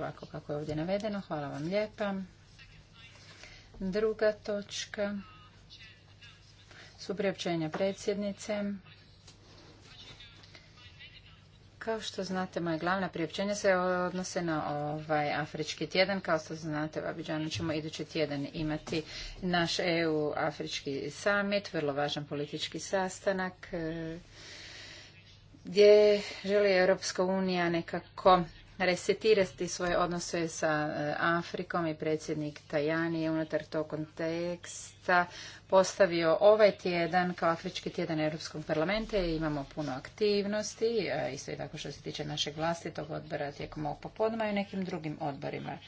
ovako kako je ovdje navedeno. Hvala vam lijepa. Druga točka su priopćenja predsjednice. Kao što znate, moje glavna priopćenja se odnose na ovaj Afrički tjedan. Kao što znate, u ćemo idući tjedan imati naš EU-Afrički summit, vrlo važan politički sastanak e, gdje želi Europska unija nekako resetirati svoje odnose sa e, Afrikom i predsjednik Tajani je unutar tog konteksta postavio ovaj tjedan kao Afrički tjedan Europskog parlamenta i imamo puno aktivnosti, e, isto i tako što se tiče našeg vlastitog odbora tijekom ovog popodnama i nekim drugim odborima.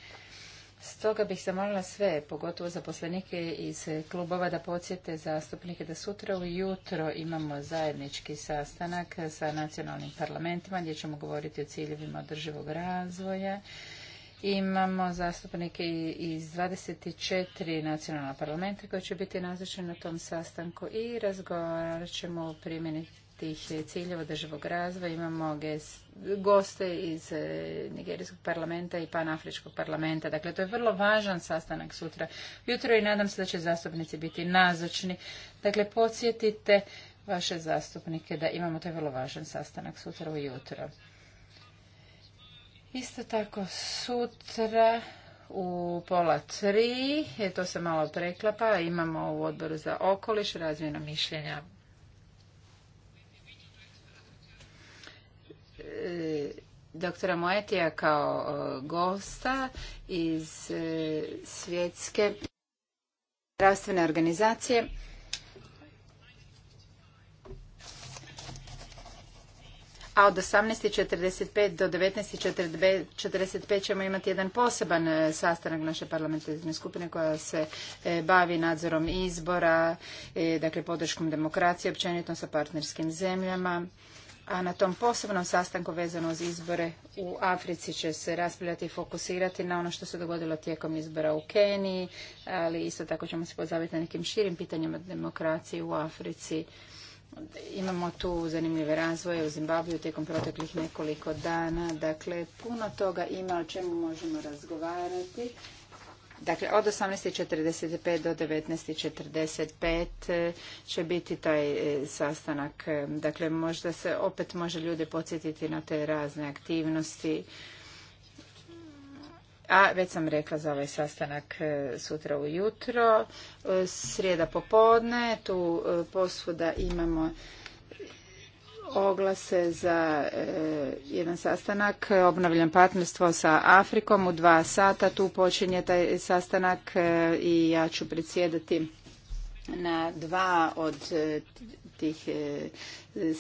Stoga bih zamolila sve, pogotovo zaposlenike iz klubova, da podsjete zastupnike da sutra ujutro imamo zajednički sastanak sa nacionalnim parlamentima gdje ćemo govoriti o ciljevima održivog razvoja. Imamo zastupnike iz 24 nacionalna parlamenta koji će biti nazočeni na tom sastanku i razgovarat ćemo o primjeni tih ciljeva državog razvoja imamo goste iz eh, Nigerijskog parlamenta i Panafričkog parlamenta. Dakle, to je vrlo važan sastanak sutra jutro i nadam se da će zastupnici biti nazočni. Dakle, podsjetite vaše zastupnike da imamo to vrlo važan sastanak sutra ujutro. Isto tako sutra u pola tri, je to se malo preklapa, imamo u odboru za okoliš razvijeno mišljenja E, doktora Moetija kao e, gosta iz e, svjetske zdravstvene organizacije. a od 18.45 do 19.45 ćemo imati jedan poseban sastanak naše parlamentarne skupine koja se bavi nadzorom izbora, dakle podrškom demokracije općenito sa partnerskim zemljama a na tom posebnom sastanku vezano uz izbore u Africi će se raspravljati i fokusirati na ono što se dogodilo tijekom izbora u Keniji, ali isto tako ćemo se pozabiti na nekim širim pitanjima demokracije u Africi. Imamo tu zanimljive razvoje u Zimbabviju tijekom proteklih nekoliko dana. Dakle, puno toga ima o čemu možemo razgovarati Dakle, od 18.45 do 19.45 e, će biti taj e, sastanak. E, dakle, možda se opet može ljude podsjetiti na te razne aktivnosti. A već sam rekla za ovaj sastanak sutra ujutro. Srijeda popodne, tu posvuda imamo oglase za e, jedan sastanak. Obnavljam partnerstvo sa Afrikom u dva sata. Tu počinje taj sastanak e, i ja ću predsjedati na dva od e, tih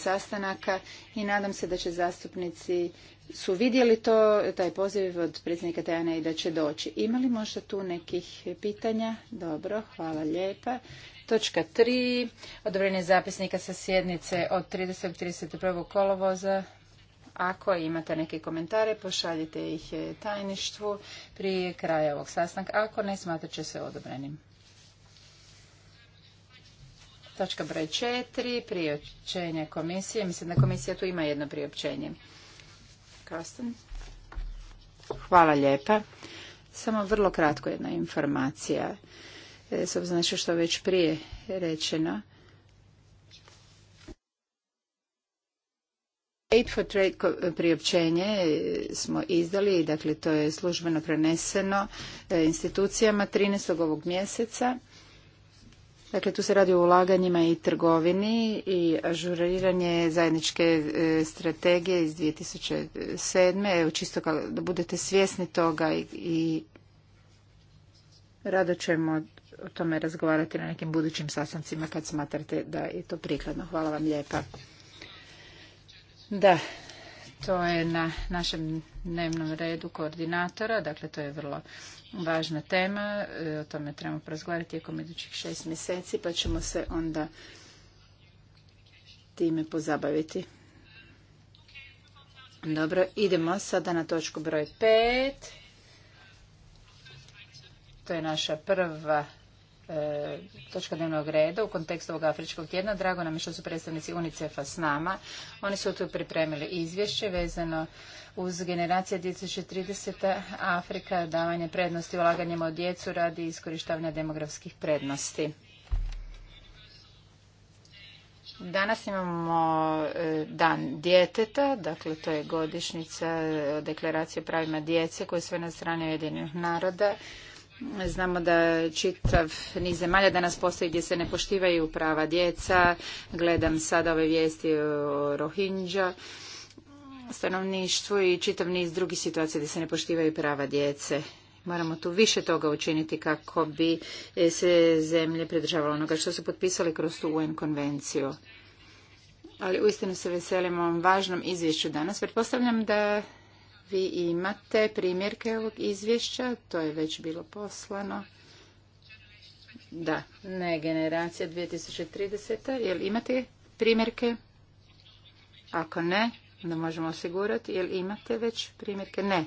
sastanaka i nadam se da će zastupnici su vidjeli to, taj poziv od predsjednika Tajana i da će doći. Imali možda tu nekih pitanja? Dobro, hvala lijepa. Točka 3. Odobrenje zapisnika sa sjednice od 30. 31. kolovoza. Ako imate neke komentare, pošaljite ih tajništvu prije kraja ovog sastanka. Ako ne, smatrat će se odobrenim. Točka broj 4. Priopćenje komisije. Mislim da komisija tu ima jedno priopćenje. Hvala lijepa. Samo vrlo kratko jedna informacija. E, s obzirom na što je već prije rečeno. Aid for Trade priopćenje smo izdali, dakle to je službeno preneseno e, institucijama 13. ovog mjeseca. Dakle, tu se radi o ulaganjima i trgovini i ažuriranje zajedničke e, strategije iz 2007. Evo, čisto da budete svjesni toga i, i rado ćemo o tome razgovarati na nekim budućim sastancima kad smatrate da je to prikladno. Hvala vam lijepa. Da, to je na našem dnevnom redu koordinatora, dakle to je vrlo važna tema, e, o tome trebamo porazgovarati tijekom idućih šest mjeseci pa ćemo se onda time pozabaviti. Dobro, idemo sada na točku broj pet. To je naša prva E, točka dnevnog reda u kontekstu ovog Afričkog tjedna. Drago nam je što su predstavnici UNICEF-a s nama. Oni su tu pripremili izvješće vezano uz generacija 2030. Afrika, davanje prednosti ulaganjem u djecu radi iskorištavanja demografskih prednosti. Danas imamo e, dan djeteta, dakle to je godišnjica e, deklaracije o pravima djece koje sve na strane Ujedinjenih naroda. Znamo da čitav niz zemalja danas postoji gdje se ne poštivaju prava djeca. Gledam sada ove vijesti o Rohingya stanovništvu i čitav niz drugih situacija gdje se ne poštivaju prava djece. Moramo tu više toga učiniti kako bi e, se zemlje pridržavalo onoga što su potpisali kroz tu UN konvenciju. Ali uistinu se veselimo ovom važnom izvješću danas. Pretpostavljam da vi imate primjerke ovog izvješća, to je već bilo poslano. Da, ne generacija 2030. Jel imate primjerke? Ako ne, onda možemo osigurati. Jel imate već primjerke? Ne.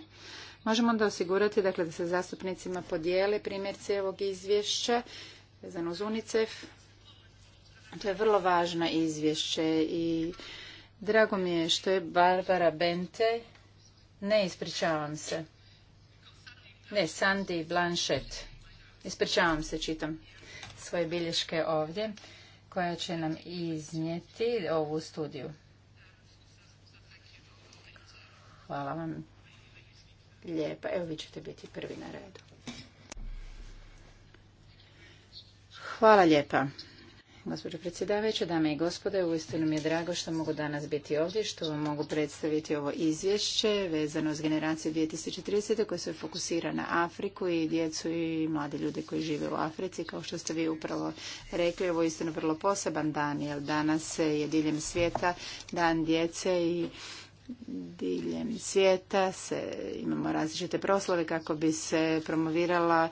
Možemo onda osigurati dakle, da se zastupnicima podijele primjerci ovog izvješća vezano uz UNICEF. To je vrlo važno izvješće i drago mi je što je Barbara Bente ne, ispričavam se. Ne, Sandy Blanchett. Ispričavam se, čitam svoje bilješke ovdje, koja će nam iznijeti ovu studiju. Hvala vam. Lijepa. Evo, vi ćete biti prvi na redu. Hvala lijepa gospođo predsjedavajuća, dame i gospode. Uistinu mi je drago što mogu danas biti ovdje, što vam mogu predstaviti ovo izvješće vezano uz generaciju 2030. koje se fokusira na Afriku i djecu i mlade ljude koji žive u Africi. Kao što ste vi upravo rekli, ovo je uistinu vrlo poseban dan, jer danas je diljem svijeta dan djece i diljem svijeta se, imamo različite proslave kako bi se promovirala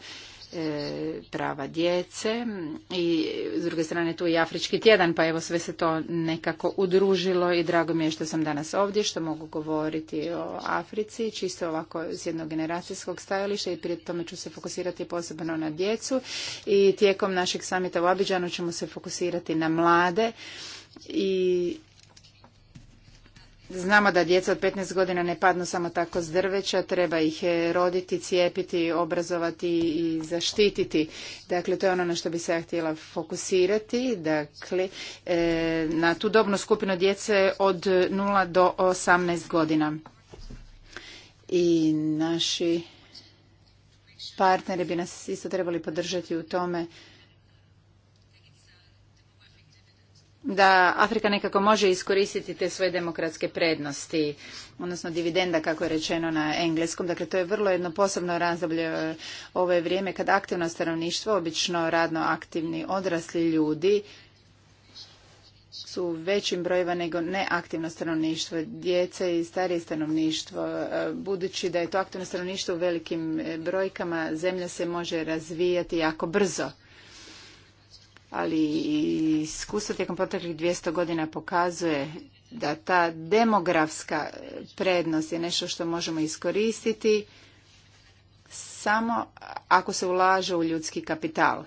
E, prava djece i s druge strane tu je i Afrički tjedan pa evo sve se to nekako udružilo i drago mi je što sam danas ovdje što mogu govoriti o Africi čisto ovako s jednog generacijskog stajališta i prije tome ću se fokusirati posebno na djecu i tijekom našeg samita u Abidžanu ćemo se fokusirati na mlade i Znamo da djeca od 15 godina ne padnu samo tako s drveća, treba ih e, roditi, cijepiti, obrazovati i zaštititi. Dakle, to je ono na što bi se ja htjela fokusirati. Dakle, e, na tu dobnu skupinu djece od 0 do 18 godina. I naši partneri bi nas isto trebali podržati u tome da Afrika nekako može iskoristiti te svoje demokratske prednosti, odnosno dividenda kako je rečeno na engleskom. Dakle, to je vrlo jedno posebno razdoblje e, ovo je vrijeme kad aktivno stanovništvo, obično radno aktivni odrasli ljudi, su većim brojeva nego neaktivno stanovništvo, djece i starije stanovništvo. E, budući da je to aktivno stanovništvo u velikim e, brojkama, zemlja se može razvijati jako brzo ali iskustvo tijekom proteklih 200 godina pokazuje da ta demografska prednost je nešto što možemo iskoristiti samo ako se ulaže u ljudski kapital.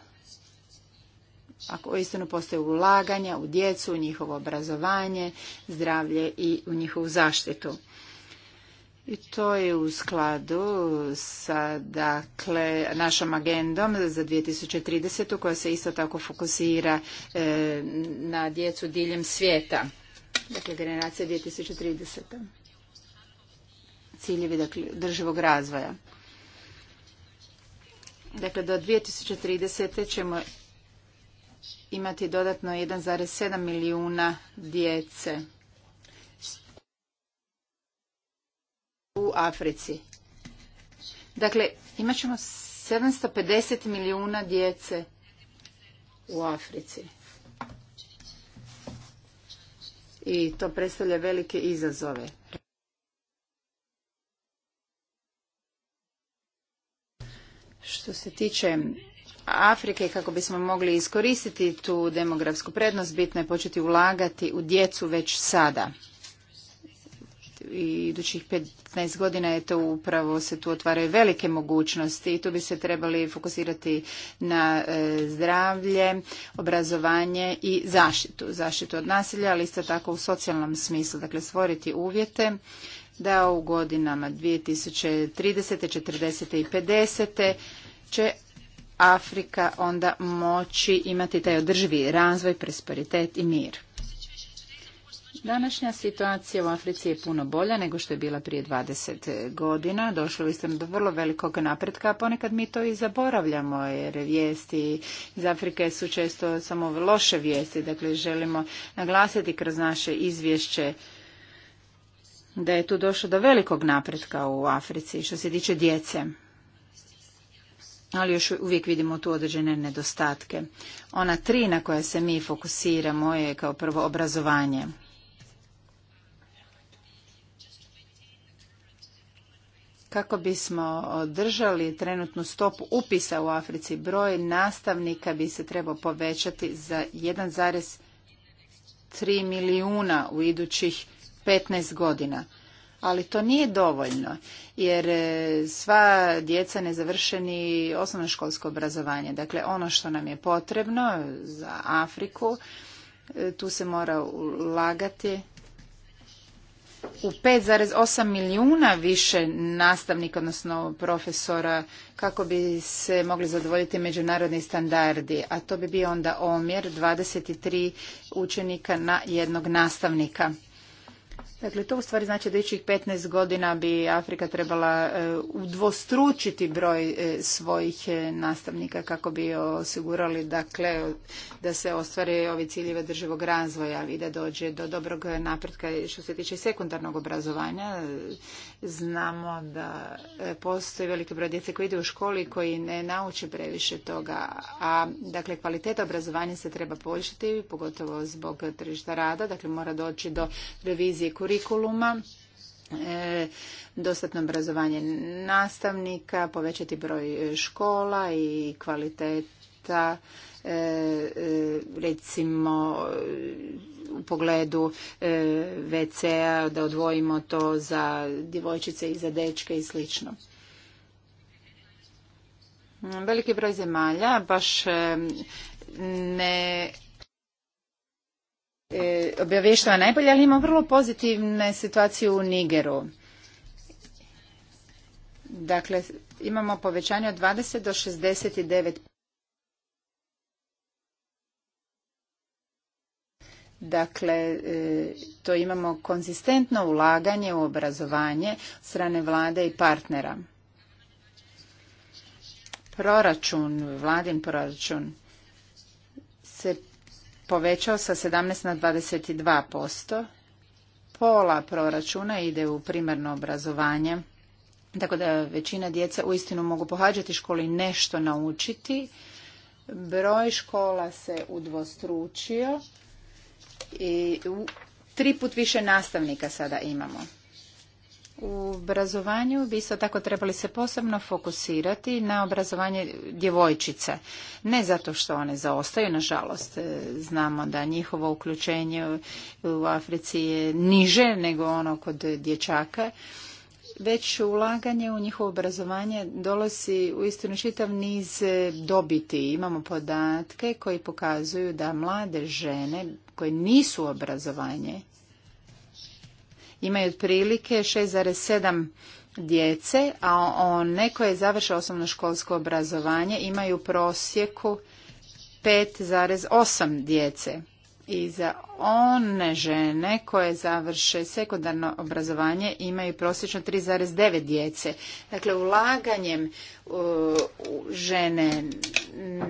Ako istinu postoje ulaganja u djecu, u njihovo obrazovanje, zdravlje i u njihovu zaštitu. I to je u skladu sa dakle, našom agendom za 2030. koja se isto tako fokusira e, na djecu diljem svijeta. Dakle, generacija 2030. Ciljevi dakle, drživog razvoja. Dakle, do 2030. ćemo imati dodatno 1,7 milijuna djece u Africi. Dakle, imat ćemo 750 milijuna djece u Africi. I to predstavlja velike izazove. Što se tiče Afrike, kako bismo mogli iskoristiti tu demografsku prednost, bitno je početi ulagati u djecu već sada i idućih 15 godina je to upravo se tu otvaraju velike mogućnosti i tu bi se trebali fokusirati na e, zdravlje, obrazovanje i zaštitu. Zaštitu od nasilja, ali isto tako u socijalnom smislu. Dakle, stvoriti uvjete da u godinama 2030. 40. i 50. će Afrika onda moći imati taj održivi razvoj, prosperitet i mir. Današnja situacija u Africi je puno bolja nego što je bila prije 20 godina. Došlo je istom do vrlo velikog napretka, a ponekad mi to i zaboravljamo jer vijesti iz Afrike su često samo loše vijesti. Dakle, želimo naglasiti kroz naše izvješće da je tu došlo do velikog napretka u Africi što se tiče djece ali još uvijek vidimo tu određene nedostatke. Ona tri na koja se mi fokusiramo je kao prvo obrazovanje. kako bismo održali trenutnu stopu upisa u Africi, broj nastavnika bi se trebao povećati za 1,3 milijuna u idućih 15 godina. Ali to nije dovoljno, jer e, sva djeca ne završe ni osnovnoškolsko obrazovanje. Dakle, ono što nam je potrebno za Afriku, e, tu se mora ulagati u 5,8 milijuna više nastavnika, odnosno profesora, kako bi se mogli zadovoljiti međunarodni standardi, a to bi bio onda omjer 23 učenika na jednog nastavnika. Dakle, to u stvari znači da ih 15 godina bi Afrika trebala e, udvostručiti broj e, svojih e, nastavnika kako bi osigurali dakle, da se ostvare ovi ciljevi državog razvoja i da dođe do dobrog napretka što se tiče sekundarnog obrazovanja. Znamo da postoji veliki broj djece koji ide u školi i koji ne nauče previše toga, a dakle kvaliteta obrazovanja se treba poboljšati, pogotovo zbog tržišta rada, dakle mora doći do revizije kuri kurikuluma, e, dostatno obrazovanje nastavnika, povećati broj škola i kvaliteta e, e, recimo u pogledu WC-a, da odvojimo to za djevojčice i za dečke i slično. Veliki broj zemalja baš ne E, objavještava najbolje, ali imamo vrlo pozitivne situacije u Nigeru. Dakle, imamo povećanje od 20 do 69%. Dakle, e, to imamo konzistentno ulaganje u obrazovanje strane vlade i partnera. Proračun, vladin proračun se povećao sa 17 na 22%. Pola proračuna ide u primarno obrazovanje, tako da većina djece uistinu mogu pohađati školu i nešto naučiti. Broj škola se udvostručio i tri put više nastavnika sada imamo u obrazovanju bi isto tako trebali se posebno fokusirati na obrazovanje djevojčica. Ne zato što one zaostaju, nažalost, e, znamo da njihovo uključenje u Africi je niže nego ono kod dječaka, već ulaganje u njihovo obrazovanje dolosi u istinu čitav niz e, dobiti. Imamo podatke koji pokazuju da mlade žene koje nisu obrazovanje imaju otprilike 6,7 djece, a one koje završe osnovno školsko obrazovanje imaju u prosjeku 5,8 djece. I za one žene koje završe sekundarno obrazovanje imaju prosječno 3,9 djece. Dakle, ulaganjem u žene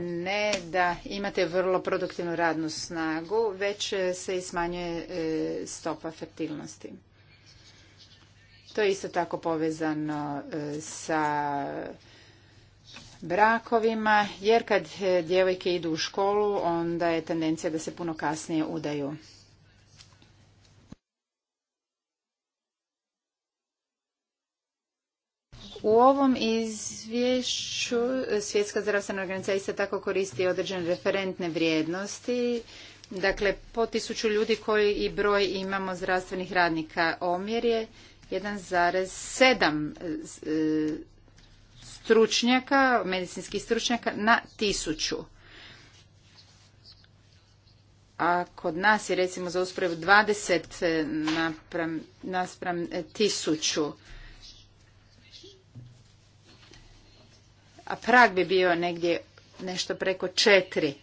ne da imate vrlo produktivnu radnu snagu, već se i smanjuje e, stopa fertilnosti. To je isto tako povezano e, sa brakovima, jer kad e, djevojke idu u školu, onda je tendencija da se puno kasnije udaju. U ovom izvješću e, Svjetska zdravstvena organizacija tako koristi određene referentne vrijednosti. Dakle, po tisuću ljudi koji i broj imamo zdravstvenih radnika omjer je 1,7 e, stručnjaka, medicinskih stručnjaka na tisuću. A kod nas je recimo za uspravu 20 e, napram, naspram e, tisuću. A prag bi bio negdje nešto preko četiri.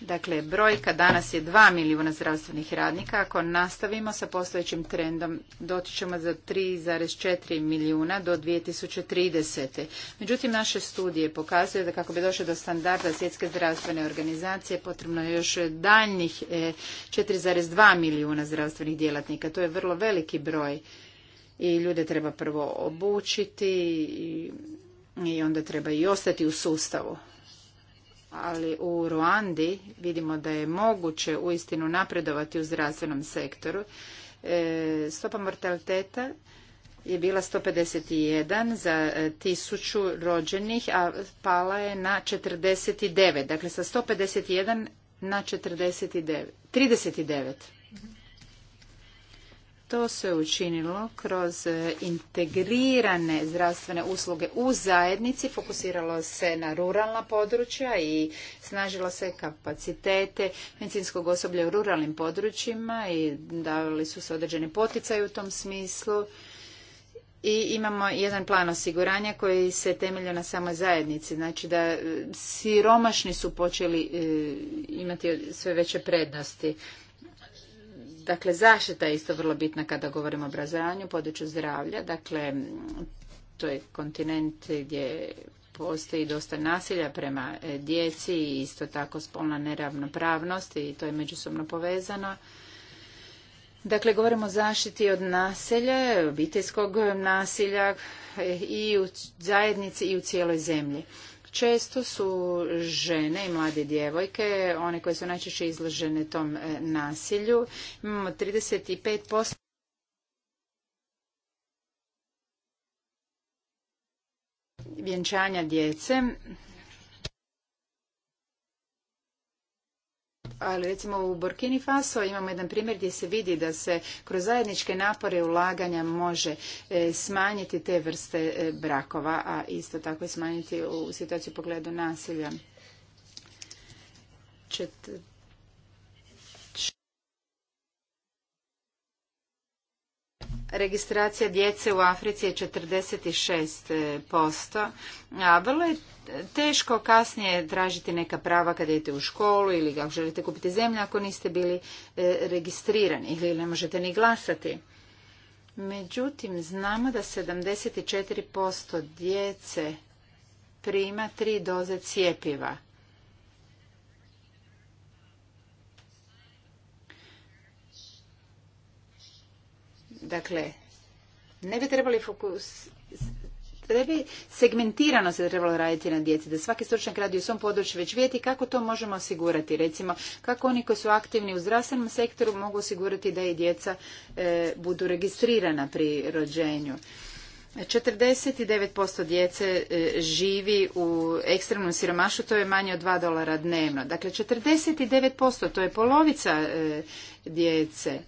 Dakle, brojka danas je 2 milijuna zdravstvenih radnika. Ako nastavimo sa postojećim trendom, dotičemo za 3,4 milijuna do 2030. Međutim, naše studije pokazuju da kako bi došlo do standarda svjetske zdravstvene organizacije, potrebno je još daljnjih 4,2 e, milijuna zdravstvenih djelatnika. To je vrlo veliki broj i ljude treba prvo obučiti i onda treba i ostati u sustavu ali u Ruandi vidimo da je moguće uistinu napredovati u zdravstvenom sektoru. E, stopa mortaliteta je bila 151 za e, tisuću rođenih, a pala je na 49. Dakle, sa 151 na 49. 39. To se učinilo kroz e, integrirane zdravstvene usluge u zajednici, fokusiralo se na ruralna područja i snažilo se kapacitete medicinskog osoblja u ruralnim područjima i davali su se određeni poticaj u tom smislu. I imamo jedan plan osiguranja koji se temeljio na samoj zajednici, znači da e, siromašni su počeli e, imati sve veće prednosti. Dakle, zaštita je isto vrlo bitna kada govorimo o obrazovanju, području zdravlja. Dakle, to je kontinent gdje postoji dosta nasilja prema e, djeci i isto tako spolna neravnopravnost i to je međusobno povezano. Dakle, govorimo o zaštiti od nasilja, obiteljskog nasilja e, i u zajednici i u cijeloj zemlji. Često su žene i mlade djevojke, one koje su najčešće izložene tom e, nasilju. Imamo 35% vjenčanja djece ali recimo u Burkini Faso imamo jedan primjer gdje se vidi da se kroz zajedničke napore ulaganja može e, smanjiti te vrste e, brakova, a isto tako i smanjiti u situaciju pogledu nasilja. registracija djece u Africi je 46%, a vrlo je teško kasnije tražiti neka prava kad idete u školu ili ako želite kupiti zemlju ako niste bili e, registrirani ili ne možete ni glasati. Međutim, znamo da 74% djece prima tri doze cijepiva Dakle, ne bi trebali fokus... Ne bi segmentirano se trebalo raditi na djeci, da svaki stručnjak radi u svom području već vidjeti kako to možemo osigurati. Recimo, kako oni koji su aktivni u zdravstvenom sektoru mogu osigurati da i djeca e, budu registrirana pri rođenju. 49% djece e, živi u ekstremnom siromašu, to je manje od 2 dolara dnevno. Dakle, 49%, to je polovica e, djece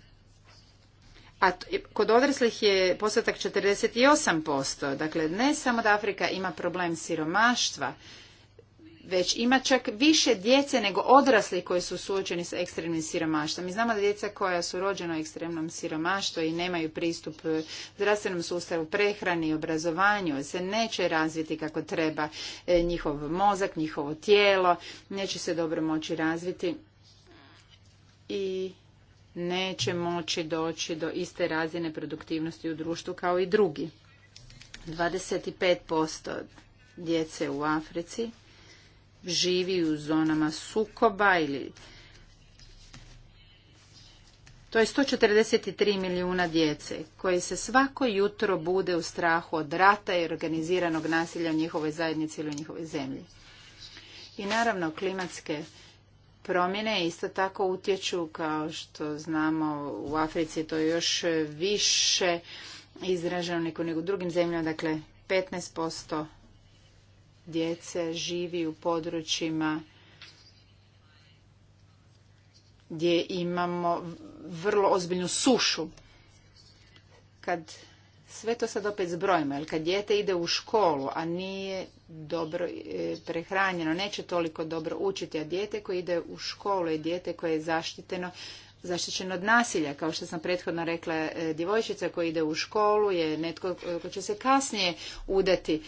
a kod odraslih je postotak 48%. Dakle, ne samo da Afrika ima problem siromaštva, već ima čak više djece nego odrasli koji su suočeni sa ekstremnim siromaštvom. Mi znamo da djeca koja su rođena u ekstremnom siromaštvu i nemaju pristup e, zdravstvenom sustavu, prehrani, i obrazovanju, se neće razviti kako treba e, njihov mozak, njihovo tijelo, neće se dobro moći razviti. I neće moći doći do iste razine produktivnosti u društvu kao i drugi. 25% djece u Africi živi u zonama sukoba ili to je 143 milijuna djece koji se svako jutro bude u strahu od rata i organiziranog nasilja u njihovoj zajednici ili u njihovoj zemlji. I naravno klimatske promjene isto tako utječu kao što znamo u Africi to je još više izraženo nego u drugim zemljama, dakle 15% djece živi u područjima gdje imamo vrlo ozbiljnu sušu. Kad sve to sad opet zbrojimo, jer kad dijete ide u školu, a nije dobro e, prehranjeno, neće toliko dobro učiti, a dijete koje ide u školu je dijete koje je zaštiteno zaštićen od nasilja. Kao što sam prethodno rekla, e, djevojčica koja ide u školu je netko e, ko će se kasnije udati.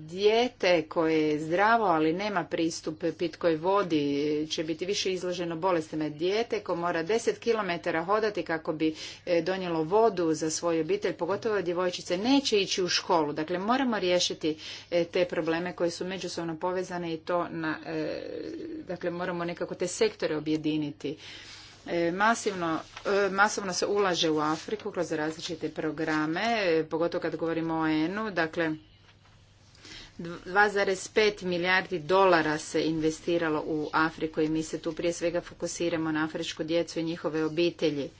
dijete koje je zdravo, ali nema pristup pitkoj vodi, će biti više izloženo bolestima. Dijete koje mora 10 km hodati kako bi e, donijelo vodu za svoju obitelj, pogotovo djevojčice, neće ići u školu. Dakle, moramo riješiti te probleme koje su međusobno povezane i to na, dakle, moramo nekako te sektore objediniti. E, masivno, e, masovno se ulaže u Afriku kroz različite programe, e, pogotovo kad govorimo o ENU. Dakle, 2,5 milijardi dolara se investiralo u Afriku i mi se tu prije svega fokusiramo na afričku djecu i njihove obitelji.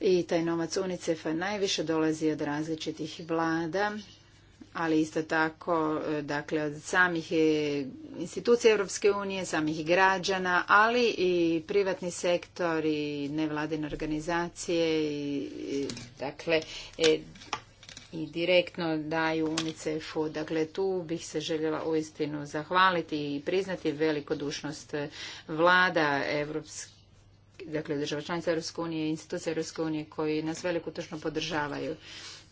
I taj novac UNICEF-a najviše dolazi od različitih vlada ali isto tako e, dakle, od samih e, institucija Europske unije, samih građana, ali i privatni sektor i nevladine organizacije i, dakle e, i direktno daju UNICEF-u. Dakle, tu bih se željela uistinu zahvaliti i priznati velikodušnost vlada Europske dakle država članica Europske unije i institucije Europske unije koji nas veliko točno podržavaju.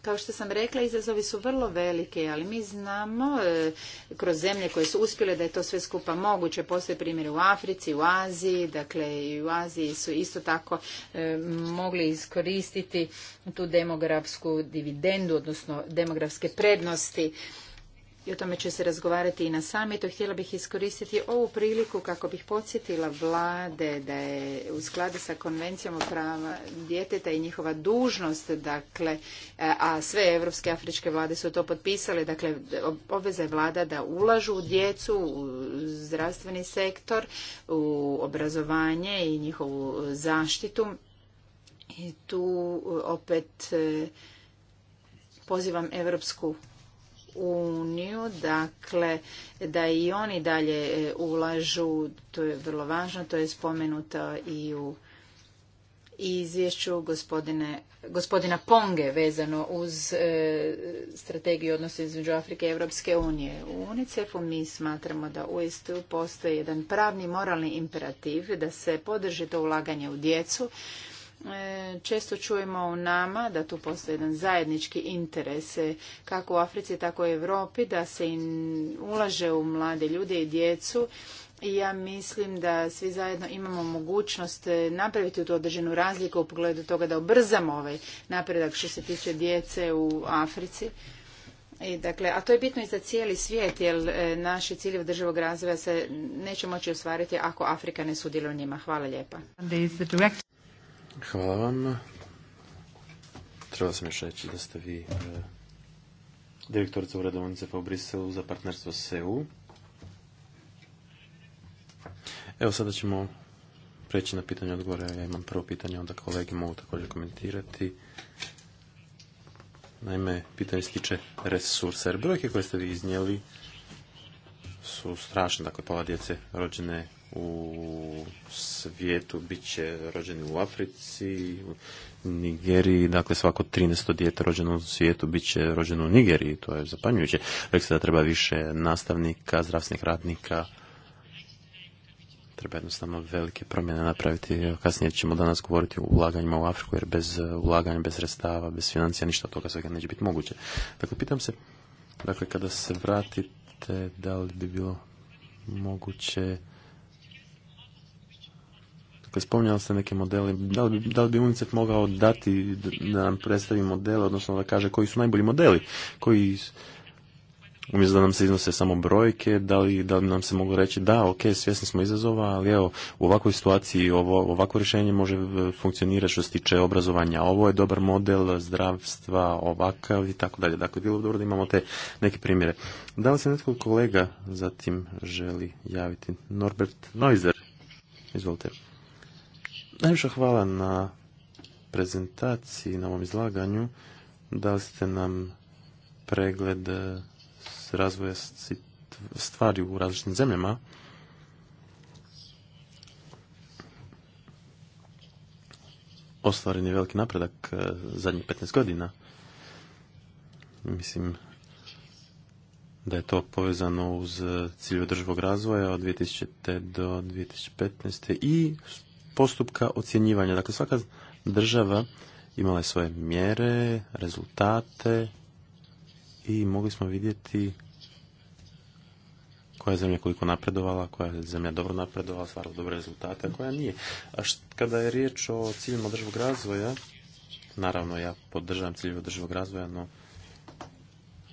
Kao što sam rekla, izazovi su vrlo velike, ali mi znamo e, kroz zemlje koje su uspjele da je to sve skupa moguće. Postoje primjer u Africi, u Aziji, dakle i u Aziji su isto tako e, mogli iskoristiti tu demografsku dividendu, odnosno demografske prednosti i o tome će se razgovarati i na samitu. Htjela bih iskoristiti ovu priliku kako bih podsjetila vlade da je u skladu sa konvencijom o prava djeteta i njihova dužnost, dakle, e, a sve evropske afričke vlade su to potpisale, dakle, obveza je vlada da ulažu u djecu, u zdravstveni sektor, u obrazovanje i njihovu zaštitu. I tu opet e, pozivam Evropsku uniju, dakle da i oni dalje e, ulažu, to je vrlo važno, to je spomenuto i u izvješću gospodine, gospodina Ponge vezano uz e, strategiju odnosa između Afrike i Europske unije. U UNICEF-u mi smatramo da uistinu postoji jedan pravni moralni imperativ da se podrži to ulaganje u djecu E, često čujemo u nama da tu postoji jedan zajednički interes e, kako u Africi tako i u Europi da se ulaže u mlade ljude i djecu i ja mislim da svi zajedno imamo mogućnost e, napraviti tu određenu razliku u pogledu toga da ubrzamo ovaj napredak što se tiče djece u Africi. I dakle, a to je bitno i za cijeli svijet, jer naši ciljevi državog razvoja se neće moći ostvariti ako Afrika ne sudjeluje u njima. Hvala lijepa. Hvala vam. Treba sam još reći da ste vi e, direktorica uredovnice po pa u Briselu za partnerstvo s EU. Evo sada ćemo preći na pitanje odgovore. Ja imam prvo pitanje, onda kolege mogu također komentirati. Naime, pitanje se tiče resursa. Jer brojke koje ste vi iznijeli su strašne, dakle pola djece rođene u svijetu bit će rođeni u Africi, u Nigeriji, dakle svako 13. dijete rođeno u svijetu bit će rođeno u Nigeriji, to je zapanjujuće. Rekli se da treba više nastavnika, zdravstvenih radnika, treba jednostavno velike promjene napraviti. Kasnije ćemo danas govoriti o ulaganjima u Afriku, jer bez e, ulaganja, bez sredstava, bez financija, ništa od toga svega neće biti moguće. Dakle, pitam se, dakle, kada se vrati da li bi bilo moguće Dakle, spominjali ste neke modele, da li, bi UNICEF mogao dati da nam predstavi modele, odnosno da kaže koji su najbolji modeli, koji umjesto da nam se iznose samo brojke, da li, da li nam se mogu reći da, ok, svjesni smo izazova, ali evo, u ovakvoj situaciji ovo, ovako rješenje može funkcionirati što se tiče obrazovanja. Ovo je dobar model zdravstva, ovakav i tako dalje. Dakle, bilo bi dobro da imamo te neke primjere. Da li se netko kolega zatim želi javiti? Norbert Neuser. izvolite. Najviše hvala na prezentaciji, na ovom izlaganju. li ste nam pregled razvoja stvari u različitim zemljama. Ostvaren je veliki napredak e, zadnjih 15 godina. Mislim da je to povezano uz e, cilj održivog razvoja od 2000. do 2015. i postupka ocjenjivanja. Dakle, svaka država imala je svoje mjere, rezultate i mogli smo vidjeti koja je zemlja koliko napredovala, koja je zemlja dobro napredovala, stvarala dobre rezultate, a koja nije. A št, kada je riječ o ciljima održivog razvoja, naravno ja podržavam ciljeve održivog razvoja, no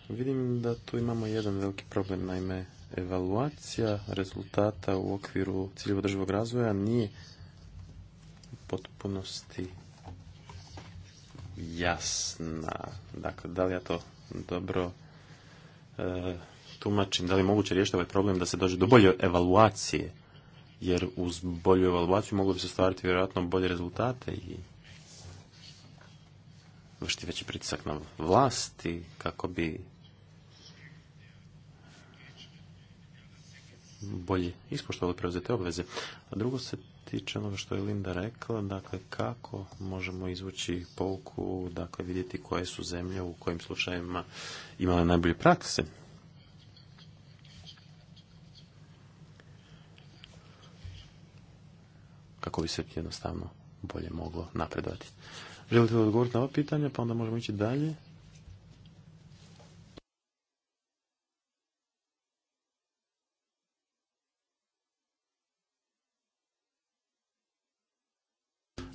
vidim da tu imamo jedan veliki problem, naime evaluacija rezultata u okviru ciljeva održivog razvoja nije u potpunosti jasna. Dakle, da li ja to dobro e, tumačim, da li je moguće riješiti ovaj problem da se dođe do bolje evaluacije, jer uz bolju evaluaciju mogu bi se stvariti vjerojatno bolje rezultate i vršiti veći pritisak na vlasti kako bi bolje ispoštovali preuzete obveze. A drugo se tiče onoga što je Linda rekla, dakle kako možemo izvući pouku, dakle vidjeti koje su zemlje u kojim slučajevima imale najbolje prakse. kako bi se jednostavno bolje moglo napredovati. Želite li odgovoriti na ova pitanja, pa onda možemo ići dalje?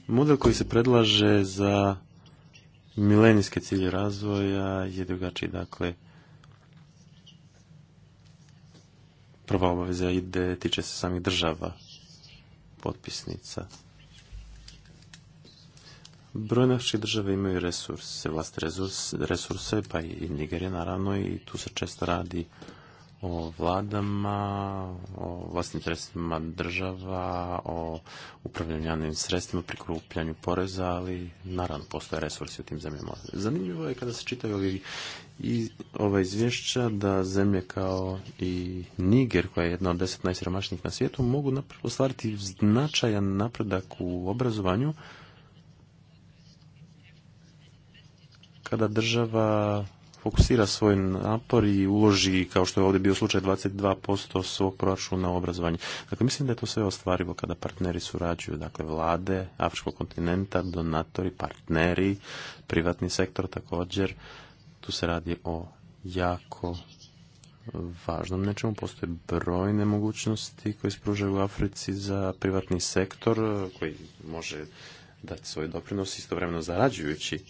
Model koji se predlaže za milenijske cilje razvoja je drugačiji. Dakle, prva obaveza ide, tiče se samih država potpisnica. Broj naših države imaju resurse, vlasti resurse, pa i Nigerija naravno i tu se često radi o vladama, o vlastnim sredstvima država, o upravljanju sredstvima, prikrupljanju poreza, ali naravno postoje resursi u tim zemljama. Zanimljivo je kada se čitaju ovi i ova izvješća da zemlje kao i Niger, koja je jedna od deset najsiromašnijih na svijetu, mogu ostvariti značajan napredak u obrazovanju kada država fokusira svoj napor i uloži, kao što je ovdje bio slučaj, 22% svog proračuna u obrazovanje. Dakle, mislim da je to sve ostvarivo kada partneri surađuju, dakle, vlade, Afričkog kontinenta, donatori, partneri, privatni sektor također. Tu se radi o jako važnom nečemu. Postoje brojne mogućnosti koje spružaju u Africi za privatni sektor koji može dati svoj doprinos istovremeno zarađujući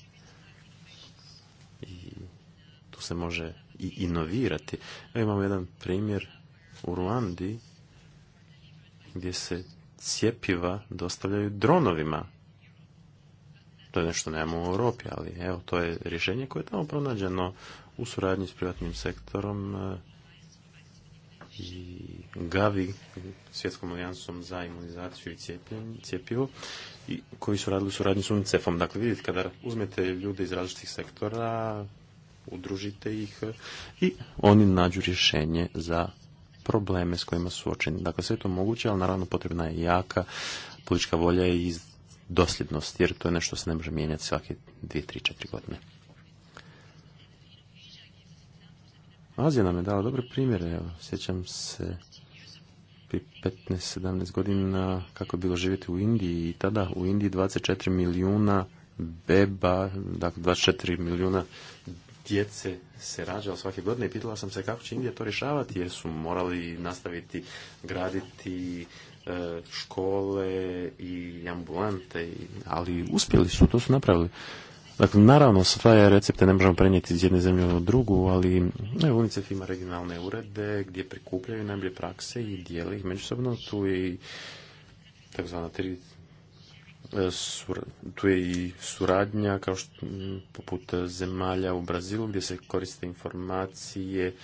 tu se može i inovirati. Evo imamo jedan primjer u Ruandi gdje se cjepiva dostavljaju dronovima. To je nešto nemamo u Europi, ali evo to je rješenje koje je tamo pronađeno u suradnji s privatnim sektorom eh, i Gavi, svjetskom alijansom za imunizaciju i cjepivo i koji su radili u suradnji s UNICEF-om. Dakle, vidite, kada uzmete ljude iz različitih sektora, udružite ih e, i oni nađu rješenje za probleme s kojima su očeni. Dakle, sve je to moguće, ali naravno potrebna je jaka politička volja i dosljednost, jer to je nešto se ne može mijenjati svake dvije, tri, četiri godine. Azija nam je dala dobre primjere, evo, sjećam se pri 15-17 godina kako je bilo živjeti u Indiji i tada u Indiji 24 milijuna beba, dakle 24 milijuna djece se rađalo svake godine i pitala sam se kako će Indija to rješavati jer su morali nastaviti graditi e, škole i ambulante, ali uspjeli su, to su napravili. Dakle, naravno, sve recepte ne možemo prenijeti iz jedne zemlje u drugu, ali ne UNICEF ima regionalne urede gdje prikupljaju najbolje prakse i dijeli ih međusobno. Tu je i takzvana tri, E, tu je i suradnja kao što, poput zemalja u Brazilu gdje se koriste informacije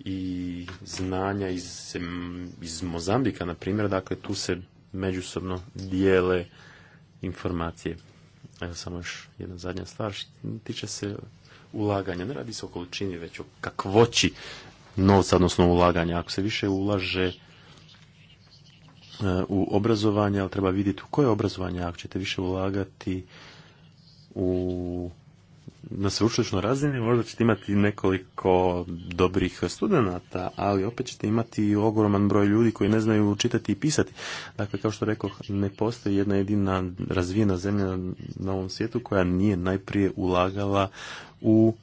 i znanja iz, iz Mozambika, na primjer, dakle tu se međusobno dijele informacije. Evo samo još jedna zadnja stvar, tiče se ulaganja. Ne radi se o količini, već o kakvoći novca, odnosno ulaganja. Ako se više ulaže E, u obrazovanje, ali treba vidjeti u koje obrazovanje, ako ćete više ulagati u na sveučilišnoj razini možda ćete imati nekoliko dobrih studenata, ali opet ćete imati ogroman broj ljudi koji ne znaju čitati i pisati. Dakle, kao što rekao, ne postoji jedna jedina razvijena zemlja na ovom svijetu koja nije najprije ulagala u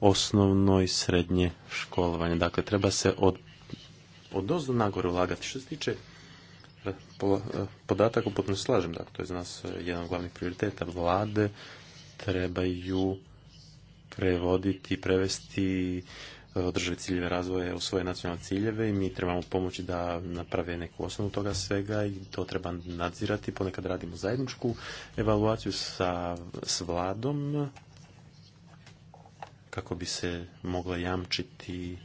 osnovno i srednje školovanje. Dakle, treba se od, od nagore ulagati. Što se tiče podataka uputno se slažem. Dakle, to je za nas e, jedan od glavnih prioriteta. Vlade trebaju prevoditi, prevesti e, održavi ciljeve razvoja u svoje nacionalne ciljeve i mi trebamo pomoći da naprave neku osnovu toga svega i to treba nadzirati. Ponekad radimo zajedničku evaluaciju sa, s vladom kako bi se mogla jamčiti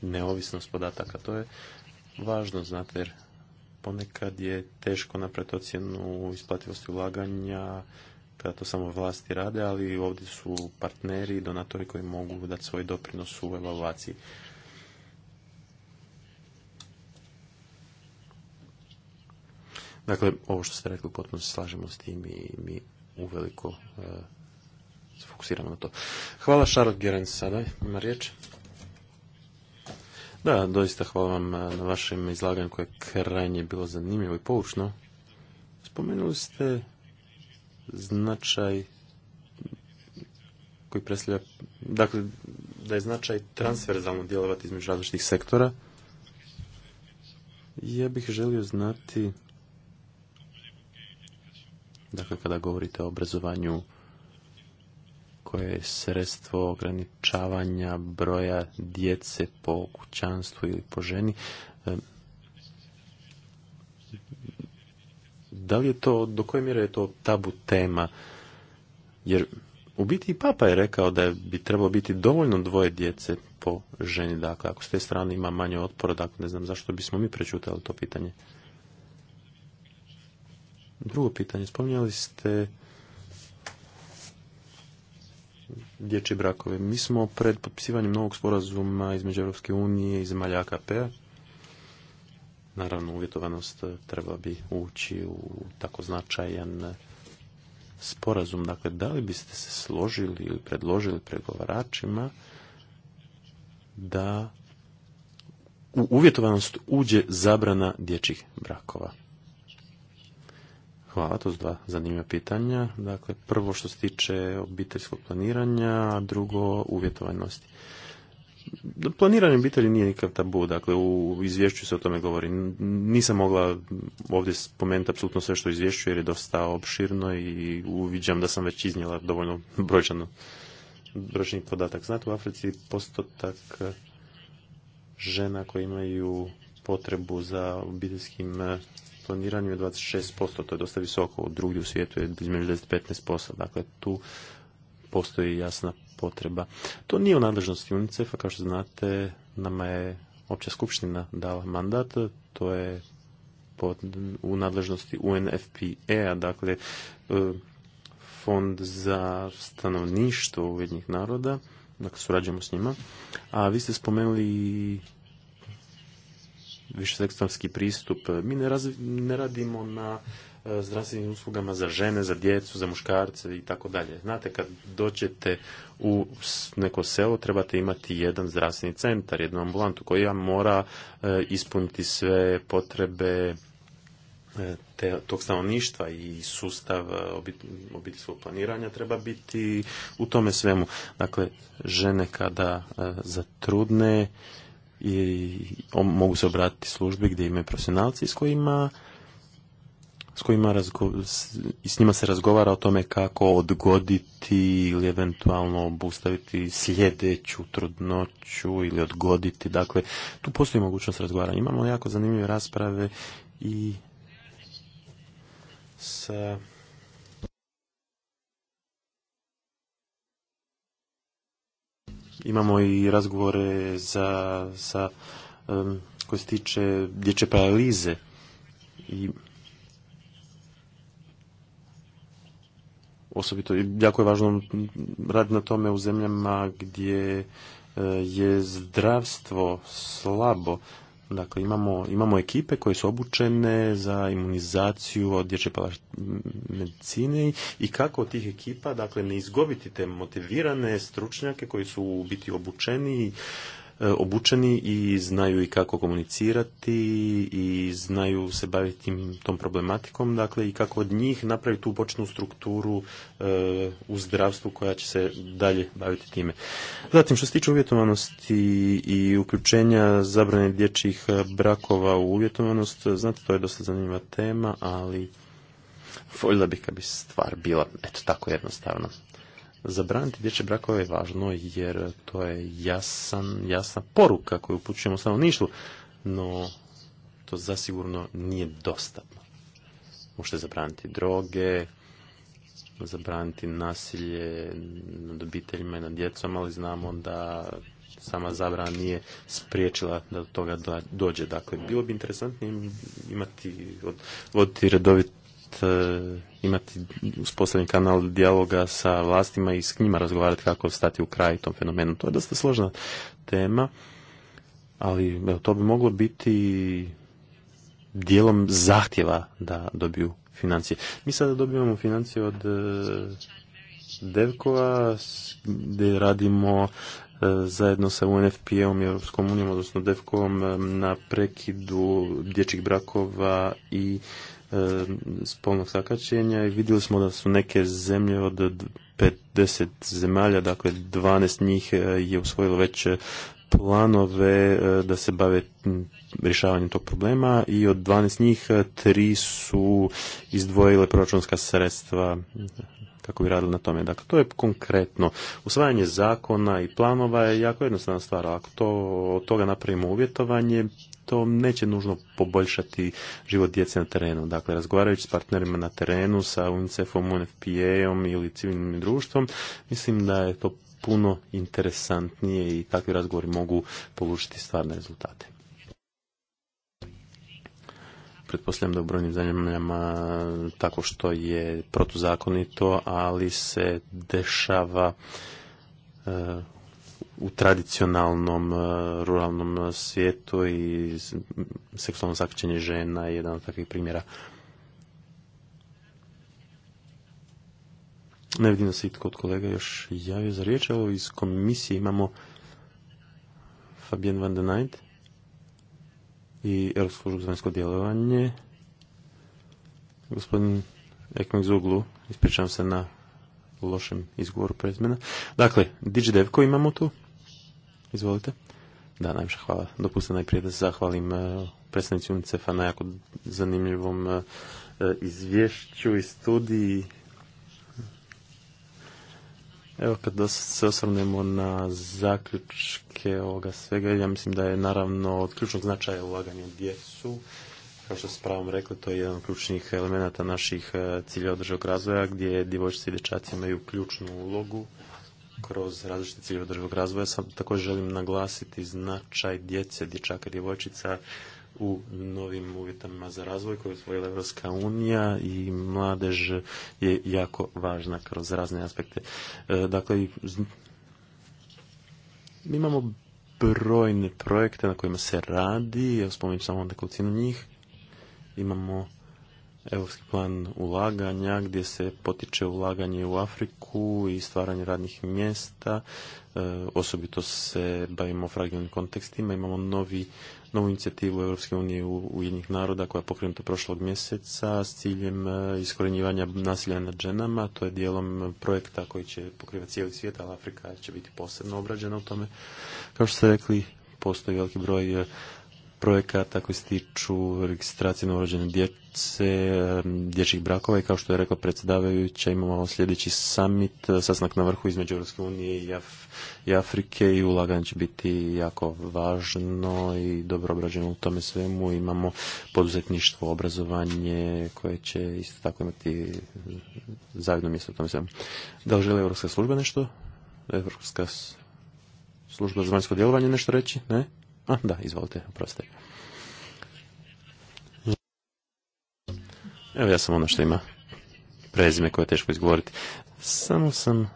neovisnost podataka. To je važno, znate, jer ponekad je teško napraviti ocjenu isplativosti ulaganja kada to samo vlasti rade, ali ovdje su partneri i donatori koji mogu dati svoj doprinos u evaluaciji. Dakle, ovo što ste rekli, potpuno se slažemo s tim i mi uveliko eh, se fokusiramo na to. Hvala Charlotte Gerens sada, ima riječ. Da, doista hvala vam eh, na vašem izlaganju koje je krajnje bilo zanimljivo i poučno. Spomenuli ste značaj koji predstavlja, dakle, da je značaj transverzalno djelovati između različitih sektora. Ja bih želio znati, dakle, kada govorite o obrazovanju koje je sredstvo ograničavanja broja djece po kućanstvu ili po ženi. Da li je to, do koje mjere je to tabu tema? Jer u biti i papa je rekao da bi trebalo biti dovoljno dvoje djece po ženi. Dakle, ako s te strane ima manje otpora, dakle ne znam zašto bismo mi prečutali to pitanje. Drugo pitanje, spominjali ste dječje brakove. Mi smo pred potpisivanjem novog sporazuma između Europske unije i zemalja akp Naravno, uvjetovanost eh, treba bi ući u tako značajan eh, sporazum. Dakle, da li biste se složili ili predložili pregovaračima da u uvjetovanost uđe zabrana dječjih brakova? Hvala, to su dva zanimljiva pitanja. Dakle, prvo što se tiče obiteljskog planiranja, a drugo uvjetovanosti. Planiranje obitelji nije nikakav tabu, dakle u izvješću se o tome govori. Nisam mogla ovdje spomenuti apsolutno sve što izvješću, jer je dosta opširno i uviđam da sam već iznijela dovoljno brojčano brojni podatak. Znate, u Africi postotak eh, žena koje imaju potrebu za obiteljskim eh, kloniranju je 26%, to je dosta visoko, drugdje u svijetu je između 15 dakle tu postoji jasna potreba. To nije u nadležnosti UNICEF-a, kao što znate, nama je opća skupština dala mandat, to je u nadležnosti UNFPE-a, dakle Fond za stanovništvo uvednjih naroda, dakle surađujemo s njima. A vi ste spomenuli višesektorski pristup. Mi ne, radimo na e, zdravstvenim uslugama za žene, za djecu, za muškarce i tako dalje. Znate, kad dođete u neko selo, trebate imati jedan zdravstveni centar, jednu ambulantu koja mora e, ispuniti sve potrebe e, te, tog stanovništva i sustav obiteljskog planiranja treba biti u tome svemu. Dakle, žene kada zatrudne, i mogu se obratiti službi gdje imaju profesionalci s kojima s kojima razgo, i s njima se razgovara o tome kako odgoditi ili eventualno obustaviti sljedeću trudnoću ili odgoditi. Dakle, tu postoji mogućnost razgovaranja. Imamo jako zanimljive rasprave i sa imamo i razgovore za, sa, um, se tiče dječje paralize i osobito jako je važno raditi na tome u zemljama gdje eh, je zdravstvo slabo. Dakle, imamo, imamo ekipe koje su obučene za imunizaciju od dječje medicine i kako od tih ekipa, dakle, ne izgubiti te motivirane stručnjake koji su biti obučeni E, obučeni i znaju i kako komunicirati i znaju se baviti tom problematikom, dakle i kako od njih napraviti tu bočnu strukturu e, u zdravstvu koja će se dalje baviti time. Zatim što se tiče uvjetovanosti i uključenja zabrane dječjih brakova u uvjetovanost, znate to je dosta zanimljiva tema, ali voljela bih kad bi stvar bila eto tako jednostavno zabraniti dječje brakove je važno jer to je jasan, jasna poruka koju upućujemo stanovništvu, no to zasigurno nije dostatno. Možete zabraniti droge, zabraniti nasilje nad obiteljima i nad djecom, ali znamo da sama zabrana nije spriječila da do toga dođe. Dakle, bilo bi interesantnije imati, voditi redovit E, imati uspostavljen kanal dijaloga sa vlastima i s njima razgovarati kako stati u kraj tom fenomenu. To je dosta složna tema, ali to bi moglo biti dijelom zahtjeva da dobiju financije. Mi sada dobivamo financije od e, Devkova gdje radimo e, zajedno sa UNFPA-om i Europskom unijom, odnosno Devkovom na prekidu dječjih brakova i spolnog sakačenja i vidjeli smo da su neke zemlje od 50 zemalja, dakle 12 njih e, je usvojilo već e, planove e, da se bave rješavanjem tog problema i od 12 njih tri su izdvojile proračunska sredstva kako bi radili na tome. Dakle, to je konkretno. Usvajanje zakona i planova je jako jednostavna stvar. Ako to, od toga napravimo uvjetovanje, to neće nužno poboljšati život djece na terenu. Dakle, razgovarajući s partnerima na terenu, sa UNICEF-om, UNFPA-om ili civilnim društvom, mislim da je to puno interesantnije i takvi razgovori mogu polučiti stvarne rezultate. Pretpostavljam da u brojnim zemljama tako što je protuzakonito, ali se dešava e, u tradicionalnom e, ruralnom e, svijetu i seksualno zakričenje žena je jedan od takvih primjera. Ne vidim da se itko od kolega još javio za riječ. Evo iz komisije imamo Fabien van den Eyde i Europsku službu za vanjsko djelovanje. Gospodin Ekmek Zuglu, ispričavam se na lošem izgovoru prezmena. Dakle, DigiDevko imamo tu. Izvolite. Da, najviše hvala. Dopustite najprije da se zahvalim e, predstavnici UNICEF-a na jako zanimljivom e, izvješću i studiji. Evo kad se osvrnemo na zaključke ovoga svega, ja mislim da je naravno od ključnog značaja ulaganje u djecu. Kao što s pravom rekli, to je jedan od ključnih elemenata naših e, cilja održavog razvoja gdje djevojčice i dječaci imaju ključnu ulogu kroz različite ciljeve održivog razvoja. Sam također želim naglasiti značaj djece, dječaka i djevojčica u novim uvjetama za razvoj koje je usvojila Evropska unija i mladež je jako važna kroz razne aspekte. E, dakle, mi imamo brojne projekte na kojima se radi, ja spominjem samo nekolicinu njih. Imamo europski plan ulaganja gdje se potiče ulaganje u Afriku i stvaranje radnih mjesta. E, osobito se bavimo fragilnim kontekstima. Imamo novi, novu inicijativu Europske unije u jednih naroda koja je pokrenuta prošlog mjeseca s ciljem e, iskorenjivanja nasilja nad ženama. To je dijelom projekta koji će pokrivati cijeli svijet, ali Afrika će biti posebno obrađena u tome. Kao što ste rekli, postoji veliki broj e, projekata koji se tiču registracije novorođene djece, dječjih brakova i kao što je rekla predsjedavajuća imamo sljedeći summit, e, sasnak na vrhu između Europske unije i, i Afrike i ulaganje će biti jako važno i dobro obrađeno u tome svemu. Imamo poduzetništvo, obrazovanje koje će isto tako imati zavidno mjesto u tome svemu. Da li želi Europska služba nešto? Europska služba za vanjsko djelovanje nešto reći? Ne? A, da, izvolite, oprostite. Evo ja sam ono što ima prezime koje je teško izgovoriti. Samo sam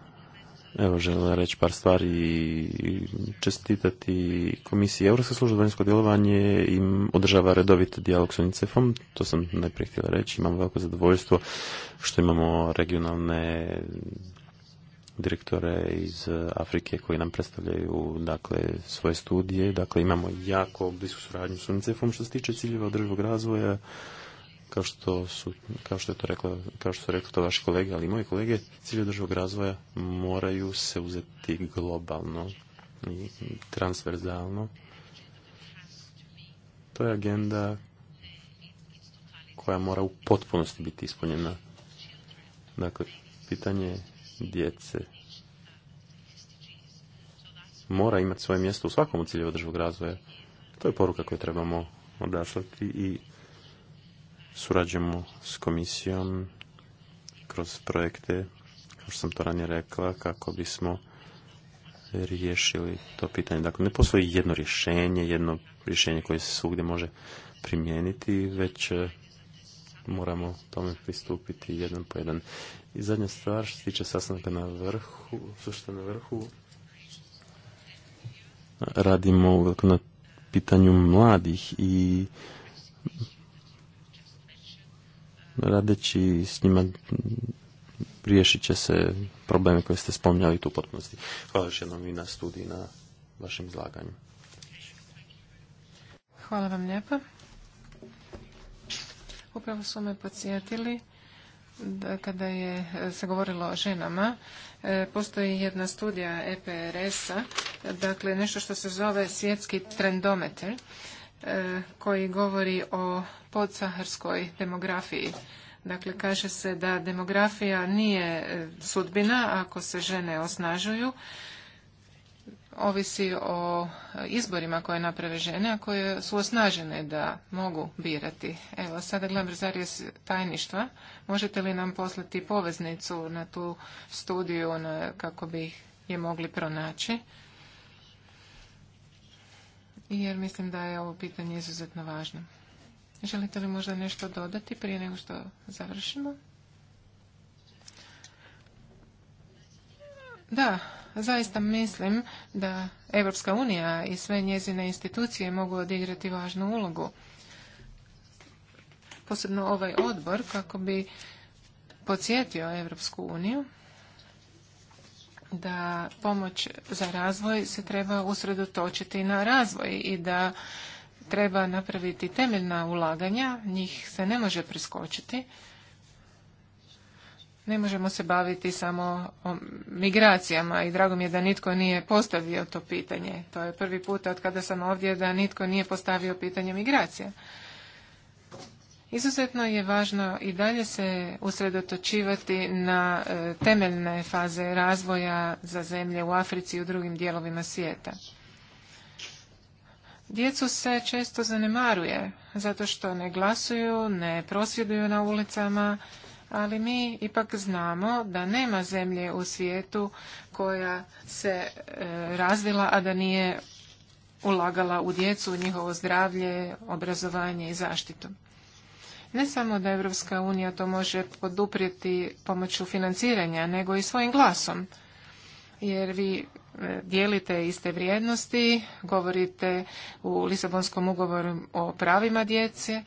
evo želim reći par stvari i čestitati komisiji Europske službe djelovanje i održava redovit dijalog s UNICEF-om, to sam najprije htjela reći, imam veliko zadovoljstvo što imamo regionalne direktore iz e, Afrike koji nam predstavljaju dakle, svoje studije. Dakle, imamo jako blisku suradnju s UNICEF-om što se tiče ciljeva održivog razvoja, kao što su, kao što je to rekla, kao što su rekli to vaši kolege, ali i moji kolege, ciljevi održivog razvoja moraju se uzeti globalno i transverzalno. To je agenda koja mora u potpunosti biti ispunjena. Dakle, pitanje djece mora imati svoje mjesto u svakom cilju održivog razvoja. To je poruka koju trebamo odaslati i surađujemo s komisijom kroz projekte, kao što sam to ranije rekla, kako bismo riješili to pitanje. Dakle, ne postoji jedno rješenje, jedno rješenje koje se svugdje može primijeniti, već moramo tome pristupiti jedan po jedan. I zadnja stvar što se tiče sastanka na vrhu, što na vrhu radimo na pitanju mladih i radeći s njima riješit će se probleme koje ste spominjali tu u potpunosti. Hvala još jednom i na studiji na vašem izlaganju. Hvala vam lijepa. Upravo su me podsjetili da kada je e, se govorilo o ženama, e, postoji jedna studija EPRS-a, dakle nešto što se zove svjetski trendometer, e, koji govori o podsaharskoj demografiji. Dakle, kaže se da demografija nije sudbina ako se žene osnažuju, ovisi o izborima koje naprave žene, a koje su osnažene da mogu birati. Evo, sada gledam Rezarijas tajništva. Možete li nam poslati poveznicu na tu studiju na, kako bi je mogli pronaći? Jer mislim da je ovo pitanje izuzetno važno. Želite li možda nešto dodati prije nego što završimo? Da, zaista mislim da Europska unija i sve njezine institucije mogu odigrati važnu ulogu. Posebno ovaj odbor kako bi podsjetio Europsku uniju da pomoć za razvoj se treba usredotočiti na razvoj i da treba napraviti temeljna ulaganja, njih se ne može preskočiti ne možemo se baviti samo o migracijama i drago mi je da nitko nije postavio to pitanje. To je prvi put od kada sam ovdje da nitko nije postavio pitanje migracija. Izuzetno je važno i dalje se usredotočivati na e, temeljne faze razvoja za zemlje u Africi i u drugim dijelovima svijeta. Djecu se često zanemaruje zato što ne glasuju, ne prosvjeduju na ulicama, ali mi ipak znamo da nema zemlje u svijetu koja se e, razvila, a da nije ulagala u djecu, u njihovo zdravlje, obrazovanje i zaštitu. Ne samo da Evropska unija to može poduprijeti pomoću financiranja, nego i svojim glasom. Jer vi e, dijelite iste vrijednosti, govorite u Lisabonskom ugovoru o pravima djece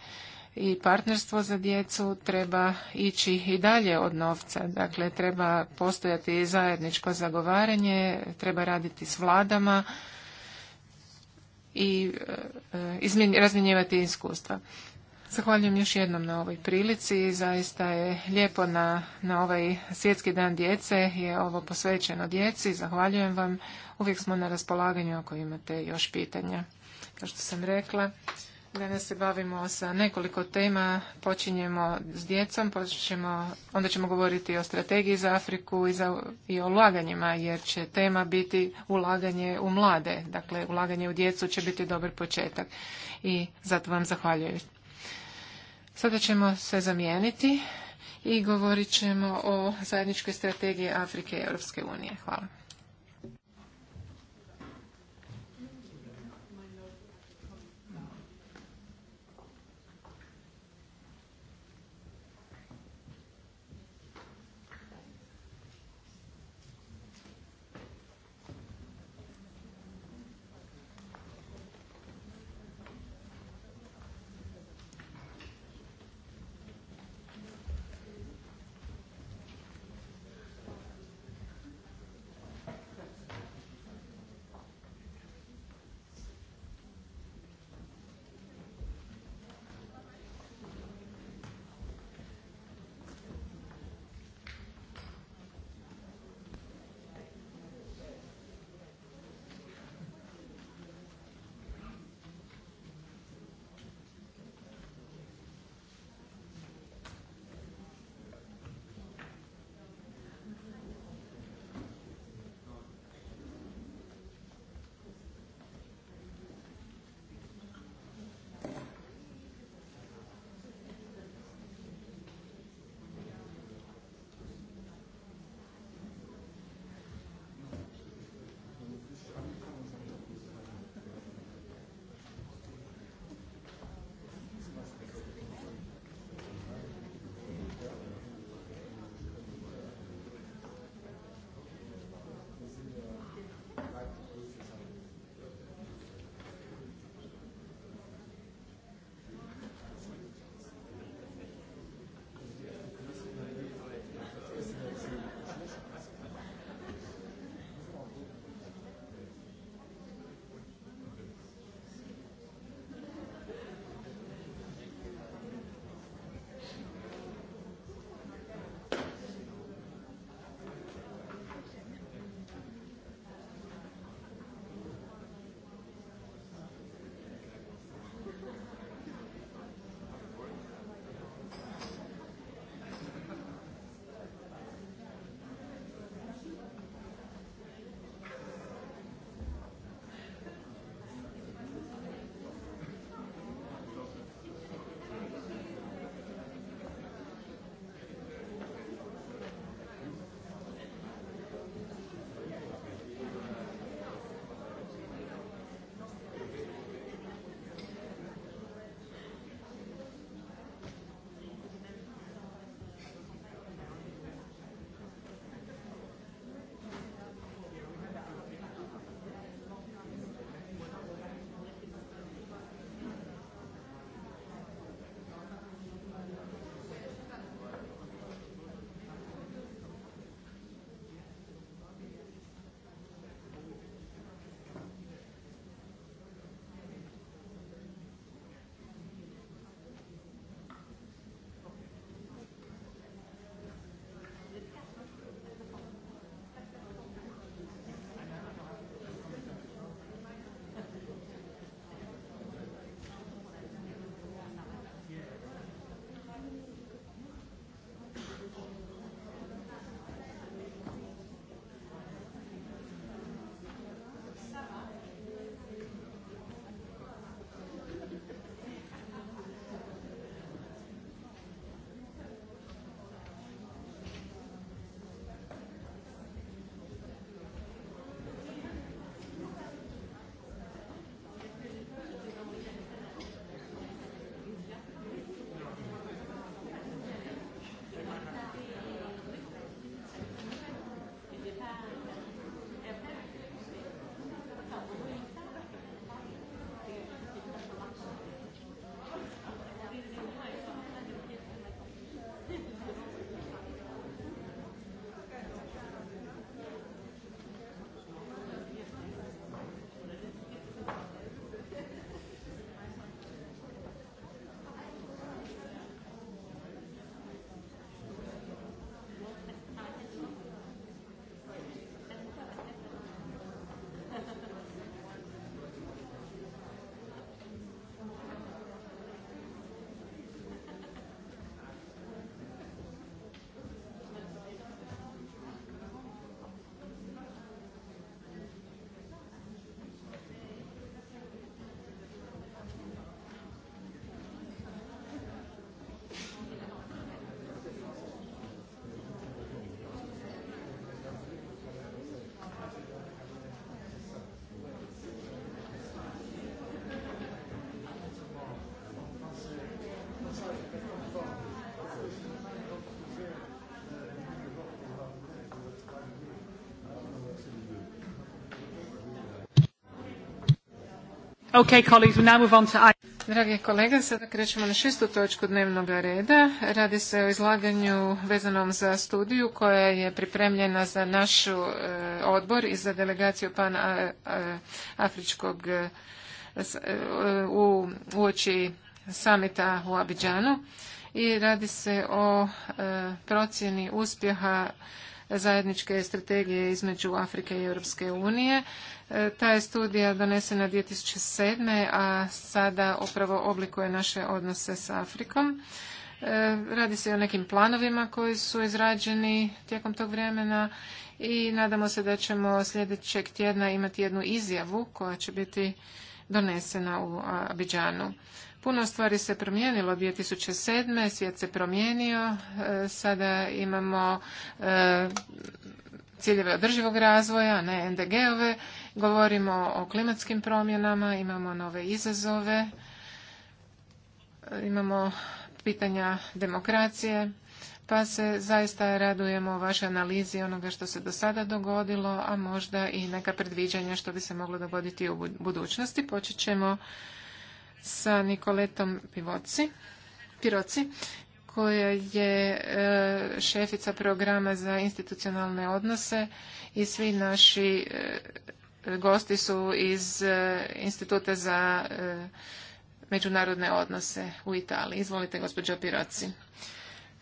i partnerstvo za djecu treba ići i dalje od novca. Dakle, treba postojati zajedničko zagovaranje, treba raditi s vladama i e, razmjenjivati iskustva. Zahvaljujem još jednom na ovoj prilici. Zaista je lijepo na, na ovaj svjetski dan djece je ovo posvećeno djeci. Zahvaljujem vam. Uvijek smo na raspolaganju ako imate još pitanja. Kao što sam rekla, Danas se bavimo sa nekoliko tema. Počinjemo s djecom, počinjemo, onda ćemo govoriti o strategiji za Afriku i, za, o ulaganjima, jer će tema biti ulaganje u mlade. Dakle, ulaganje u djecu će biti dobar početak. I zato vam zahvaljujem. Sada ćemo se zamijeniti i govorit ćemo o zajedničkoj strategiji Afrike i Europske unije. Hvala. Okay, colleagues, Dragi kolega, sada krećemo na šestu točku dnevnog reda. Radi se o izlaganju vezanom za studiju koja je pripremljena za naš e, odbor i za delegaciju pan Afričkog e, e, u uoči samita u Abidžanu i radi se o procjeni uspjeha zajedničke strategije između Afrike i Europske unije. E, ta je studija donesena 2007. a sada upravo oblikuje naše odnose s Afrikom. E, radi se o nekim planovima koji su izrađeni tijekom tog vremena i nadamo se da ćemo sljedećeg tjedna imati jednu izjavu koja će biti donesena u Abidžanu. Puno stvari se promijenilo 2007. Svijet se promijenio. E, sada imamo e, ciljeve održivog razvoja, ne NDG-ove. Govorimo o klimatskim promjenama, imamo nove izazove, e, imamo pitanja demokracije. Pa se zaista radujemo vašoj analizi onoga što se do sada dogodilo, a možda i neka predviđanja što bi se moglo dogoditi u budućnosti. Počet ćemo sa Nikoletom Pivoci, Piroci koja je e, šefica programa za institucionalne odnose i svi naši e, gosti su iz e, Instituta za međunarodne odnose u Italiji. Izvolite, gospođo Piroci.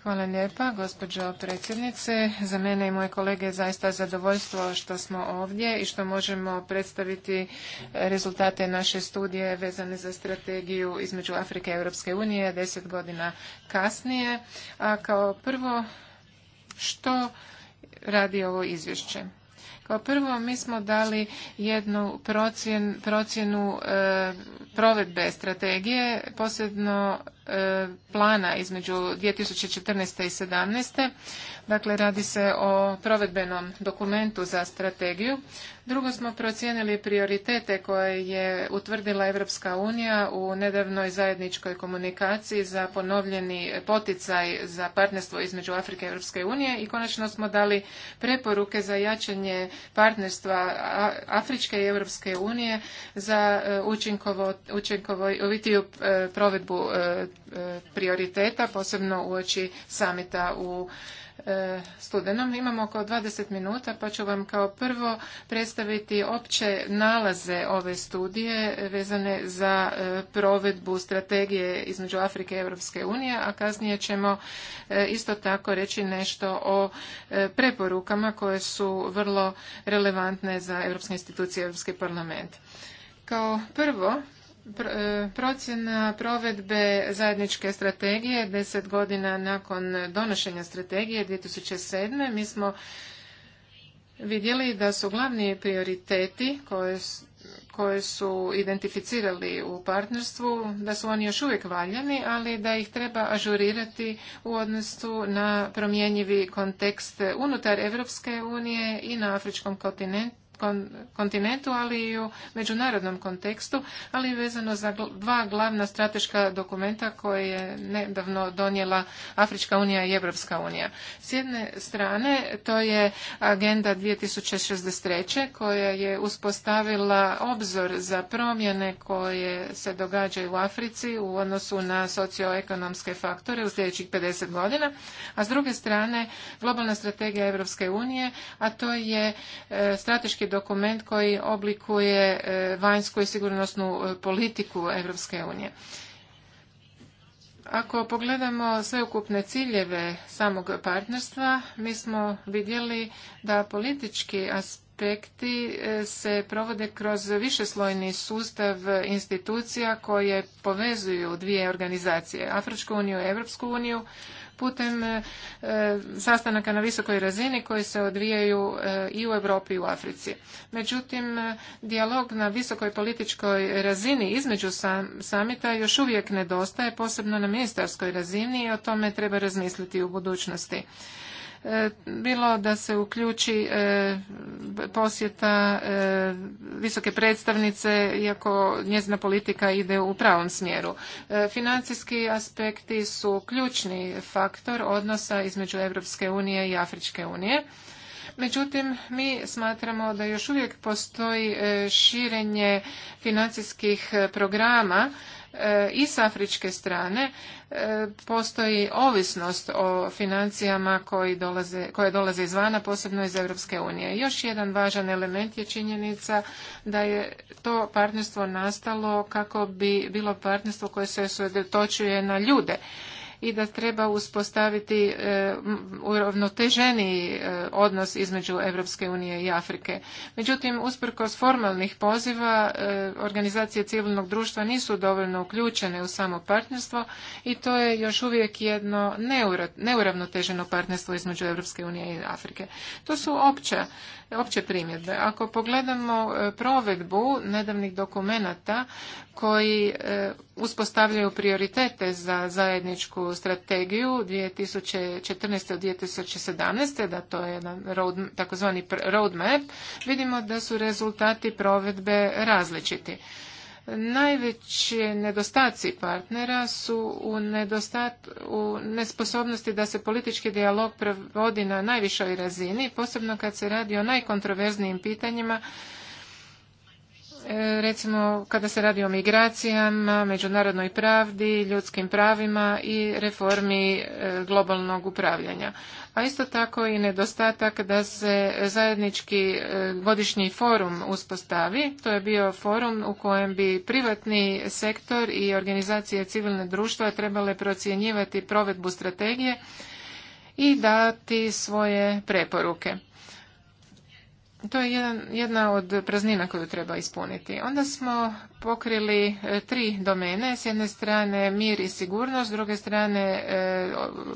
Hvala lijepa, gospođo predsjednice. Za mene i moje kolege je zaista zadovoljstvo što smo ovdje i što možemo predstaviti rezultate naše studije vezane za strategiju između Afrike i Europske unije deset godina kasnije. A kao prvo, što radi ovo izvješće? Kao prvo mi smo dali jednu procjenu e, provedbe strategije, posebno E, plana između 2014. i 2017. Dakle, radi se o provedbenom dokumentu za strategiju. Drugo smo procijenili prioritete koje je utvrdila Europska unija u nedavnoj zajedničkoj komunikaciji za ponovljeni poticaj za partnerstvo između Afrike i Europske unije i konačno smo dali preporuke za jačanje partnerstva Afričke i Europske unije za e, učinkovitiju e, provedbu E, prioriteta, posebno uoči samita u e, studenom. Imamo oko 20 minuta pa ću vam kao prvo predstaviti opće nalaze ove studije vezane za e, provedbu strategije između Afrike i Europske unije, a kasnije ćemo isto tako reći nešto o preporukama koje su vrlo relevantne za Europske institucije i Europski parlament. Kao prvo E, procjena provedbe zajedničke strategije deset godina nakon donošenja strategije 2007. mi smo vidjeli da su glavni prioriteti koje, su identificirali u partnerstvu, da su oni još uvijek valjani, ali da ih treba ažurirati u odnosu na promjenjivi kontekst unutar Europske unije i na afričkom kontinentu kontinentu, ali i u međunarodnom kontekstu, ali i vezano za dva glavna strateška dokumenta koje je nedavno donijela Afrička unija i Evropska unija. S jedne strane, to je agenda 2063. koja je uspostavila obzor za promjene koje se događaju u Africi u odnosu na socioekonomske faktore u sljedećih 50 godina, a s druge strane globalna strategija Evropske unije, a to je e, strateški dokument koji oblikuje e, vanjsku i sigurnosnu e, politiku Europske unije. Ako pogledamo sveukupne ciljeve samog partnerstva, mi smo vidjeli da politički aspekti e, se provode kroz višeslojni sustav institucija koje povezuju dvije organizacije, Afričku uniju i Europsku uniju, putem e, sastanaka na visokoj razini koji se odvijaju e, i u Europi i u Africi. Međutim, e, dijalog na visokoj političkoj razini između samita još uvijek nedostaje, posebno na ministarskoj razini i o tome treba razmisliti u budućnosti bilo da se uključi e, posjeta e, visoke predstavnice, iako njezina politika ide u pravom smjeru. E, financijski aspekti su ključni faktor odnosa između Europske unije i Afričke unije. Međutim, mi smatramo da još uvijek postoji širenje financijskih programa E, i s afričke strane e, postoji ovisnost o financijama koje dolaze izvana, posebno iz Europske unije. Još jedan važan element je činjenica da je to partnerstvo nastalo kako bi bilo partnerstvo koje se usredotočuje na ljude i da treba uspostaviti e, uravnoteženiji e, odnos između Europske unije i Afrike. Međutim, usprkos formalnih poziva, e, organizacije civilnog društva nisu dovoljno uključene u samo partnerstvo i to je još uvijek jedno neuravnoteženo partnerstvo između Europske unije i Afrike. To su opća opće primjedbe. Ako pogledamo e, provedbu nedavnih dokumenata koji e, uspostavljaju prioritete za zajedničku strategiju 2014. od 2017. da to je jedan road, takozvani roadmap, vidimo da su rezultati provedbe različiti. Najveći nedostaci partnera su u, nedostat, u nesposobnosti da se politički dijalog provodi na najvišoj razini, posebno kad se radi o najkontroverznijim pitanjima E, recimo kada se radi o migracijama, međunarodnoj pravdi, ljudskim pravima i reformi e, globalnog upravljanja. A isto tako i nedostatak da se zajednički e, godišnji forum uspostavi. To je bio forum u kojem bi privatni sektor i organizacije civilne društva trebale procjenjivati provedbu strategije i dati svoje preporuke to je jedna od praznina koju treba ispuniti. Onda smo pokrili e, tri domene, s jedne strane mir i sigurnost, s druge strane e,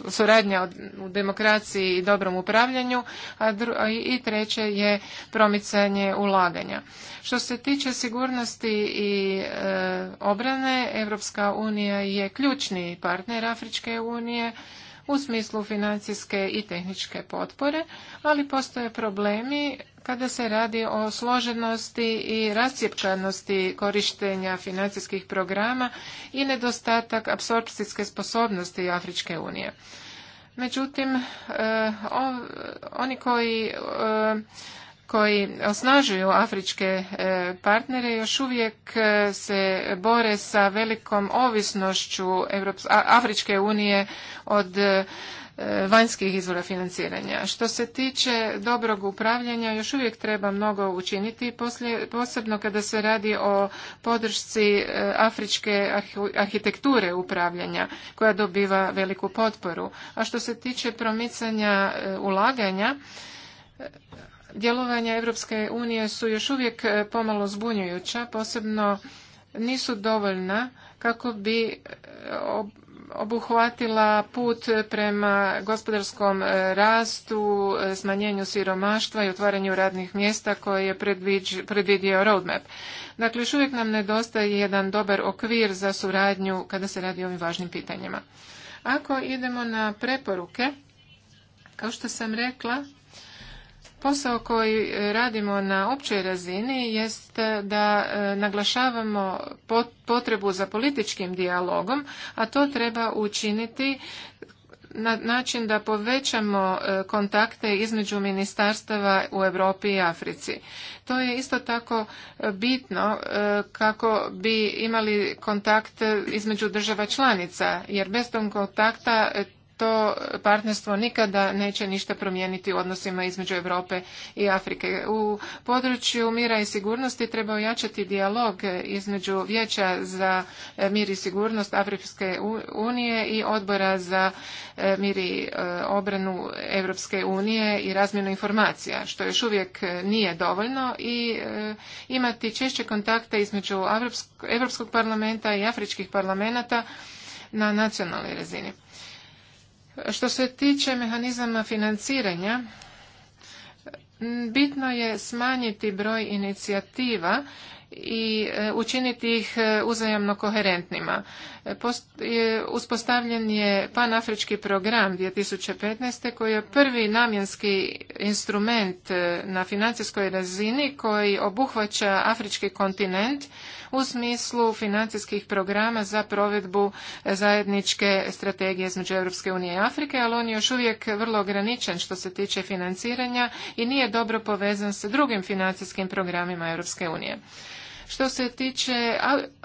suradnja u demokraciji i dobrom upravljanju, a i treće je promicanje ulaganja. Što se tiče sigurnosti i e, obrane, Europska unija je ključni partner Afričke unije, u smislu financijske i tehničke potpore, ali postoje problemi kada se radi o složenosti i rascjepkanosti korištenja financijskih programa i nedostatak apsorpcijske sposobnosti Afričke unije. Međutim, e, oni koji e, koji osnažuju afričke e, partnere još uvijek se bore sa velikom ovisnošću Afričke unije od E, vanjskih izvora financiranja. Što se tiče dobrog upravljanja, još uvijek treba mnogo učiniti, posebno kada se radi o podršci e, afričke arhitekture upravljanja, koja dobiva veliku potporu. A što se tiče promicanja e, ulaganja, djelovanja Europske unije su još uvijek pomalo zbunjujuća, posebno nisu dovoljna kako bi obuhvatila put prema gospodarskom rastu, smanjenju siromaštva i otvaranju radnih mjesta koje je predvidio roadmap. Dakle, još uvijek nam nedostaje jedan dobar okvir za suradnju kada se radi o ovim važnim pitanjima. Ako idemo na preporuke, kao što sam rekla, Posao koji e, radimo na općoj razini jest e, da e, naglašavamo potrebu za političkim dijalogom, a to treba učiniti na način da povećamo kontakte između ministarstava u Europi i Africi. To je isto tako bitno kako bi imali kontakt između država članica, jer bez tog kontakta to partnerstvo nikada neće ništa promijeniti u odnosima između Europe i Afrike. U području mira i sigurnosti treba ojačati dijalog između Vijeća za e, mir i sigurnost Afričke unije i Odbora za e, mir i e, obranu Europske unije i razmjenu informacija, što još uvijek nije dovoljno i imati češće kontakte između Europskog parlamenta i afričkih parlamenta na nacionalnoj razini. Što se tiče mehanizama financiranja, bitno je smanjiti broj inicijativa i e, učiniti ih e, uzajamno koherentnima uspostavljen je panafrički program 2015. koji je prvi namjenski instrument e, na financijskoj razini koji obuhvaća afrički kontinent u smislu financijskih programa za provedbu e, zajedničke strategije između Europske unije i Afrike, ali on je još uvijek vrlo ograničen što se tiče financiranja i nije dobro povezan sa drugim financijskim programima Europske unije. Što se tiče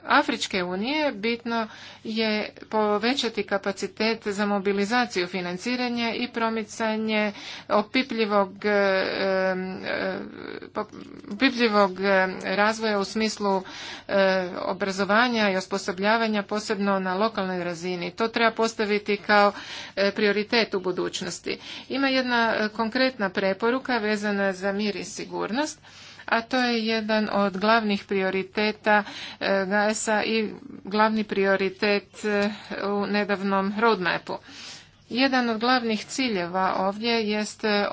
Afričke unije, bitno je povećati kapacitet za mobilizaciju financiranja i promicanje opipljivog, e, e, opipljivog e, razvoja u smislu obrazovanja i osposobljavanja, posebno na lokalnoj razini. To treba postaviti kao prioritet u budućnosti. Ima jedna konkretna preporuka vezana za mir i sigurnost a to je jedan od glavnih prioriteta e, gas i glavni prioritet e, u nedavnom roadmapu. Jedan od glavnih ciljeva ovdje jest e,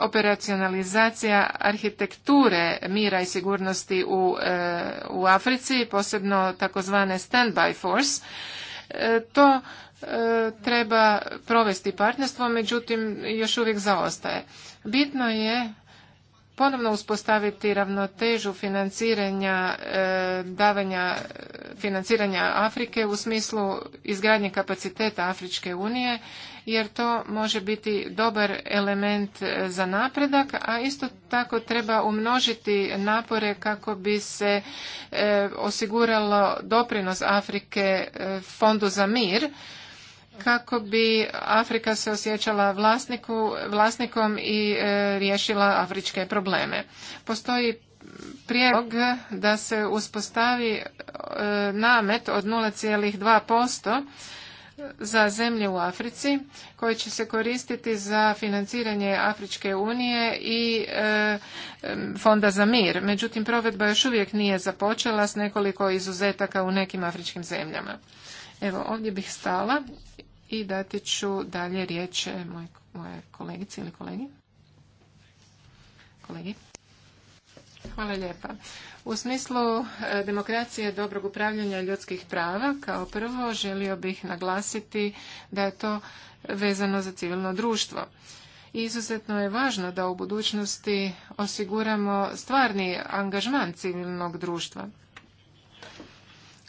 operacionalizacija arhitekture mira i sigurnosti u, Africi, posebno takozvane stand-by force. To treba provesti partnerstvo, međutim još uvijek zaostaje. Bitno je ponovno uspostaviti ravnotežu financiranja e, davanja financiranja Afrike u smislu izgradnje kapaciteta Afričke unije jer to može biti dobar element e, za napredak, a isto tako treba umnožiti napore kako bi se e, osiguralo doprinos Afrike fondu za mir kako bi Afrika se osjećala vlasniku, vlasnikom i e, riješila afričke probleme. Postoji prijedlog da se uspostavi e, namet od 0,2% za zemlje u Africi koji će se koristiti za financiranje Afričke unije i e, fonda za mir. Međutim, provedba još uvijek nije započela s nekoliko izuzetaka u nekim afričkim zemljama. Evo, ovdje bih stala i dati ću dalje riječ e, moje, moje kolegici ili kolegi. Kolegi. Hvala lijepa. U smislu e, demokracije dobrog upravljanja ljudskih prava, kao prvo želio bih naglasiti da je to vezano za civilno društvo. Izuzetno je važno da u budućnosti osiguramo stvarni angažman civilnog društva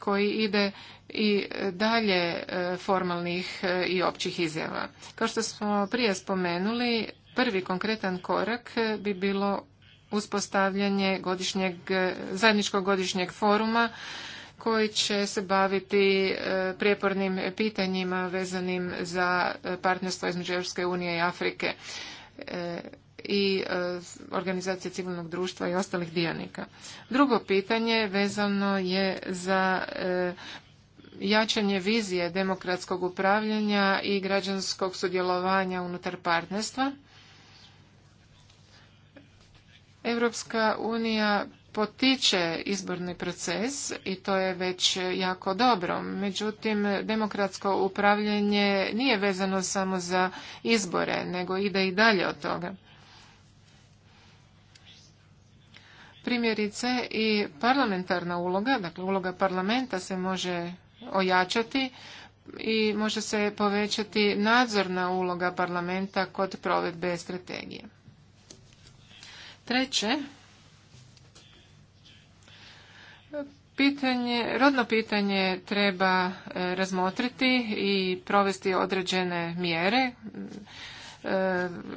koji ide i dalje e, formalnih e, i općih izjava. Kao što smo prije spomenuli, prvi konkretan korak e, bi bilo uspostavljanje godišnjeg, zajedničkog godišnjeg foruma koji će se baviti prijepornim pitanjima vezanim za partnerstvo između Europske unije i Afrike i e, organizacije civilnog društva i ostalih dionika. Drugo pitanje vezano je za e, jačanje vizije demokratskog upravljanja i građanskog sudjelovanja unutar partnerstva. Europska unija potiče izborni proces i to je već jako dobro. Međutim, demokratsko upravljanje nije vezano samo za izbore, nego ide i dalje od toga. Primjerice i parlamentarna uloga, dakle uloga parlamenta se može ojačati i može se povećati nadzorna uloga parlamenta kod provedbe strategije. Treće, pitanje, rodno pitanje treba e, razmotriti i provesti određene mjere E,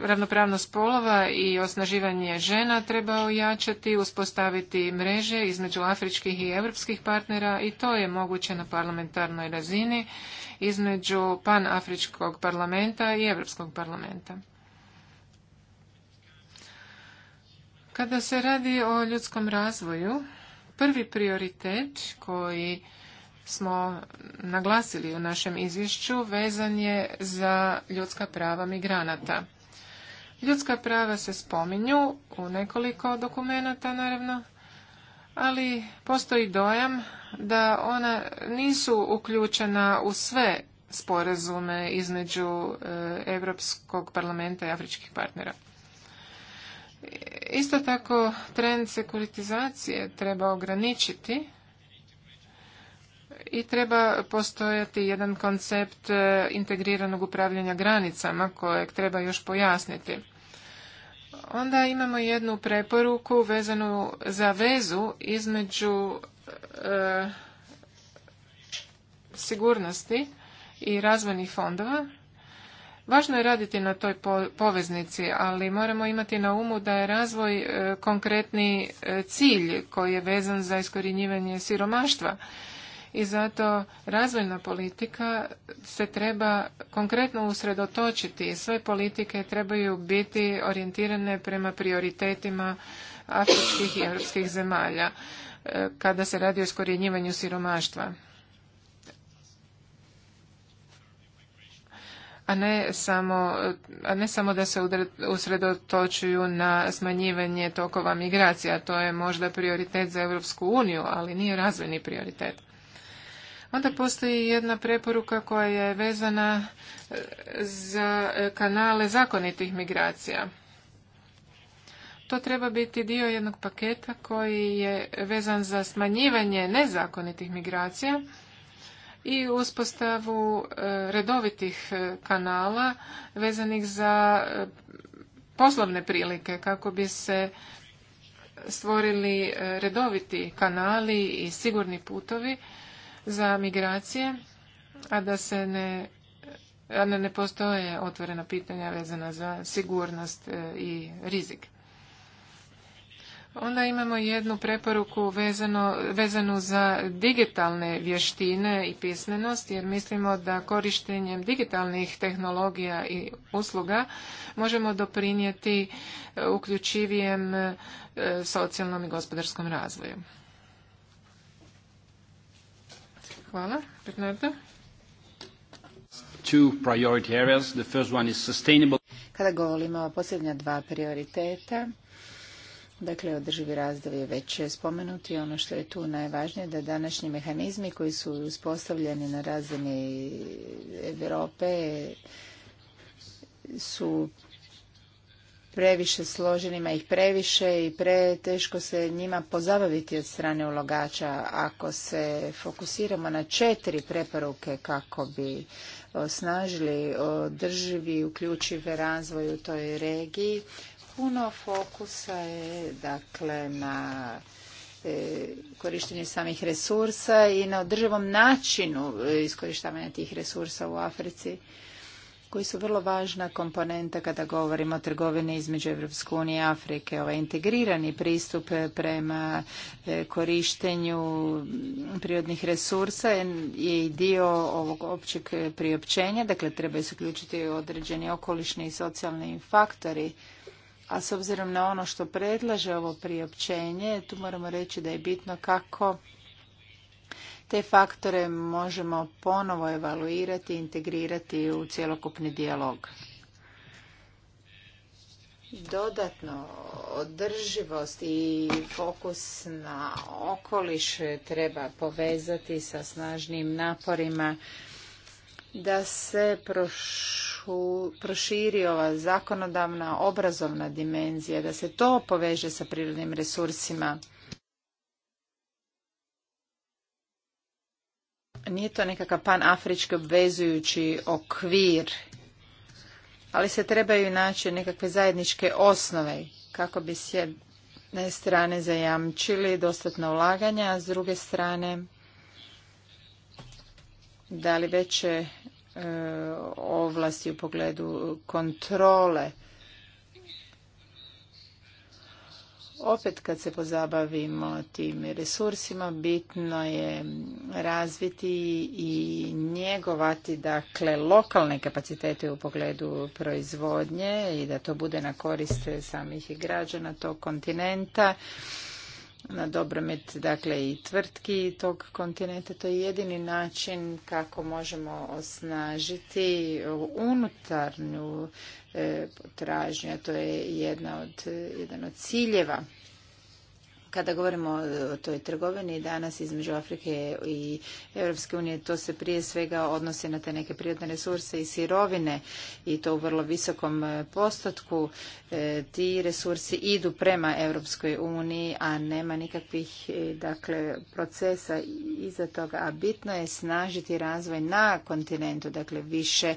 ravnopravnost spolova i osnaživanje žena treba ojačati, uspostaviti mreže između afričkih i europskih partnera i to je moguće na parlamentarnoj razini između panafričkog parlamenta i europskog parlamenta. Kada se radi o ljudskom razvoju, prvi prioritet koji smo naglasili u našem izvješću vezan je za ljudska prava migranata. Ljudska prava se spominju u nekoliko dokumenata naravno, ali postoji dojam da ona nisu uključena u sve sporazume između e, Europskog parlamenta i afričkih partnera. Isto tako trend sekuritizacije treba ograničiti i treba postojati jedan koncept e, integriranog upravljanja granicama kojeg treba još pojasniti. Onda imamo jednu preporuku vezanu za vezu između e, sigurnosti i razvojnih fondova. Važno je raditi na toj poveznici, ali moramo imati na umu da je razvoj e, konkretni cilj koji je vezan za iskorjenjivanje siromaštva i zato razvojna politika se treba konkretno usredotočiti. Sve politike trebaju biti orijentirane prema prioritetima afričkih i europskih zemalja e, kada se radi o iskorjenjivanju siromaštva. a ne samo, a ne samo da se usredotočuju na smanjivanje tokova migracija. To je možda prioritet za Europsku uniju, ali nije razvojni prioritet. Onda postoji jedna preporuka koja je vezana e, za e, kanale zakonitih migracija. To treba biti dio jednog paketa koji je vezan za smanjivanje nezakonitih migracija i uspostavu e, redovitih kanala vezanih za poslovne prilike kako bi se stvorili redoviti kanali i sigurni putovi za migracije, a da se ne a ne postoje otvorena pitanja vezana za sigurnost e, i rizik. Onda imamo jednu preporuku vezano, vezanu za digitalne vještine i pismenost, jer mislimo da korištenjem digitalnih tehnologija i usluga možemo doprinijeti e, uključivijem e, socijalnom i gospodarskom razvoju. Hvala. Kada govorimo o posljednja dva prioriteta, Dakle, održivi razvoj je već spomenuti. Ono što je tu najvažnije da današnji mehanizmi koji su uspostavljeni na razini Europe su previše složenima ih previše i preteško se njima pozabaviti od strane ulogača. Ako se fokusiramo na četiri preporuke kako bi osnažili održivi i uključive razvoj u toj regiji, puno fokusa je dakle na e, korištenje korištenju samih resursa i na održivom načinu e, iskorištavanja tih resursa u Africi koji su vrlo važna komponenta kada govorimo o trgovini između Europske unije i Afrike. Ovaj integrirani pristup eh, prema eh, korištenju prirodnih resursa je i dio ovog općeg eh, priopćenja, dakle treba se uključiti određeni okolišni i socijalni faktori. A s obzirom na ono što predlaže ovo priopćenje, tu moramo reći da je bitno kako te faktore možemo ponovo evaluirati i integrirati u cjelokupni dijalog. Dodatno, održivost i fokus na okoliš treba povezati sa snažnim naporima da se proširi ova zakonodavna obrazovna dimenzija, da se to poveže sa prirodnim resursima. Nije to nekakav panafrički obvezujući okvir, ali se trebaju naći nekakve zajedničke osnove kako bi s jedne strane zajamčili dostatna ulaganja, a s druge strane da li veće e, ovlasti u pogledu kontrole opet kad se pozabavimo tim resursima bitno je razviti i njegovati dakle lokalne kapacitete u pogledu proizvodnje i da to bude na korist samih građana tog kontinenta na dobromet dakle i tvrtki tog kontinenta to je jedini način kako možemo osnažiti unutarnju e, potražnju a to je jedna od, jedan od ciljeva kada govorimo o toj trgovini danas između Afrike i Europske unije, to se prije svega odnosi na te neke prirodne resurse i sirovine i to u vrlo visokom e, postotku. E, ti resursi idu prema Europskoj uniji, a nema nikakvih e, dakle, procesa iza toga. A bitno je snažiti razvoj na kontinentu, dakle više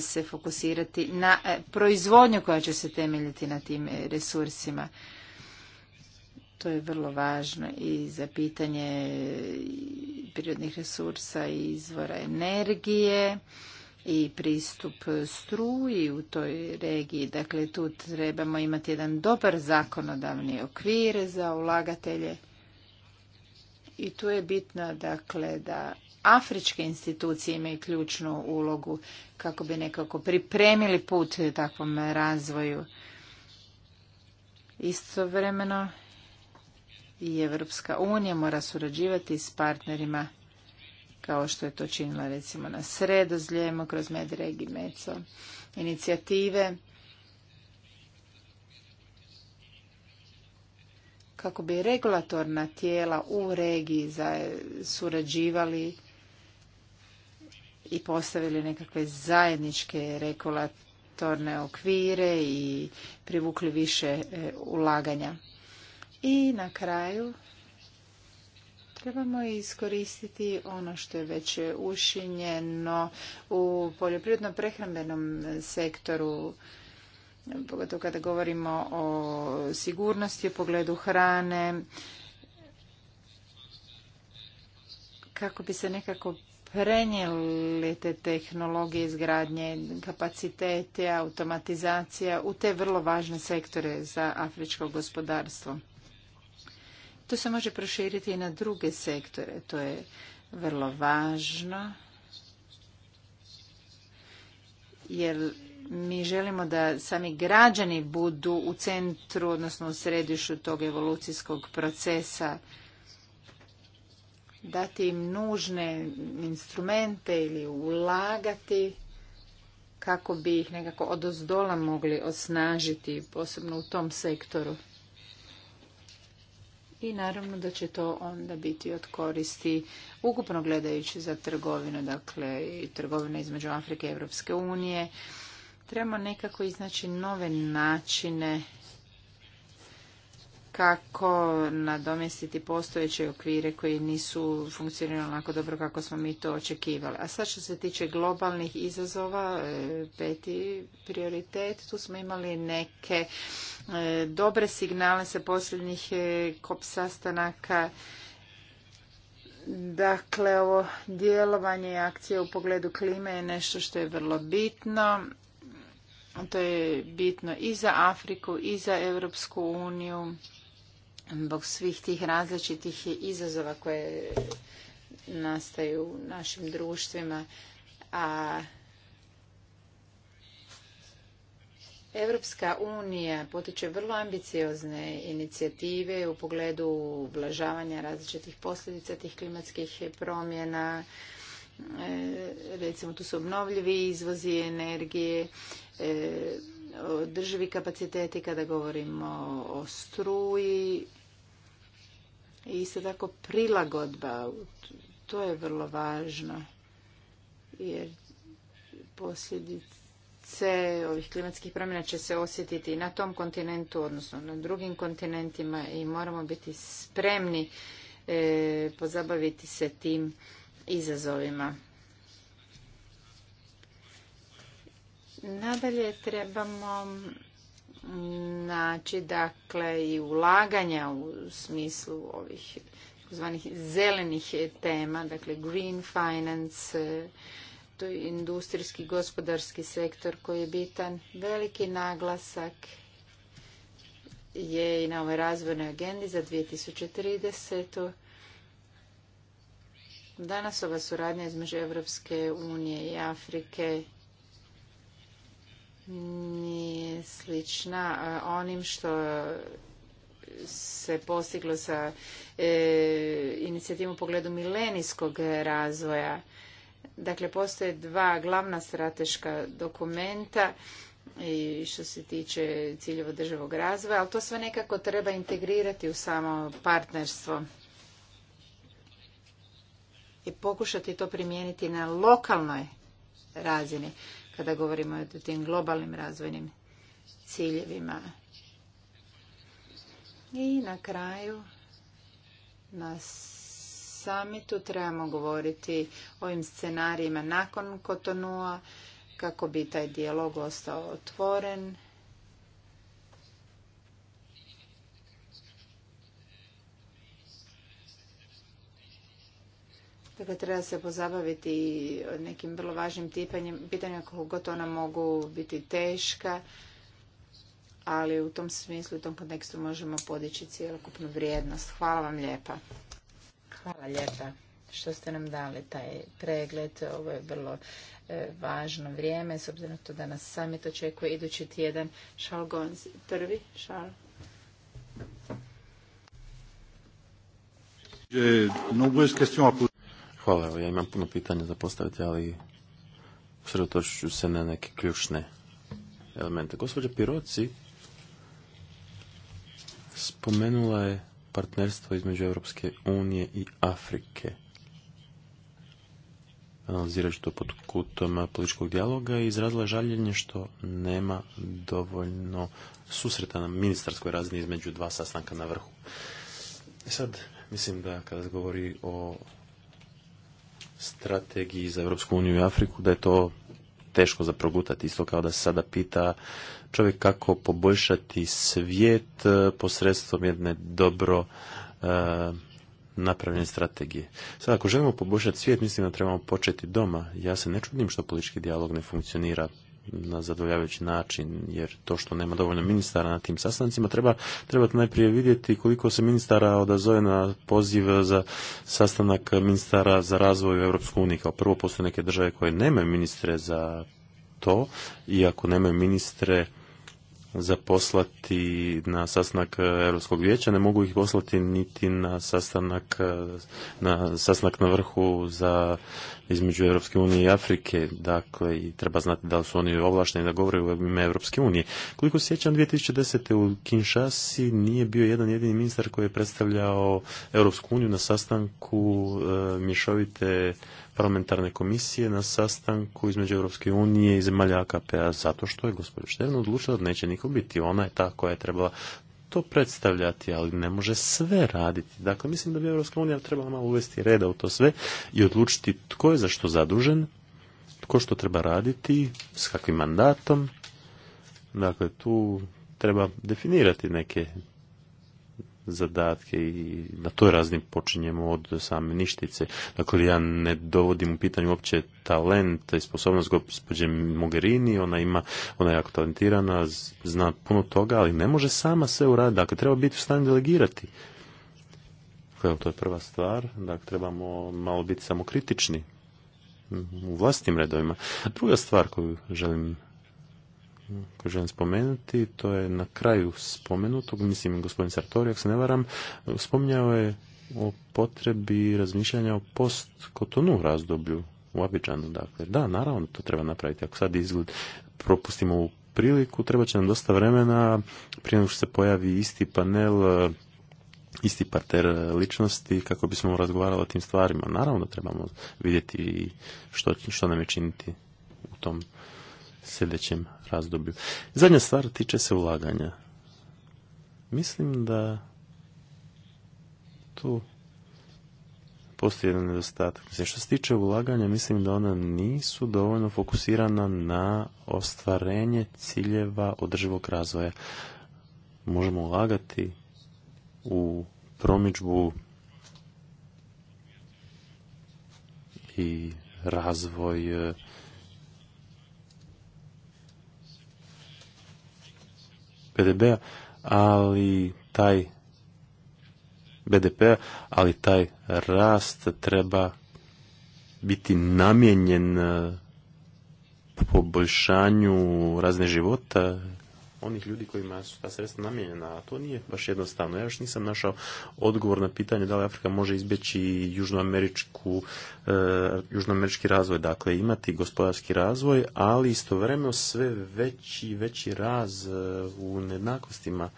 se fokusirati na proizvodnju koja će se temeljiti na tim resursima. To je vrlo važno i za pitanje prirodnih resursa i izvora energije i pristup struji u toj regiji. Dakle, tu trebamo imati jedan dobar zakonodavni okvir za ulagatelje. I tu je bitno dakle, da afričke institucije imaju ključnu ulogu kako bi nekako pripremili put takvom razvoju. Istovremeno i Evropska unija mora surađivati s partnerima kao što je to činila recimo na sredozljemu kroz Medreg i Meco inicijative kako bi regulatorna tijela u regiji surađivali i postavili nekakve zajedničke regulatorne okvire i privukli više e, ulaganja. I na kraju trebamo iskoristiti ono što je već ušinjeno u poljoprivredno prehrambenom sektoru pogotovo kada govorimo o sigurnosti u pogledu hrane kako bi se nekako prenijeli te tehnologije izgradnje kapacitete, automatizacija u te vrlo važne sektore za afričko gospodarstvo. To se može proširiti i na druge sektore. To je vrlo važno jer mi želimo da sami građani budu u centru, odnosno u središu tog evolucijskog procesa, dati im nužne instrumente ili ulagati kako bi ih nekako odozdola mogli osnažiti, posebno u tom sektoru i naravno da će to onda biti od koristi ukupno gledajući za trgovinu, dakle i trgovina između Afrike i Europske unije. Trebamo nekako iznaći nove načine kako nadomjestiti postojeće okvire koji nisu funkcionirali onako dobro kako smo mi to očekivali. A sad što se tiče globalnih izazova, e, peti prioritet, tu smo imali neke e, dobre signale sa posljednjih e, kop sastanaka. Dakle, ovo djelovanje i akcije u pogledu klime je nešto što je vrlo bitno. To je bitno i za Afriku i za Europsku uniju zbog svih tih različitih izazova koje nastaju u našim društvima, a Evropska unija potiče vrlo ambiciozne inicijative u pogledu ublažavanja različitih posljedica tih klimatskih promjena, e, recimo tu su obnovljivi izvozi energije, e, državi kapaciteti kada govorimo o struji, i isto tako prilagodba, to je vrlo važno, jer posljedice ovih klimatskih promjena će se osjetiti i na tom kontinentu, odnosno na drugim kontinentima i moramo biti spremni e, pozabaviti se tim izazovima. Nadalje trebamo Znači, dakle i ulaganja u smislu ovih zvanih zelenih tema, dakle green finance, e, to je industrijski gospodarski sektor koji je bitan. Veliki naglasak je i na ovoj razvojnoj agendi za 2030. Danas ova suradnja između Evropske unije i Afrike nije slična onim što se postiglo sa e, inicijativom u pogledu milenijskog razvoja. Dakle, postoje dva glavna strateška dokumenta i što se tiče ciljeva državog razvoja, ali to sve nekako treba integrirati u samo partnerstvo i pokušati to primijeniti na lokalnoj razini kada govorimo o tim globalnim razvojnim ciljevima. I na kraju na samitu trebamo govoriti o ovim scenarijima nakon Kotonua kako bi taj dijalog ostao otvoren Dakle, treba se pozabaviti nekim vrlo važnim pitanjima kako god ona mogu biti teška, ali u tom smislu, u tom kontekstu možemo podići cijelokupnu vrijednost. Hvala vam lijepa. Hvala lijepa što ste nam dali taj pregled. Ovo je vrlo e, važno vrijeme, s obzirom to da nas samit očekuje idući tjedan. Šal prvi, šal. questions Hvala, evo, ja imam puno pitanja za postaviti, ali sredotočit ću se na neke ključne elemente. Gospođa Piroci spomenula je partnerstvo između Europske unije i Afrike. Analizirajući to pod kutom političkog dijaloga i izrazila je žaljenje što nema dovoljno susreta na ministarskoj razini između dva sastanka na vrhu. I e sad, mislim da kada se govori o strategiji za Europsku uniju i Afriku, da je to teško za progutati, isto kao da se sada pita čovjek kako poboljšati svijet eh, posredstvom jedne dobro eh, napravljene strategije. Sad, ako želimo poboljšati svijet, mislim da trebamo početi doma. Ja se ne čudim što politički dijalog ne funkcionira na zadovoljavajući način, jer to što nema dovoljno ministara na tim sastancima, treba, treba najprije vidjeti koliko se ministara odazove na poziv za sastanak ministara za razvoj u EU. Kao prvo postoje neke države koje nemaju ministre za to, i ako nemaju ministre zaposlati na sastanak e, Europskog vijeća, ne mogu ih poslati niti na sastanak e, na, sastanak na vrhu za između Europske unije i Afrike, dakle i treba znati da li su oni ovlašteni da govore u ime Europske unije. Koliko sjećam, 2010. u Kinshasi nije bio jedan jedini ministar koji je predstavljao Europsku uniju na sastanku e, mješovite parlamentarne komisije na sastanku između Europske unije i zemalja AKP-a zato što je gospođa Štern odlučila da neće niko biti. Ona je ta koja je trebala to predstavljati, ali ne može sve raditi. Dakle, mislim da bi Europska unija trebala malo uvesti reda u to sve i odlučiti tko je za što zadužen, tko što treba raditi, s kakvim mandatom. Dakle, tu treba definirati neke zadatke i na toj razni počinjemo od same ništice. Dakle, ja ne dovodim u pitanju uopće talent i sposobnost gospođe Mogherini, ona ima, ona je jako talentirana, zna puno toga, ali ne može sama sve uraditi. Dakle, treba biti u stanju delegirati. Dakle, to je prva stvar, dakle, trebamo malo biti samokritični u vlastnim redovima. Druga stvar koju želim koju želim spomenuti, to je na kraju spomenutog, mislim gospodin Sartori, ako se ne varam, spominjao je o potrebi razmišljanja o post-kotonu razdoblju u Abidžanu. Dakle, da, naravno to treba napraviti. Ako sad izgled propustimo u priliku, treba će nam dosta vremena prije nego što se pojavi isti panel isti parter ličnosti kako bismo razgovarali o tim stvarima. Naravno trebamo vidjeti što, što nam je činiti u tom sljedećem razdoblju. Zadnja stvar tiče se ulaganja. Mislim da tu postoji jedan nedostatak. što se tiče ulaganja, mislim da ona nisu dovoljno fokusirana na ostvarenje ciljeva održivog razvoja. Možemo ulagati u promičbu i razvoj bdp p-a, ali taj bdp p-a, ali taj rast treba biti namijenjen eh, poboljšanju razne života onih ljudi kojima su ta sredstva namijenjena, a to nije baš jednostavno. Ja još nisam našao odgovor na pitanje da li Afrika može izbjeći južnoameričku, e, južnoamerički razvoj, dakle imati gospodarski razvoj, ali istovremeno sve veći veći raz e, u nejednakostima.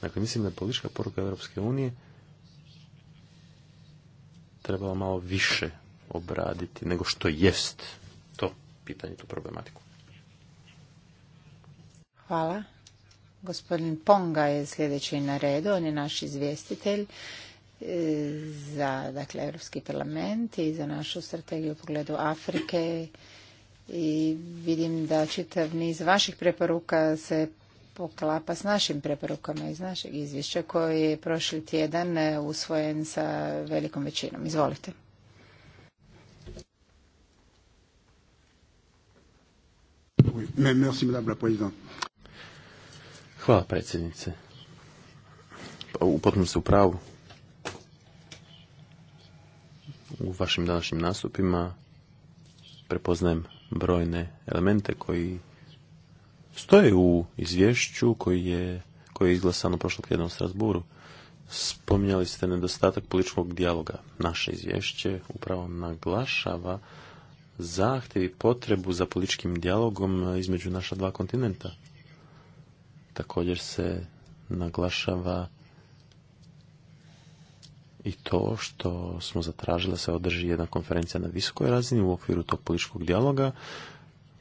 Dakle, mislim da je politička poruka Europske unije trebala malo više obraditi nego što jest to pitanje, tu problematiku. Hvala. Gospodin Ponga je sljedeći na redu, on je naš izvjestitelj e, za dakle, Europski parlament i za našu strategiju u pogledu Afrike i vidim da čitav niz vaših preporuka se poklapa s našim preporukama iz našeg izvješća koji je prošli tjedan usvojen sa velikom većinom. Izvolite. merci, madame la présidente. Hvala predsjednice. Pa, u potpuno se u pravu. U vašim današnjim nastupima prepoznajem brojne elemente koji stoje u izvješću koji je, koji je izglasano prošlog tjedna u Strasburu. Spominjali ste nedostatak političkog dijaloga. Naše izvješće upravo naglašava zahtjev i potrebu za političkim dijalogom između naša dva kontinenta. Također se naglašava i to što smo zatražili da se održi jedna konferencija na visokoj razini u okviru tog političkog dijaloga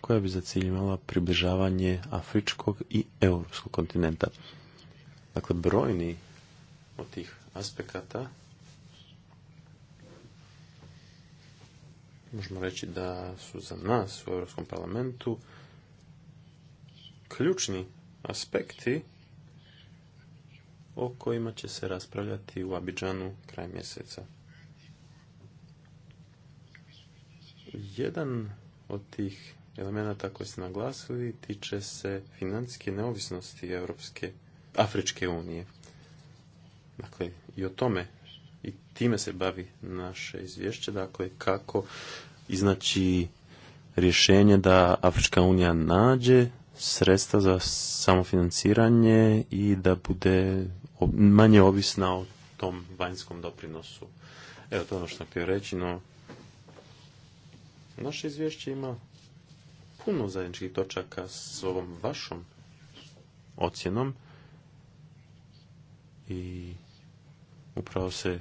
koja bi za cilj imala približavanje afričkog i europskog kontinenta. Dakle, brojni od tih aspekata možemo reći da su za nas u Europskom parlamentu ključni aspekti o kojima će se raspravljati u Abidžanu kraj mjeseca. Jedan od tih elemenata koji ste naglasili tiče se financijske neovisnosti Europske, Afričke unije. Dakle, i o tome i time se bavi naše izvješće, dakle kako iznaći rješenje da Afrička unija nađe sredstva za samofinanciranje i da bude manje ovisna o tom vanjskom doprinosu. Evo to je ono što sam htio reći, no naše izvješće ima puno zajedničkih točaka s ovom vašom ocjenom i upravo se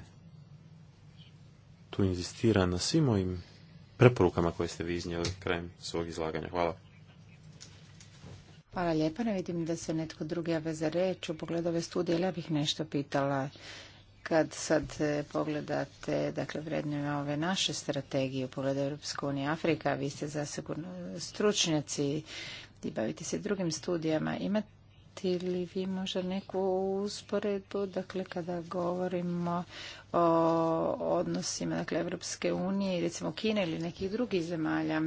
tu inzistira na svim mojim preporukama koje ste vi iznijeli krajem svog izlaganja. Hvala. Hvala lijepa. Ne vidim da se netko drugi jave za reč. U pogledu ove studije, ja bih nešto pitala. Kad sad e, pogledate, dakle, vrednjujemo ove naše strategije u pogledu Europske unije Afrika, vi ste zasigurno stručnjaci i bavite se drugim studijama. Imate li vi možda neku usporedbu, dakle, kada govorimo o odnosima, dakle, Europske unije i recimo Kine ili nekih drugih zemalja?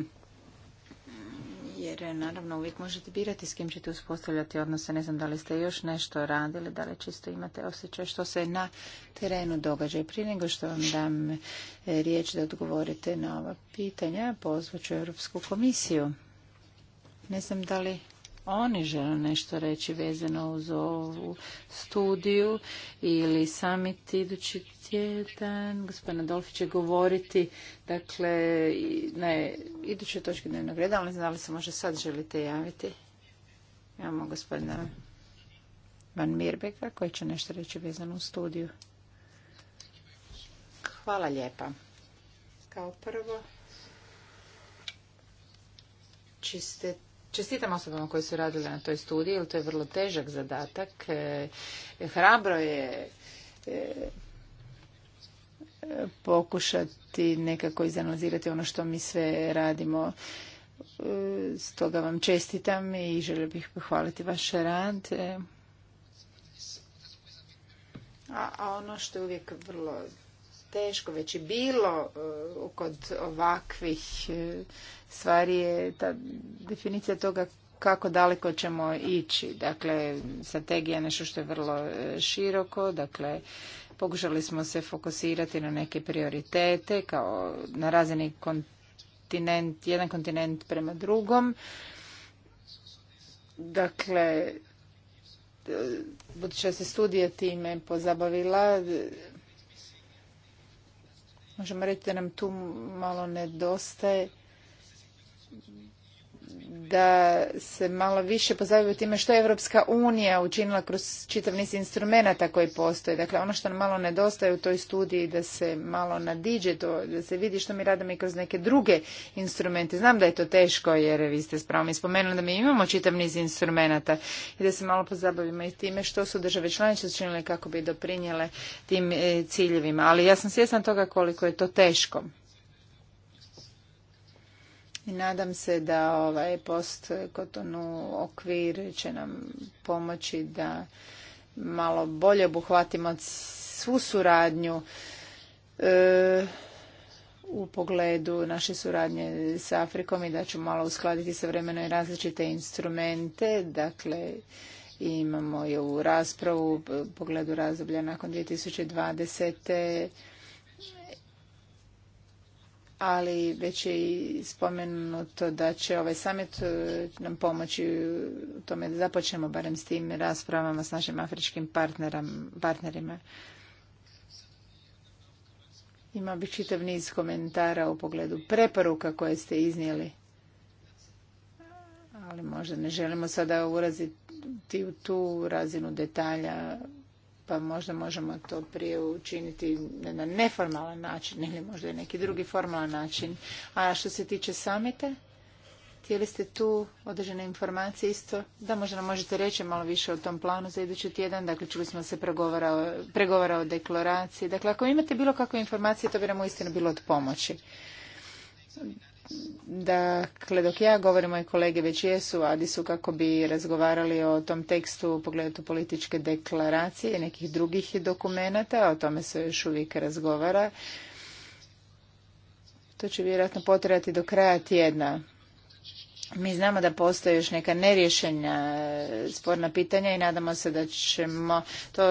jer eh, naravno uvijek možete birati s kim ćete uspostavljati odnose. Ne znam da li ste još nešto radili, da li čisto imate osjećaj što se na terenu događa. I prije nego što vam dam eh, riječ da odgovorite na ova pitanja, pozvat Europsku komisiju. Ne znam da li oni žele nešto reći vezano uz ovu studiju ili summit idući tjedan. Gospodin Adolfi će govoriti, dakle, ne, iduće točke dnevnog reda, ali znam li se možda sad želite javiti. Imamo gospodina Van Mirbeka koji će nešto reći vezano uz studiju. Hvala lijepa. Kao prvo, čiste Čestitam osobama koji su radile na toj studiji, jer to je vrlo težak zadatak. E, hrabro je e, pokušati nekako izanalizirati ono što mi sve radimo. E, stoga vam čestitam i želio bih pohvaliti vaš rad. A ono što je uvijek vrlo teško već i bilo e, kod ovakvih e, stvari je ta definicija toga kako daleko ćemo ići. Dakle, strategija je nešto što je vrlo e, široko, dakle, pokušali smo se fokusirati na neke prioritete kao na razini kontinent, jedan kontinent prema drugom. Dakle, budući se studija time pozabavila, Možemo reći da nam tu malo nedostaje da se malo više pozabavimo time što je Europska unija učinila kroz čitav niz instrumenata koji postoje. Dakle, ono što nam malo nedostaje u toj studiji da se malo nadiđe to, da se vidi što mi radimo i kroz neke druge instrumente. Znam da je to teško jer vi ste i spomenuli da mi imamo čitav niz instrumenata i da se malo pozabavimo i time što su države članice učinile kako bi doprinjele tim e, ciljevima. Ali ja sam svjesna toga koliko je to teško i nadam se da ovaj post kotonu okvir će nam pomoći da malo bolje obuhvatimo svu suradnju e, u pogledu naše suradnje s Afrikom i da ću malo uskladiti sa vremenom i različite instrumente. Dakle, imamo i ovu raspravu u pogledu razdoblja nakon 2020 ali već je i spomenuto da će ovaj samit e, nam pomoći u tome da započnemo barem s tim raspravama s našim afričkim partnerima. Imao bih čitav niz komentara u pogledu preporuka koje ste iznijeli, ali možda ne želimo sada uraziti u tu razinu detalja pa možda možemo to prije učiniti na neformalan način ili možda i neki drugi formalan način. A što se tiče samita, htjeli ste tu određene informacije isto, da možda nam možete reći malo više o tom planu za idući tjedan, dakle čuli smo se pregovara, o deklaraciji, dakle ako imate bilo kakve informacije to bi nam uistinu bilo od pomoći. Dakle, dok ja govorim, moji kolege već jesu u su kako bi razgovarali o tom tekstu u pogledu političke deklaracije i nekih drugih dokumenata, o tome se još uvijek razgovara. To će vjerojatno potrebati do kraja tjedna. Mi znamo da postoje još neka nerješenja e, sporna pitanja i nadamo se da ćemo to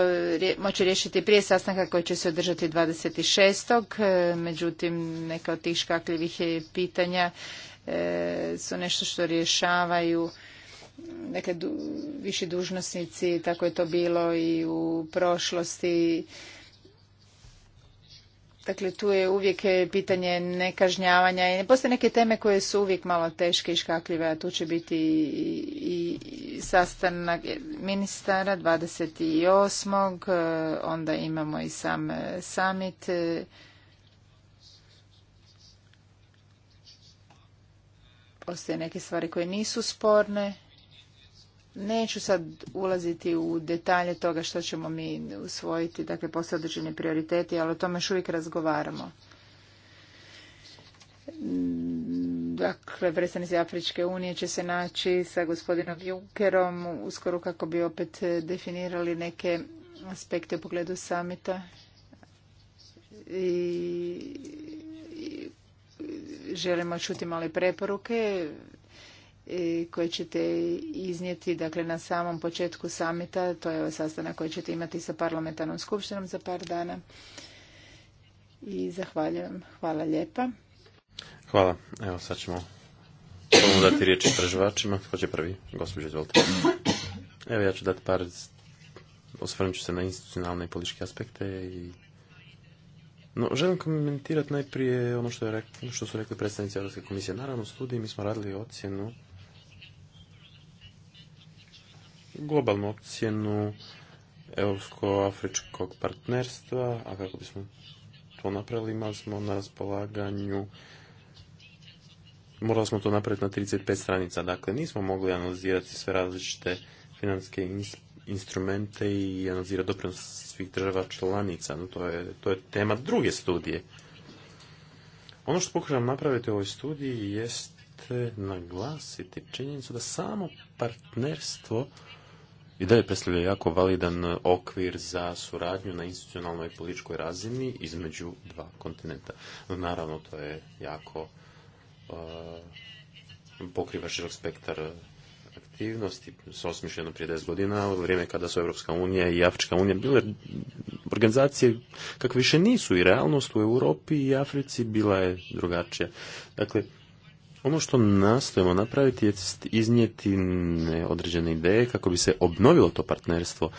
moći riješiti prije sastanka koji će se održati 26. E, međutim, neka od tih škakljivih pitanja e, su nešto što rješavaju neke dakle, viši dužnosnici, tako je to bilo i u prošlosti Dakle, tu je uvijek e, pitanje nekažnjavanja i postoje neke teme koje su uvijek malo teške i škakljive, a tu će biti i, i sastanak ministara 28. E, onda imamo i sam e, summit. Postoje neke stvari koje nisu sporne. Neću sad ulaziti u detalje toga što ćemo mi usvojiti, dakle postoje određeni prioriteti, ali o tome još uvijek razgovaramo. Dakle, predstavnici Afričke unije će se naći sa gospodinom Junckerom uskoro kako bi opet definirali neke aspekte u pogledu samita. I želimo čuti male preporuke koje ćete iznijeti dakle, na samom početku samita. To je ovaj sastanak koji ćete imati sa parlamentarnom skupštinom za par dana. I zahvaljujem. Hvala lijepa. Hvala. Evo sad ćemo dati riječ istraživačima. Ko će prvi? Gospođo, izvolite. Evo ja ću dati par osvrnut ću se na institucionalne i političke aspekte i no, želim komentirati najprije ono što, je rekli, što su rekli predstavnici Europske komisije. Naravno, studiji mi smo radili ocjenu globalnu ocjenu europsko-afričkog partnerstva, a kako bismo to napravili imali smo na raspolaganju morali smo to napraviti na 35 stranica, dakle nismo mogli analizirati sve različite financijske instrumente i analizirati doprinos svih država članica, no to je, to je tema druge studije. Ono što pokušavam napraviti u ovoj studiji jest naglasiti činjenicu da samo partnerstvo i dalje predstavlja jako validan okvir za suradnju na institucionalnoj i političkoj razini između dva kontinenta. Naravno, to je jako uh, pokriva širok spektar aktivnosti s osmišljeno prije 10 godina, u vrijeme kada su Europska unija i Afrička unija bile organizacije kakve više nisu i realnost u Europi i Africi bila je drugačija. Dakle, ono što nastojimo napraviti je iznijeti određene ideje kako bi se obnovilo to partnerstvo.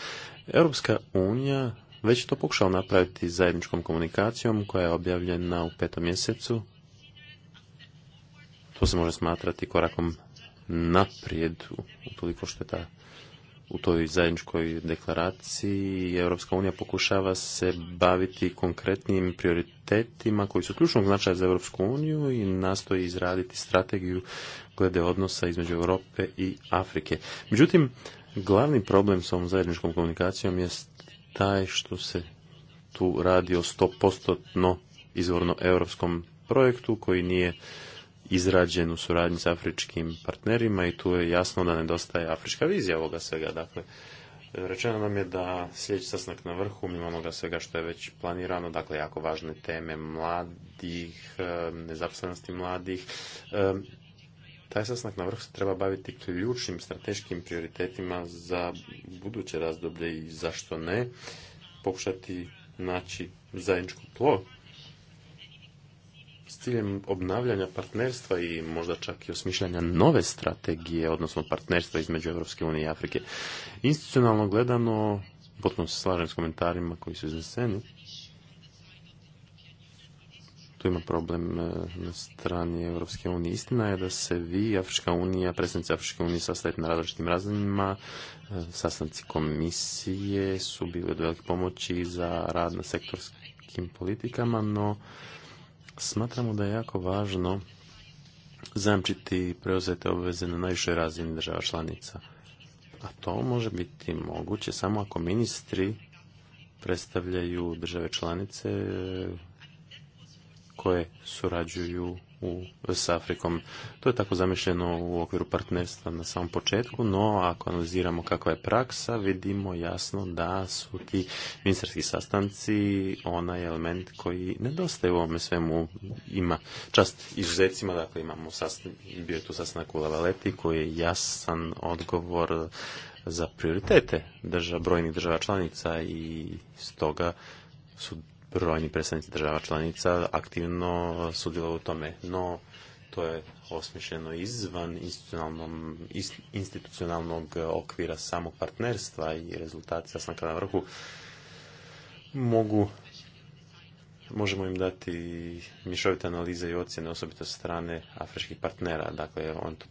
Europska unija već to pokušala napraviti zajedničkom komunikacijom koja je objavljena u petom mjesecu. To se može smatrati korakom naprijed, utoliko što je ta u toj zajedničkoj deklaraciji Europska unija pokušava se baviti konkretnim prioritetima koji su ključnog značaja za Europsku uniju i nastoji izraditi strategiju glede odnosa između Europe i Afrike. Međutim, glavni problem s ovom zajedničkom komunikacijom je taj što se tu radi o stopostotno izvorno europskom projektu koji nije izrađen u suradnji s afričkim partnerima i tu je jasno da nedostaje afrička vizija ovoga svega. Dakle, rečeno nam je da sljedeći sasnak na vrhu, mimo onoga svega što je već planirano, dakle, jako važne teme mladih, e, nezaposlenosti mladih, e, taj sasnak na vrhu se treba baviti ključnim strateškim prioritetima za buduće razdoblje i zašto ne, pokušati naći zajedničko tlo s ciljem obnavljanja partnerstva i možda čak i osmišljanja nove strategije, odnosno partnerstva između Europske unije i Afrike. Institucionalno gledano, potpuno se slažem s komentarima koji su izneseni, tu ima problem e, na strani Europske unije. Istina je da se vi, Afrička unija, predstavnici Afričke unije sastavite na različitim razinima. E, sastanci komisije su bili od velike pomoći za rad na sektorskim politikama, no Smatramo da je jako važno zamčiti preuzete obveze na najvišoj razini država članica. A to može biti moguće samo ako ministri predstavljaju države članice e, koje surađuju u, s Afrikom. To je tako zamišljeno u okviru partnerstva na samom početku, no ako analiziramo kakva je praksa, vidimo jasno da su ti ministarski sastanci onaj element koji nedostaje u ovome svemu. Ima čast izuzetcima, dakle imamo sastan, bio je tu sastanak u Lavaleti koji je jasan odgovor za prioritete brojnih država članica i stoga su brojni predstavnici država članica aktivno sudjeluju u tome. No, to je osmišljeno izvan institucionalnog okvira samog partnerstva i rezultati sastanka na vrhu mogu možemo im dati mišovite analize i ocjene, osobito sa strane afričkih partnera. Dakle, oni to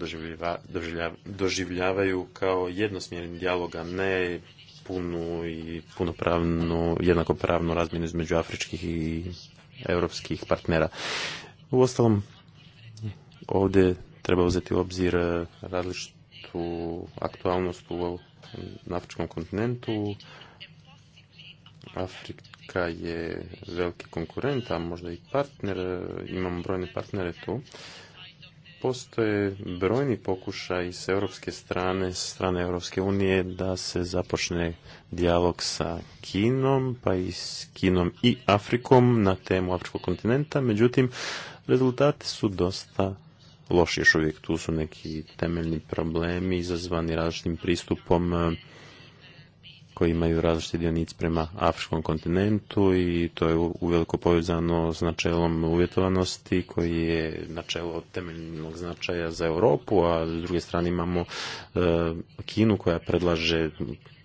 doživljavaju kao jednosmjerni dijalog, a ne punu i punopravnu, jednakopravnu razmjenu između afričkih i europskih partnera. U ostalom, ovdje treba uzeti u obzir e, različitu aktualnost u afričkom kontinentu. Afrika je veliki konkurent, a možda i partner, e, imamo brojne partnere tu postoje brojni pokušaj s europske strane, s strane Europske unije, da se započne dijalog sa Kinom, pa i s Kinom i Afrikom na temu Afričkog kontinenta. Međutim, rezultati su dosta loši još uvijek. Tu su neki temeljni problemi izazvani različitim pristupom koji imaju različiti dionice prema afričkom kontinentu i to je uveliko povezano s načelom uvjetovanosti koji je načelo od temeljnog značaja za Europu, a s druge strane imamo e, Kinu koja predlaže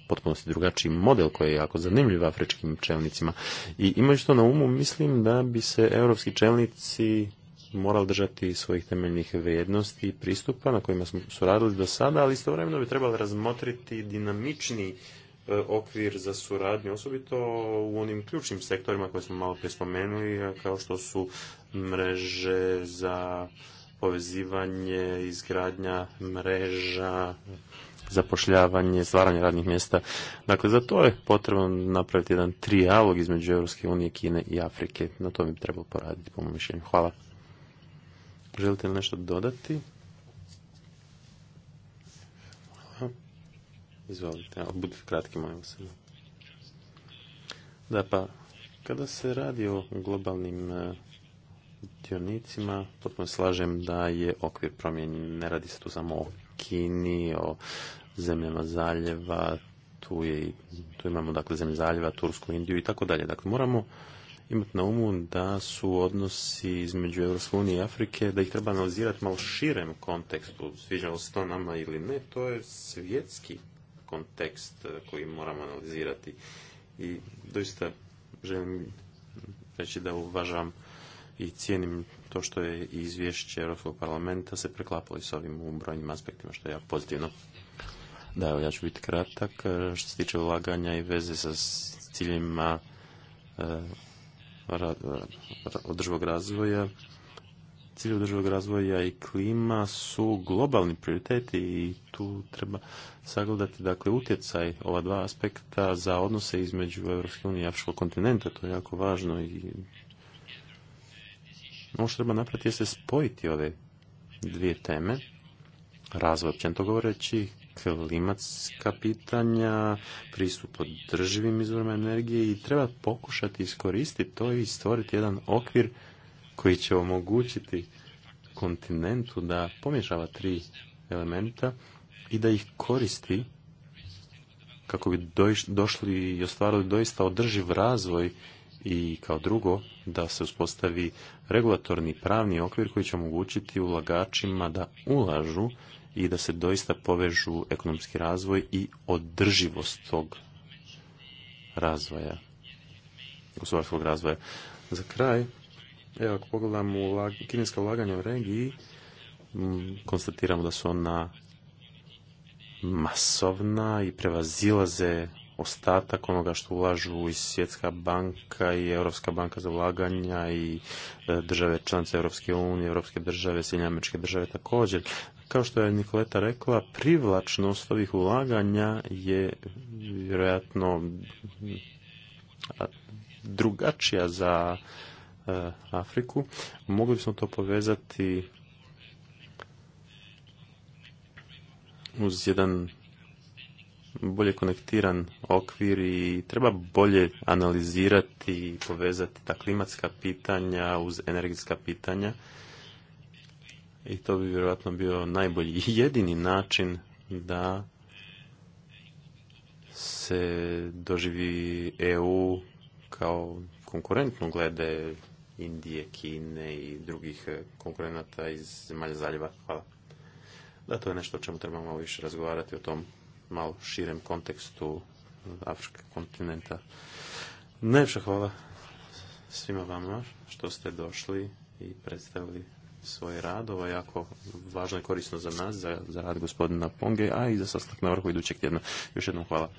potpunosti drugačiji model koji je jako zanimljiv afričkim čelnicima. I imajući to na umu, mislim da bi se europski čelnici morali držati svojih temeljnih vrijednosti i pristupa na kojima smo suradili do sada, ali istovremeno bi trebali razmotriti dinamični E, okvir za suradnju, osobito u onim ključnim sektorima koje smo malo spomenuli, kao što su mreže za povezivanje, izgradnja mreža, zapošljavanje, stvaranje radnih mjesta. Dakle, za to je potrebno napraviti jedan trijalog između Europske unije, Kine i Afrike. Na to bi trebalo poraditi, po mojom mišljenju. Hvala. Želite li nešto dodati? Izvolite, ali budite kratki, molim se. Da, pa, kada se radi o globalnim e, dionicima, potpuno slažem da je okvir promijenjen. Ne radi se tu samo o Kini, o zemljama zaljeva, tu, je, tu imamo dakle zemlje zaljeva, Tursku, Indiju i tako dalje. Dakle, moramo imati na umu da su odnosi između Europske unije i Afrike, da ih treba analizirati malo širem kontekstu, sviđalo se to nama ili ne, to je svjetski kontekst e, koji moramo analizirati. I doista želim reći da uvažam i cijenim to što je izvješće Europskog parlamenta se preklapalo i s ovim u brojnim aspektima što je jako pozitivno. Da, evo, ja ću biti kratak. E, što se tiče ulaganja i veze sa ciljima e, održivog razvoja, ciljev održivog razvoja i klima su globalni prioriteti i tu treba sagledati dakle utjecaj ova dva aspekta za odnose između Europske unije i Afričkog kontinenta, to je jako važno i ono treba napraviti je se spojiti ove dvije teme, razvoj općenito govoreći, klimatska pitanja, pristup održivim izvorima energije i treba pokušati iskoristiti to i stvoriti jedan okvir koji će omogućiti kontinentu da pomješava tri elementa i da ih koristi kako bi došli i ostvarili doista održiv razvoj i kao drugo da se uspostavi regulatorni pravni okvir koji će omogućiti ulagačima da ulažu i da se doista povežu ekonomski razvoj i održivost tog razvoja, gospodarskog razvoja. Za kraj Evo, ako pogledamo ulag, kineska ulaganja u regiji, konstatiramo da su ona masovna i prevazilaze ostatak onoga što ulažu i Svjetska banka i Europska banka za ulaganja i e, države članice Europske unije, Europske države, Sjedinje države također. Kao što je Nikoleta rekla, privlačnost ovih ulaganja je vjerojatno drugačija za E, Afriku. Mogli bismo to povezati uz jedan bolje konektiran okvir i treba bolje analizirati i povezati ta klimatska pitanja uz energetska pitanja. I to bi vjerojatno bio najbolji jedini način da se doživi EU kao konkurentno glede Indije, Kine i drugih e, konkurenata iz zemalja zaljeva. Hvala. Da, to je nešto o čemu trebamo malo više razgovarati, o tom malo širem kontekstu Afričkog kontinenta. Najljepša hvala svima vama što ste došli i predstavili svoj rad. jako važno i korisno za nas, za, za rad gospodina Ponge, a i za sastanak na vrhu idućeg tjedna. Još jednom hvala.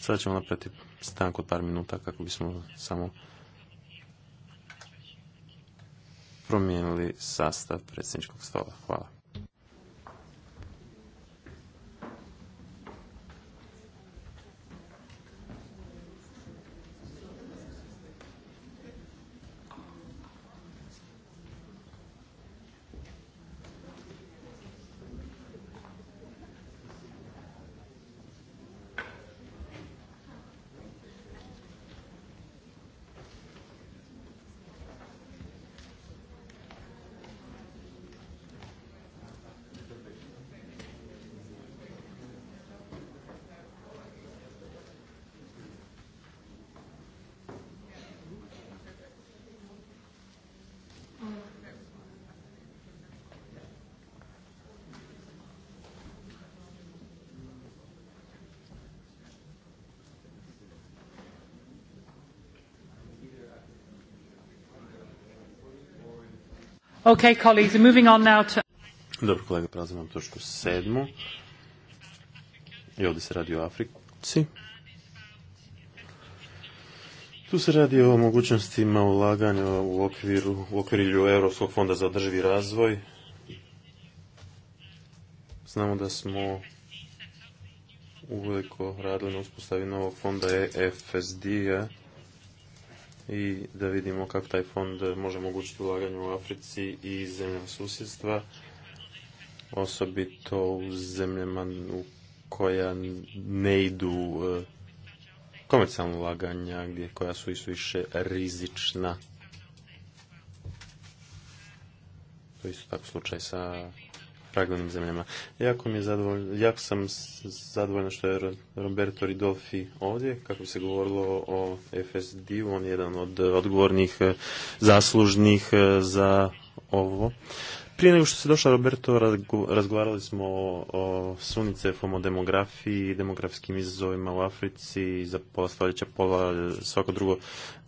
Sada ćemo napraviti stanku od par minuta kako bismo samo promijenili sastav predsjedničkog stola. Hvala. colleagues, moving to... Dobro, kolega, prelazimo na točku sedmu. I ovdje se radi o Africi. Tu se radi o mogućnostima ulaganja u okviru, u okvirilju Europskog fonda za održivi razvoj. Znamo da smo uveliko radili na uspostavi novog fonda EFSD-a i da vidimo kako taj fond može omogućiti ulaganje u Africi i zemljama susjedstva, osobito u zemljama u koja ne idu e, komercijalna ulaganja, gdje, koja su i su više rizična. To je isto tako slučaj sa pragovnim zemljama. Jako, mi je sam zadovoljan što je Roberto Ridolfi ovdje, kako se govorilo o fsd on je jedan od odgovornih e, zaslužnih e, za ovo. Prije nego što se došla Roberto, razgovarali smo o, o sunicefom, o demografiji, demografskim izazovima u Africi, za pola stoljeća pola, svako drugo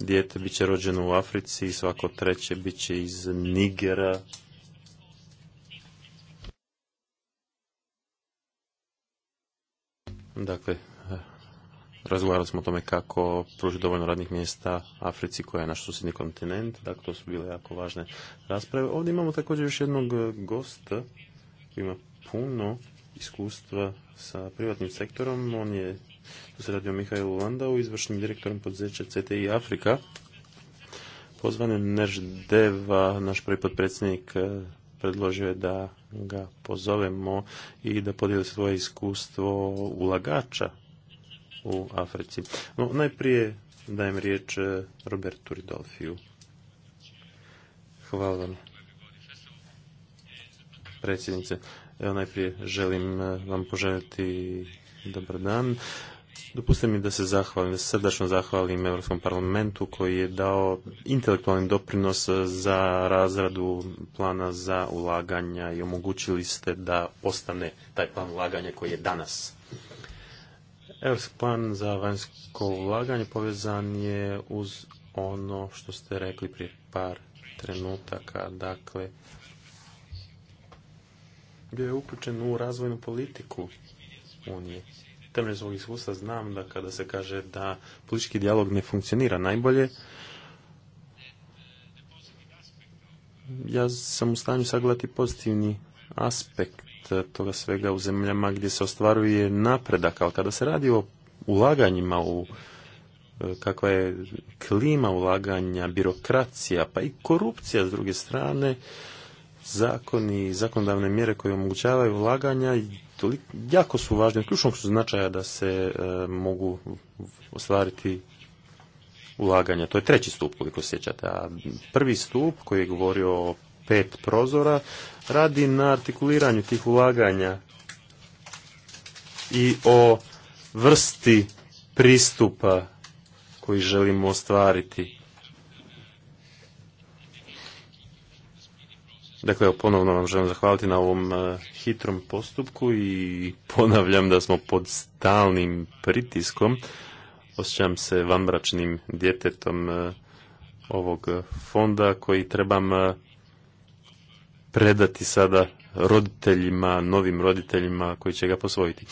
dijete bit će rođeno u Africi, svako treće bit će iz Nigera, Dakle, eh, razgovarali smo o tome kako pružiti dovoljno radnih mjesta Africi koja je naš susjedni kontinent. Dakle, to su bile jako važne rasprave. Ovdje imamo također još jednog gosta koji ima puno iskustva sa privatnim sektorom. On je, tu se radi o Mihajlu Landau, izvršnim direktorom podzeća CTI Afrika. Pozvan je naš prvi potpredsjednik eh, predložio je da ga pozovemo i da podijeli svoje iskustvo ulagača u Africi. No, najprije dajem riječ e, Robertu Ridolfiju. Hvala vam, predsjednice. Evo najprije želim e, vam poželjeti dobar dan. Dopustite mi da se zahvalim, da se srdačno zahvalim Europskom parlamentu koji je dao intelektualni doprinos za razradu plana za ulaganja i omogućili ste da postane taj plan ulaganja koji je danas. Europski plan za vanjsko ulaganje povezan je uz ono što ste rekli prije par trenutaka, dakle bio je uključen u razvojnu politiku Unije temelju svog iskustva znam da kada se kaže da politički dijalog ne funkcionira najbolje, ja sam u stanju sagledati pozitivni aspekt toga svega u zemljama gdje se ostvaruje napredak, ali kada se radi o ulaganjima u e, kakva je klima ulaganja, birokracija, pa i korupcija s druge strane, zakoni i zakonodavne mjere koje omogućavaju ulaganja tolik, jako su važni, ključnog su značaja da se e, mogu ostvariti ulaganja. To je treći stup, koliko sjećate. A prvi stup koji je govorio o pet prozora radi na artikuliranju tih ulaganja i o vrsti pristupa koji želimo ostvariti. Dakle, ponovno vam želim zahvaliti na ovom e, hitrom postupku i ponavljam da smo pod stalnim pritiskom. Osjećam se vanbračnim djetetom e, ovog fonda koji trebam e, predati sada roditeljima, novim roditeljima koji će ga posvojiti.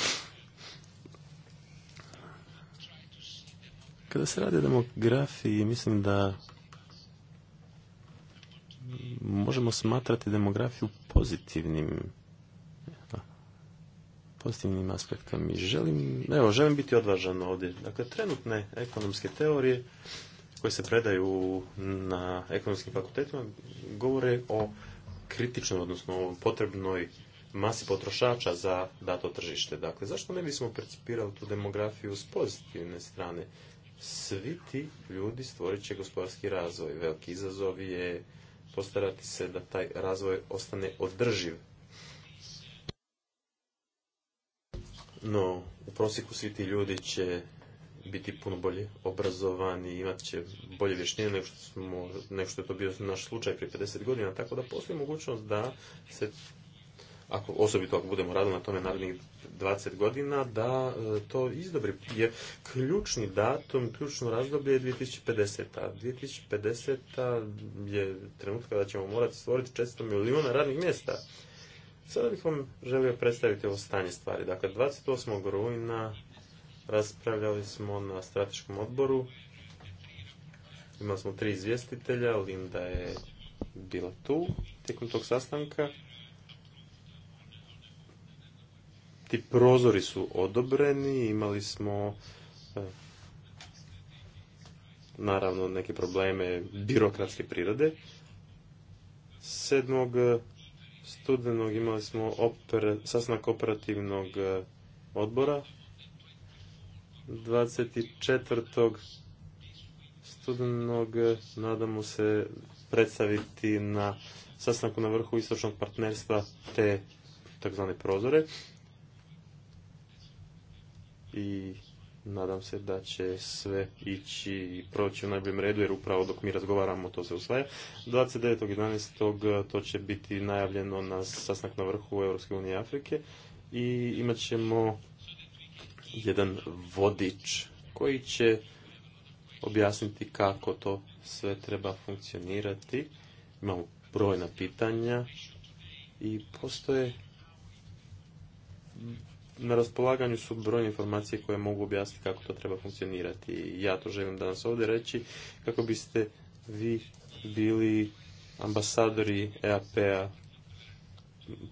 Kada se radi o demografiji, mislim da možemo smatrati demografiju pozitivnim pozitivnim aspektom i želim, evo, želim biti odvažan ovdje. Dakle, trenutne ekonomske teorije koje se predaju na ekonomskim fakultetima govore o kritičnoj, odnosno o potrebnoj masi potrošača za dato tržište. Dakle, zašto ne bismo percipirali tu demografiju s pozitivne strane? Svi ti ljudi stvorit će gospodarski razvoj. Veliki izazov je postarati se da taj razvoj ostane održiv. No, u prosjeku svi ti ljudi će biti puno bolje obrazovani, imat će bolje vještine nego što, nego što je to bio naš slučaj prije 50 godina, tako da postoji mogućnost da se ako, osobito ako budemo radili na tome narednih 20 godina, da e, to izdobri. Jer ključni datum, ključno razdoblje je 2050. 2050. je trenutak kada ćemo morati stvoriti 400 milijuna radnih mjesta. Sada bih vam želio predstaviti ovo stanje stvari. Dakle, 28. rujna raspravljali smo na strateškom odboru. Imali smo tri izvjestitelja, Linda je bila tu tijekom tog sastanka. prozori su odobreni, imali smo e, naravno neke probleme birokratske prirode. 7. studenog imali smo oper, sastanak operativnog e, odbora. 24. studenog e, nadamo se predstaviti na sastanku na vrhu istočnog partnerstva te takzvane prozore i nadam se da će sve ići i proći u najboljem redu, jer upravo dok mi razgovaramo to se usvaja. 29.11. Eh, to će biti najavljeno na sasnak na vrhu Europske unije Afrike i imat ćemo jedan vodič koji će objasniti kako to sve treba funkcionirati. Imamo brojna pitanja i postoje na raspolaganju su brojne informacije koje mogu objasniti kako to treba funkcionirati. I ja to želim danas ovdje reći kako biste vi bili ambasadori EAP-a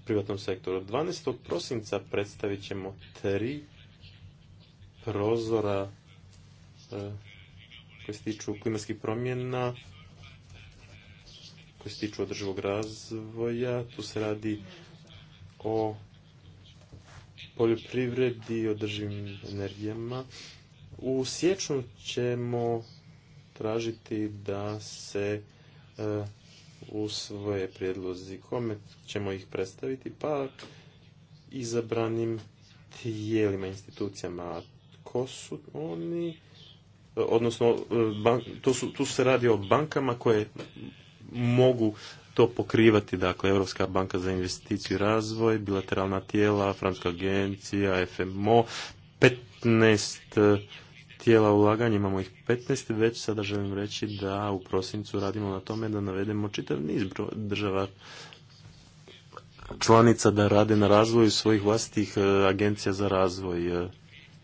privatnom sektoru. 12. prosinca predstavit ćemo tri prozora e, koji se tiču klimatskih promjena, koji se tiču održivog razvoja. Tu se radi o poljoprivredi i održivim energijama. U siječnju ćemo tražiti da se e, usvoje prijedlozi kome ćemo ih predstaviti, pa izabranim tijelima, institucijama. ko su oni? E, odnosno, e, tu se radi o bankama koje mogu to pokrivati, dakle Europska banka za investiciju i razvoj, bilateralna tijela, Francuska agencija, FMO, 15 e, tijela ulaganja, imamo ih 15, već sada želim reći da u prosincu radimo na tome da navedemo čitav niz država članica da rade na razvoju svojih vlastitih e, agencija za razvoj. E,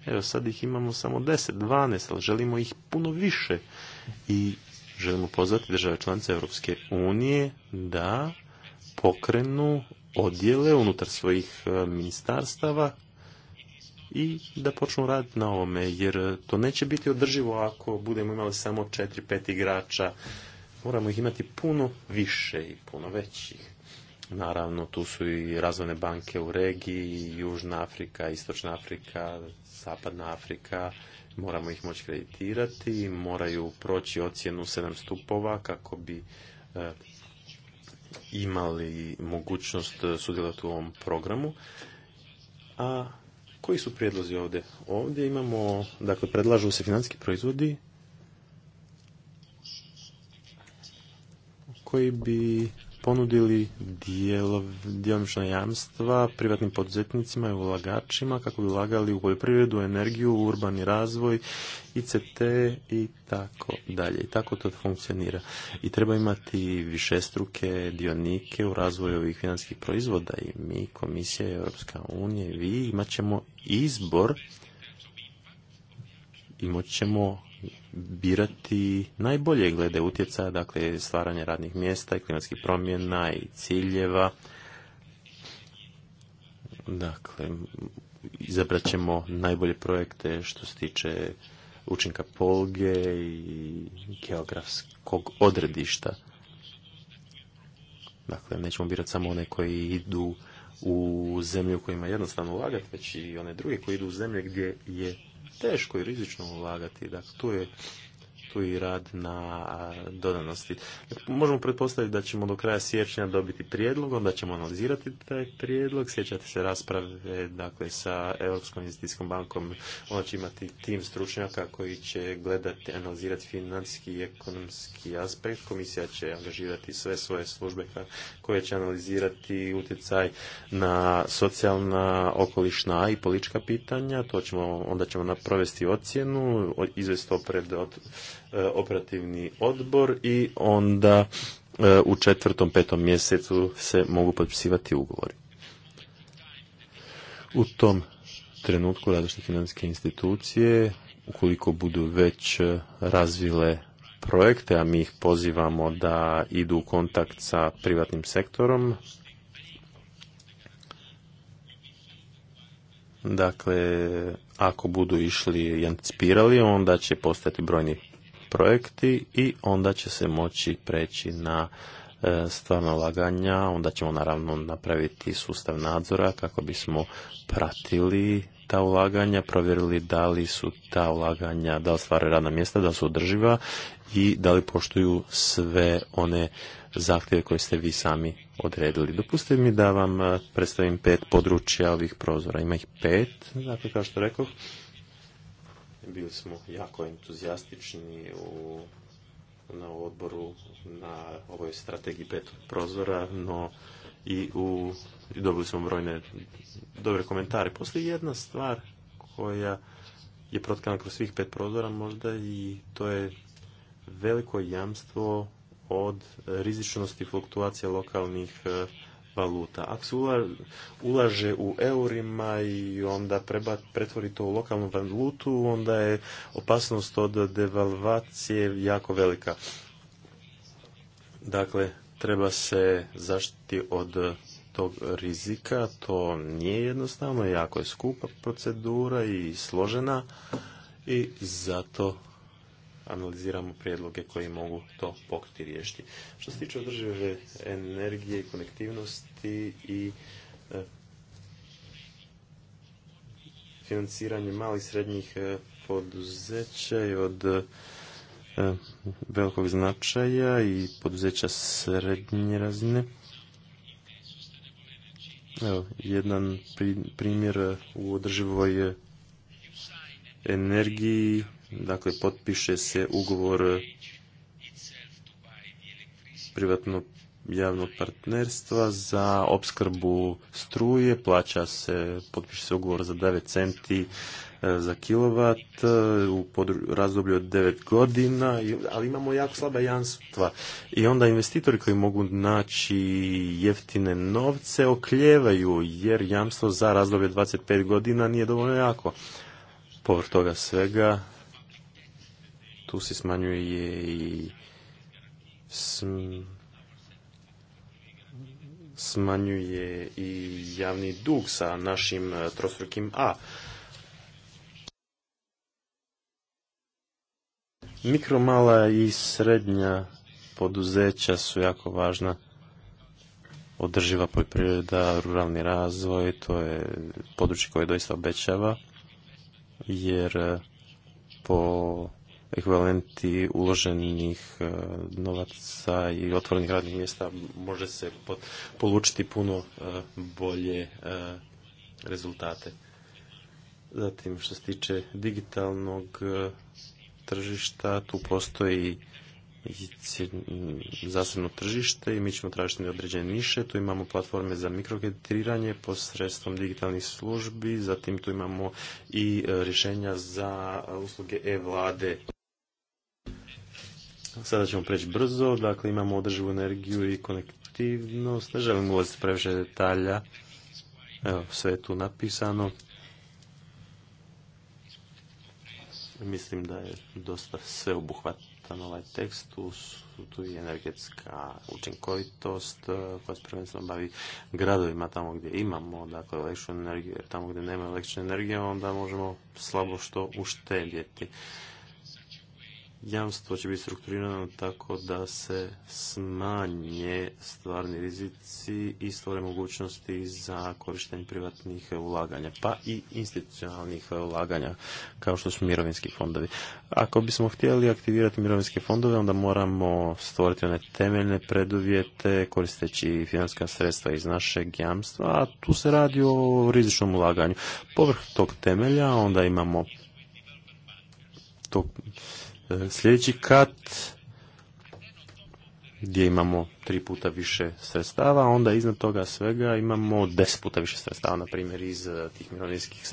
evo sad ih imamo samo 10, 12, ali želimo ih puno više i želimo pozvati države članice Europske unije da pokrenu odjele unutar svojih e, ministarstava i da počnu raditi na ovome, jer to neće biti održivo ako budemo imali samo 4-5 igrača. Moramo ih imati puno više i puno većih. Naravno, tu su i razvojne banke u regiji, Južna Afrika, Istočna Afrika, Zapadna Afrika moramo ih moći kreditirati, moraju proći ocjenu 7 stupova kako bi e, imali mogućnost e, sudjelovati u ovom programu. A koji su prijedlozi ovdje? Ovdje imamo, dakle, predlažu se financijski proizvodi koji bi ponudili djelomična jamstva privatnim poduzetnicima i ulagačima kako bi ulagali u poljoprivredu, energiju, urbani razvoj, ICT i tako dalje. I tako to funkcionira. I treba imati višestruke dionike u razvoju ovih financijskih proizvoda i mi, Komisija, Europska unija i vi imat ćemo izbor i ćemo birati najbolje glede utjecaja, dakle stvaranje radnih mjesta i klimatskih promjena i ciljeva. Dakle, izabrat ćemo najbolje projekte što se tiče učinka polge i geografskog odredišta. Dakle, nećemo birati samo one koji idu u zemlju u kojima jednostavno ulagati, već i one druge koji idu u zemlje gdje je teško i rizično ulagati. Dakle, tu je tu i rad na dodanosti. Možemo pretpostaviti da ćemo do kraja siječnja dobiti prijedlog, onda ćemo analizirati taj prijedlog, sjećate se rasprave dakle, sa Europskom investicijskom bankom, ona će imati tim stručnjaka koji će gledati, analizirati financijski i ekonomski aspekt, komisija će angažirati sve svoje službe koje će analizirati utjecaj na socijalna, okolišna i politička pitanja, to ćemo, onda ćemo provesti ocjenu, izvesto pred E, operativni odbor i onda e, u četvrtom, petom mjesecu se mogu potpisivati ugovori. U tom trenutku različite financijske institucije, ukoliko budu već e, razvile projekte, a mi ih pozivamo da idu u kontakt sa privatnim sektorom, Dakle, ako budu išli i anticipirali, onda će postati brojni projekti i onda će se moći preći na e, stvarno ulaganja, onda ćemo naravno napraviti sustav nadzora kako bismo pratili ta ulaganja, provjerili da li su ta ulaganja, da li stvaraju radna mjesta, da su održiva i da li poštuju sve one zahtjeve koje ste vi sami odredili. Dopustite mi da vam e, predstavim pet područja ovih prozora. Ima ih pet, dakle kao što rekao, bili smo jako entuzijastični u, na odboru na ovoj strategiji pet prozora, no i u i dobili smo brojne dobre komentare. Poslije jedna stvar koja je protkana kroz svih pet prozora možda i to je veliko jamstvo od rizičnosti fluktuacija lokalnih eh, valuta. Ako se ulaže u eurima i onda preba, pretvori to u lokalnu valutu, onda je opasnost od devalvacije jako velika. Dakle, treba se zaštiti od tog rizika, to nije jednostavno, jako je skupa procedura i složena i zato analiziramo prijedloge koji mogu to pokriti i riješiti. Što se tiče održive energije i konektivnosti i e, financiranje malih i srednjih e, poduzeća i od e, velikog značaja i poduzeća srednje razine. Evo, jedan primjer u održivoj energiji dakle potpiše se ugovor privatno javnog partnerstva za opskrbu struje, plaća se, potpiše se ugovor za 9 centi e, za kilovat e, u razdoblju od 9 godina, ali imamo jako slaba jamstva. I onda investitori koji mogu naći jeftine novce okljevaju, jer jamstvo za razdoblje 25 godina nije dovoljno jako. Povr toga svega, tu se smanjuje i smanjuje i javni dug sa našim e, trostrukim A. Mikromala i srednja poduzeća su jako važna. Održiva poljoprivreda, ruralni razvoj, to je područje koje doista obećava, jer e, po ekvivalenti uloženih e, novaca i otvorenih radnih mjesta može se polučiti puno e, bolje e, rezultate. Zatim što se tiče digitalnog tržišta, tu postoji zasebno tržište i mi ćemo tražiti određene niše. Tu imamo platforme za mikrokreditiranje posredstvom digitalnih službi, zatim tu imamo i rješenja za usluge e-vlade. Sada ćemo preći brzo, dakle imamo održivu energiju i konektivnost. Ne želim ulaziti previše detalja. Evo, sve je tu napisano. Mislim da je dosta sveobuhvatan ovaj tekst. Tu, tu je energetska učinkovitost eh, koja se prvenstveno bavi gradovima tamo gdje imamo dakle, električnu energiju. Tamo gdje nema električne energije onda možemo slabo što uštedjeti jamstvo će biti strukturirano tako da se smanje stvarni rizici i stvore mogućnosti za korištenje privatnih ulaganja, pa i institucionalnih ulaganja, kao što su mirovinski fondovi. Ako bismo htjeli aktivirati mirovinske fondove, onda moramo stvoriti one temeljne preduvjete koristeći financijska sredstva iz našeg jamstva, a tu se radi o rizičnom ulaganju. Povrh tog temelja onda imamo to E, sljedeći kat gdje imamo tri puta više sredstava, onda iznad toga svega imamo deset puta više sredstava, na primjer iz e, tih mirovinskih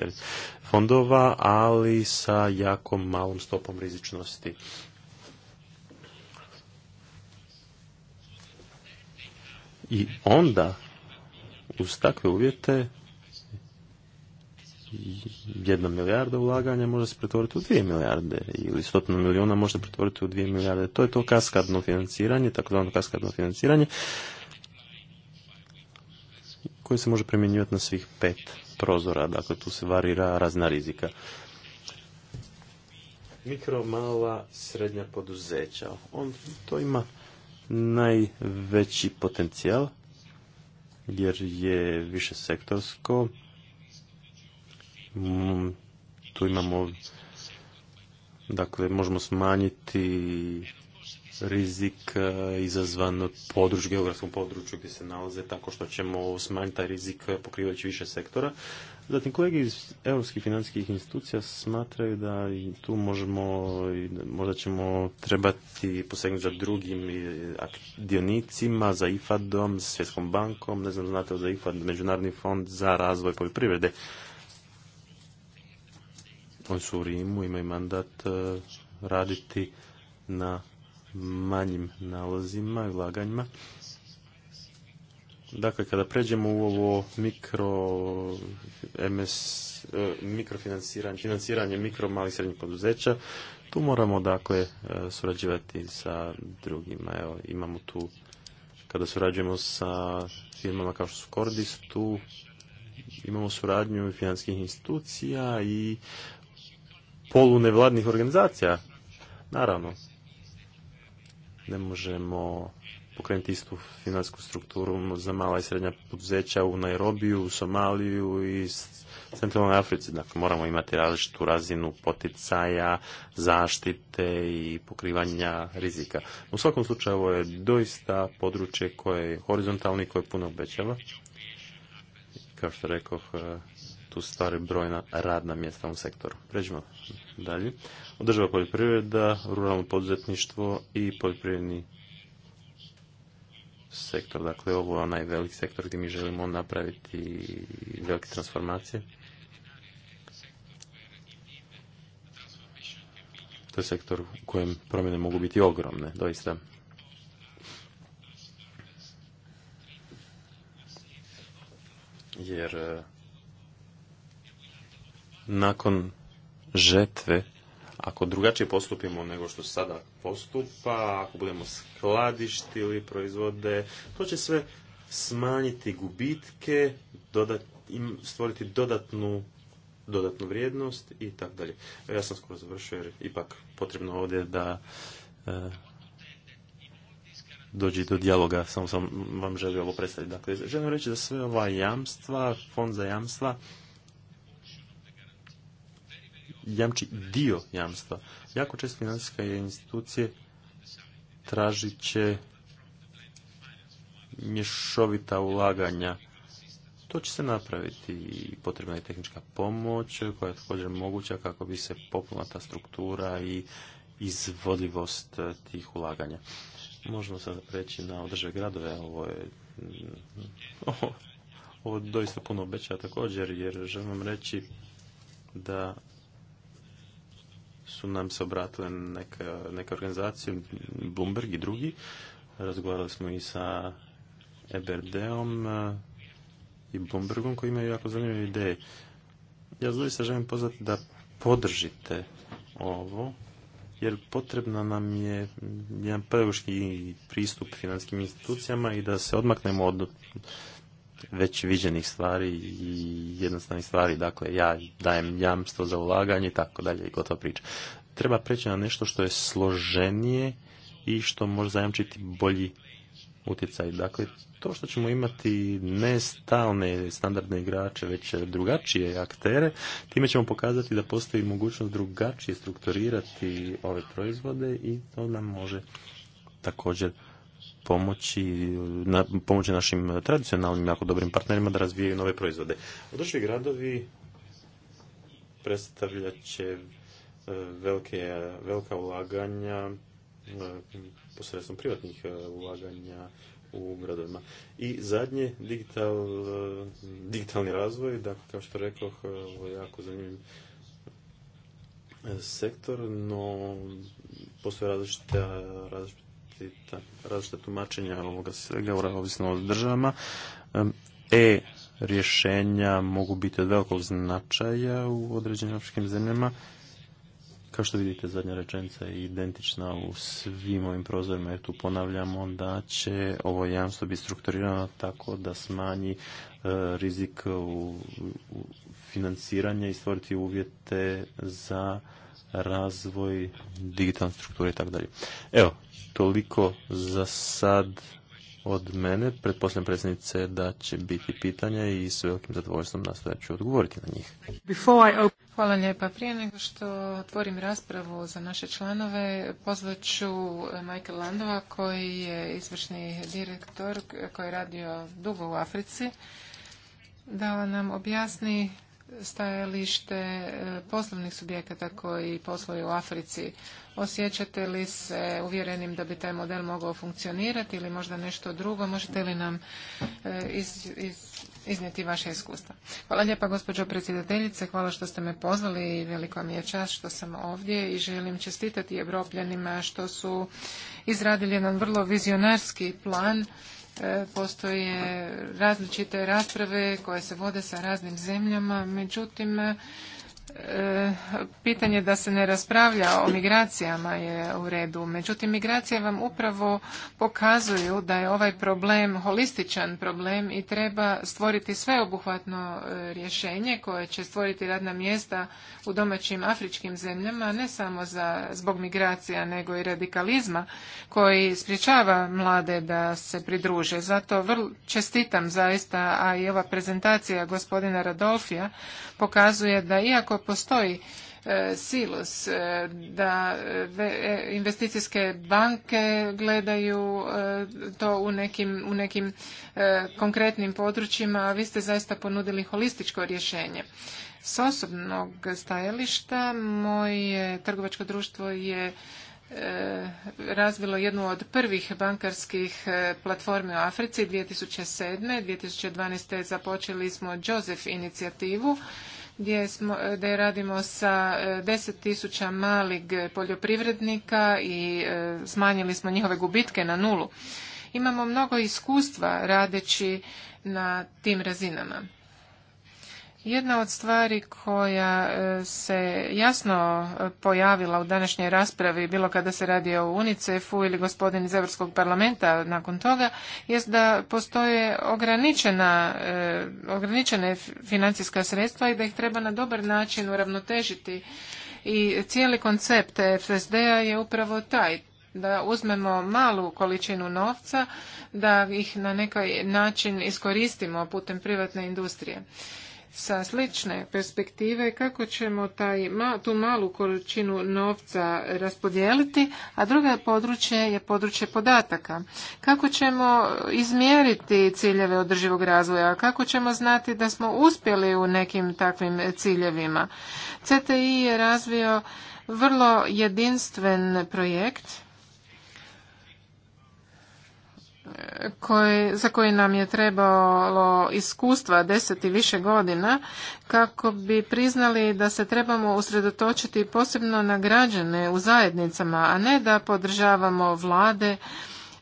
fondova, ali sa jako malom stopom rizičnosti. I onda, uz takve uvjete, jedna milijarda ulaganja može se pretvoriti u dvije milijarde ili stotno milijuna može se pretvoriti u dvije milijarde. To je to kaskadno financiranje, takozvano kaskadno financiranje koje se može primjenjivati na svih pet prozora, dakle tu se varira razna rizika. Mikro, mala, srednja poduzeća. On to ima najveći potencijal jer je više sektorsko, Mm, tu imamo dakle možemo smanjiti rizik e, izazvan područja, geografskom području gdje se nalaze, tako što ćemo smanjiti taj rizik e, pokrivajući više sektora. Zatim, kolege iz europskih financijskih institucija smatraju da i tu možemo, možda ćemo trebati posegnuti za drugim dionicima, e, za IFAD-om, Svjetskom bankom, ne znam, znate za IFAD, Međunarodni fond za razvoj poljoprivrede oni su u Rimu, imaju mandat e, raditi na manjim nalazima i vlaganjima. Dakle, kada pređemo u ovo mikro MS, e, mikrofinanciranje, financiranje mikro, malih srednjih poduzeća, tu moramo dakle e, surađivati sa drugima. Evo, imamo tu, kada surađujemo sa firmama kao što su Cordis, tu imamo suradnju financijskih institucija i nevladnih organizacija. Naravno, ne možemo pokrenuti istu financijsku strukturu za mala i srednja poduzeća u Nairobiju, u Somaliju i Centralnoj Africi. Dakle, moramo imati različitu razinu poticaja, zaštite i pokrivanja rizika. U svakom slučaju, ovo je doista područje koje je horizontalno i koje puno obećava. Kao što rekoh, tu stvari brojna radna mjesta u sektoru. Pređimo dalje. Održava poljoprivreda, ruralno poduzetništvo i poljoprivredni sektor. Dakle, ovo je onaj sektor gdje mi želimo napraviti velike transformacije. To je sektor u kojem promjene mogu biti ogromne, doista. Jer nakon žetve, ako drugačije postupimo nego što sada postupa, ako budemo skladištili proizvode, to će sve smanjiti gubitke, dodat, stvoriti dodatnu dodatnu vrijednost i tako dalje. Ja sam skoro završio jer ipak potrebno ovdje da e, do dijaloga, samo sam vam želio ovo predstaviti. Dakle, želim reći da sve ova jamstva, fond za jamstva, jamči dio jamstva. Jako često financijska institucije tražit će mješovita ulaganja. To će se napraviti i potrebna je tehnička pomoć koja je također moguća kako bi se popunila ta struktura i izvodljivost e, tih ulaganja. Možemo sada preći na održe gradove, ovo je mm, ovo, doista puno obećava također jer želim vam reći da su nam se obratile neka, neka organizacija, Bloomberg i drugi. Razgovarali smo i sa EBRD-om eh, i Bloombergom koji imaju jako zanimljive ideje. Ja se želim pozvati da podržite ovo, jer potrebna nam je jedan pedagoški pristup financijskim institucijama i da se odmaknemo od već viđenih stvari i jednostavnih stvari. Dakle, ja dajem jamstvo za ulaganje i tako dalje i gotovo priča. Treba preći na nešto što je složenije i što može zajamčiti bolji utjecaj. Dakle, to što ćemo imati ne stalne standardne igrače, već drugačije aktere, time ćemo pokazati da postoji mogućnost drugačije strukturirati ove proizvode i to nam može također pomoći, na, pomoći našim tradicionalnim jako dobrim partnerima da razvijaju nove proizvode. Održivi gradovi predstavljat će e, velike, velika ulaganja e, posredstvom privatnih e, ulaganja u gradovima. I zadnje, digital, digitalni razvoj, dakle, kao što rekoh, ovo je jako zanimljiv sektor, no postoje različite, različite različita, tumačenja ovoga svega, ovisno o državama. E rješenja mogu biti od velikog značaja u određenim afričkim zemljama. Kao što vidite, zadnja rečenica je identična u svim ovim prozorima, jer tu ponavljamo da će ovo jamstvo biti strukturirano tako da smanji e, rizik u, financiranja i stvoriti uvjete za razvoj digitalne strukture i tako dalje. Evo, toliko za sad od mene. Pretpostavljam predsjednice da će biti pitanja i s velikim zadovoljstvom nastojat ću odgovoriti na njih. Hvala lijepa. Prije nego što otvorim raspravu za naše članove, pozvat ću Michael Landova koji je izvršni direktor koji je radio dugo u Africi da nam objasni stajalište e, poslovnih subjekata koji posluju u Africi. Osjećate li se uvjerenim da bi taj model mogao funkcionirati ili možda nešto drugo? Možete li nam e, iz, iz, iznijeti vaše iskustva? Hvala lijepa gospođo predsjedateljice, hvala što ste me pozvali i velika mi je čast što sam ovdje i želim čestitati Evropljanima što su izradili jedan vrlo vizionarski plan E, postoje različite rasprave koje se vode sa raznim zemljama, međutim E, pitanje da se ne raspravlja o migracijama je u redu. Međutim, migracije vam upravo pokazuju da je ovaj problem holističan problem i treba stvoriti sveobuhvatno e, rješenje koje će stvoriti radna mjesta u domaćim afričkim zemljama, ne samo za, zbog migracija, nego i radikalizma koji sprječava mlade da se pridruže. Zato vrlo čestitam zaista, a i ova prezentacija gospodina Radolfija pokazuje da iako postoji e, silos e, da e, investicijske banke gledaju to u nekim, u nekim konkretnim područjima, a vi ste zaista ponudili holističko rješenje. S osobnog stajališta moje trgovačko društvo je razvilo jednu od prvih bankarskih platformi u Africi 2007. 2012. započeli smo Joseph inicijativu gdje smo, e, da radimo sa e, tisuća malih poljoprivrednika i e, smanjili smo njihove gubitke na nulu. Imamo mnogo iskustva radeći na tim razinama. Jedna od stvari koja e, se jasno e, pojavila u današnjoj raspravi, bilo kada se radi o UNICEF-u ili gospodin iz Europskog parlamenta nakon toga, jest da postoje ograničena, e, ograničene financijska sredstva i da ih treba na dobar način uravnotežiti. I cijeli koncept FSD-a je upravo taj da uzmemo malu količinu novca, da ih na neki način iskoristimo putem privatne industrije sa slične perspektive kako ćemo taj, tu malu količinu novca raspodijeliti, a druga područje je područje podataka. Kako ćemo izmjeriti ciljeve održivog razvoja, kako ćemo znati da smo uspjeli u nekim takvim ciljevima. CTI je razvio vrlo jedinstven projekt koje, za koji nam je trebalo iskustva deset i više godina kako bi priznali da se trebamo usredotočiti posebno na građane u zajednicama, a ne da podržavamo vlade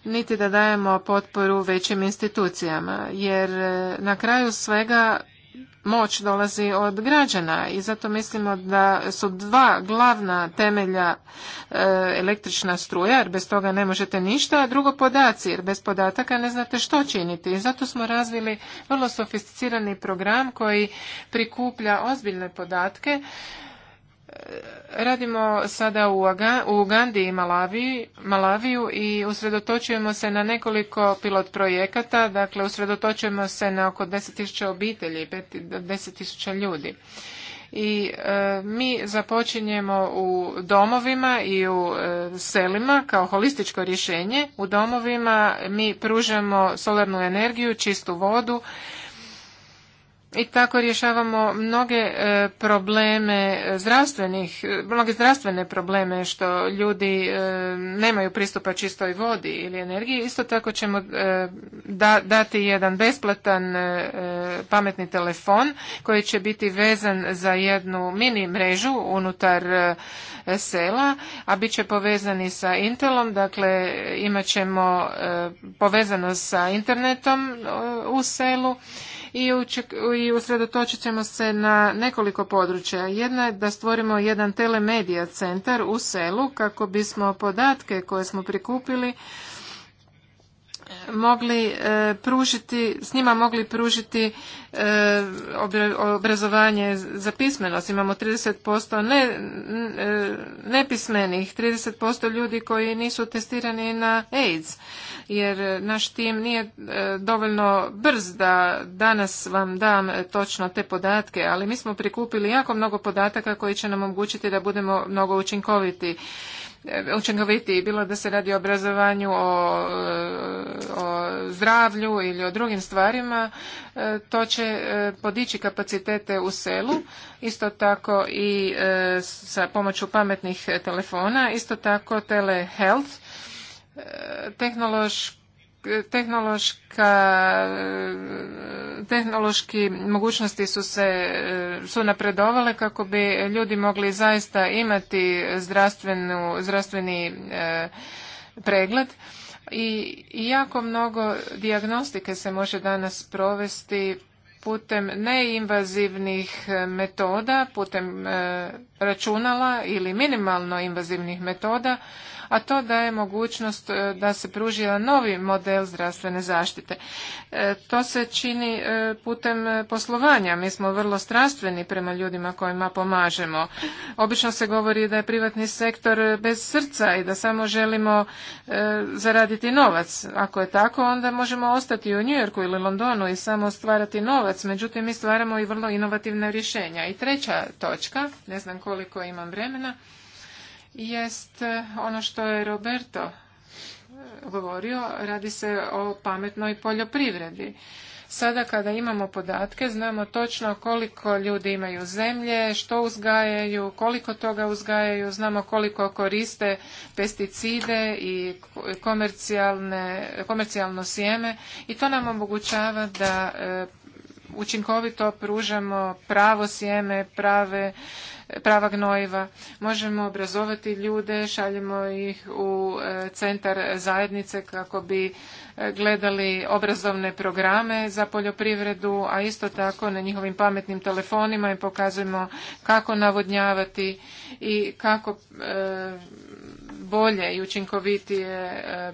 niti da dajemo potporu većim institucijama, jer eh, na kraju svega moć dolazi od građana i zato mislimo da su dva glavna temelja e, električna struja jer bez toga ne možete ništa, a drugo podaci jer bez podataka ne znate što činiti i zato smo razvili vrlo sofisticirani program koji prikuplja ozbiljne podatke Radimo sada u Ugandi i Malaviju, i usredotočujemo se na nekoliko pilot projekata, dakle usredotočujemo se na oko 10.000 obitelji, 10.000 ljudi. I e, mi započinjemo u domovima i u e, selima kao holističko rješenje. U domovima mi pružamo solarnu energiju, čistu vodu, i tako rješavamo mnoge e, probleme zdravstvenih, mnoge zdravstvene probleme što ljudi e, nemaju pristupa čistoj vodi ili energiji. Isto tako ćemo e, dati jedan besplatan pametni telefon koji će biti vezan za jednu mini mrežu unutar sela, a bit će povezani sa Intelom, dakle imat ćemo povezano sa internetom u selu i usredotočit ćemo se na nekoliko područja. Jedna je da stvorimo jedan telemedija centar u selu kako bismo podatke koje smo prikupili e, mogli e, pružiti, s njima mogli pružiti e, obrazovanje za pismenost. Imamo 30% ne, nepismenih, 30% ljudi koji nisu testirani na AIDS jer e, naš tim nije e, dovoljno brz da danas vam dam e, točno te podatke, ali mi smo prikupili jako mnogo podataka koji će nam omogućiti da budemo mnogo učinkoviti učinkovitiji, bilo da se radi o obrazovanju, o, o zdravlju ili o drugim stvarima, to će podići kapacitete u selu, isto tako i sa pomoću pametnih telefona, isto tako telehealth, tehnološki tehnološka tehnološki mogućnosti su se su napredovale kako bi ljudi mogli zaista imati zdravstvenu zdravstveni e, pregled i jako mnogo dijagnostike se može danas provesti putem neinvazivnih e, metoda putem e, računala ili minimalno invazivnih metoda a to daje mogućnost e, da se pruži novi model zdravstvene zaštite. E, to se čini e, putem poslovanja. Mi smo vrlo strastveni prema ljudima kojima pomažemo. Obično se govori da je privatni sektor bez srca i da samo želimo zaraditi novac. Ako je tako, onda možemo ostati u Njujorku ili Londonu i samo stvarati novac. Međutim, mi stvaramo i vrlo inovativna rješenja. I treća točka, ne znam koliko imam vremena, jest ono što je Roberto e, govorio, radi se o pametnoj poljoprivredi. Sada kada imamo podatke, znamo točno koliko ljudi imaju zemlje, što uzgajaju, koliko toga uzgajaju, znamo koliko koriste pesticide i komercijalno sjeme i to nam omogućava da e, učinkovito pružamo pravo sjeme, prave prava gnojiva. Možemo obrazovati ljude, šaljemo ih u e, centar zajednice kako bi e, gledali obrazovne programe za poljoprivredu, a isto tako na njihovim pametnim telefonima im pokazujemo kako navodnjavati i kako e, bolje i učinkovitije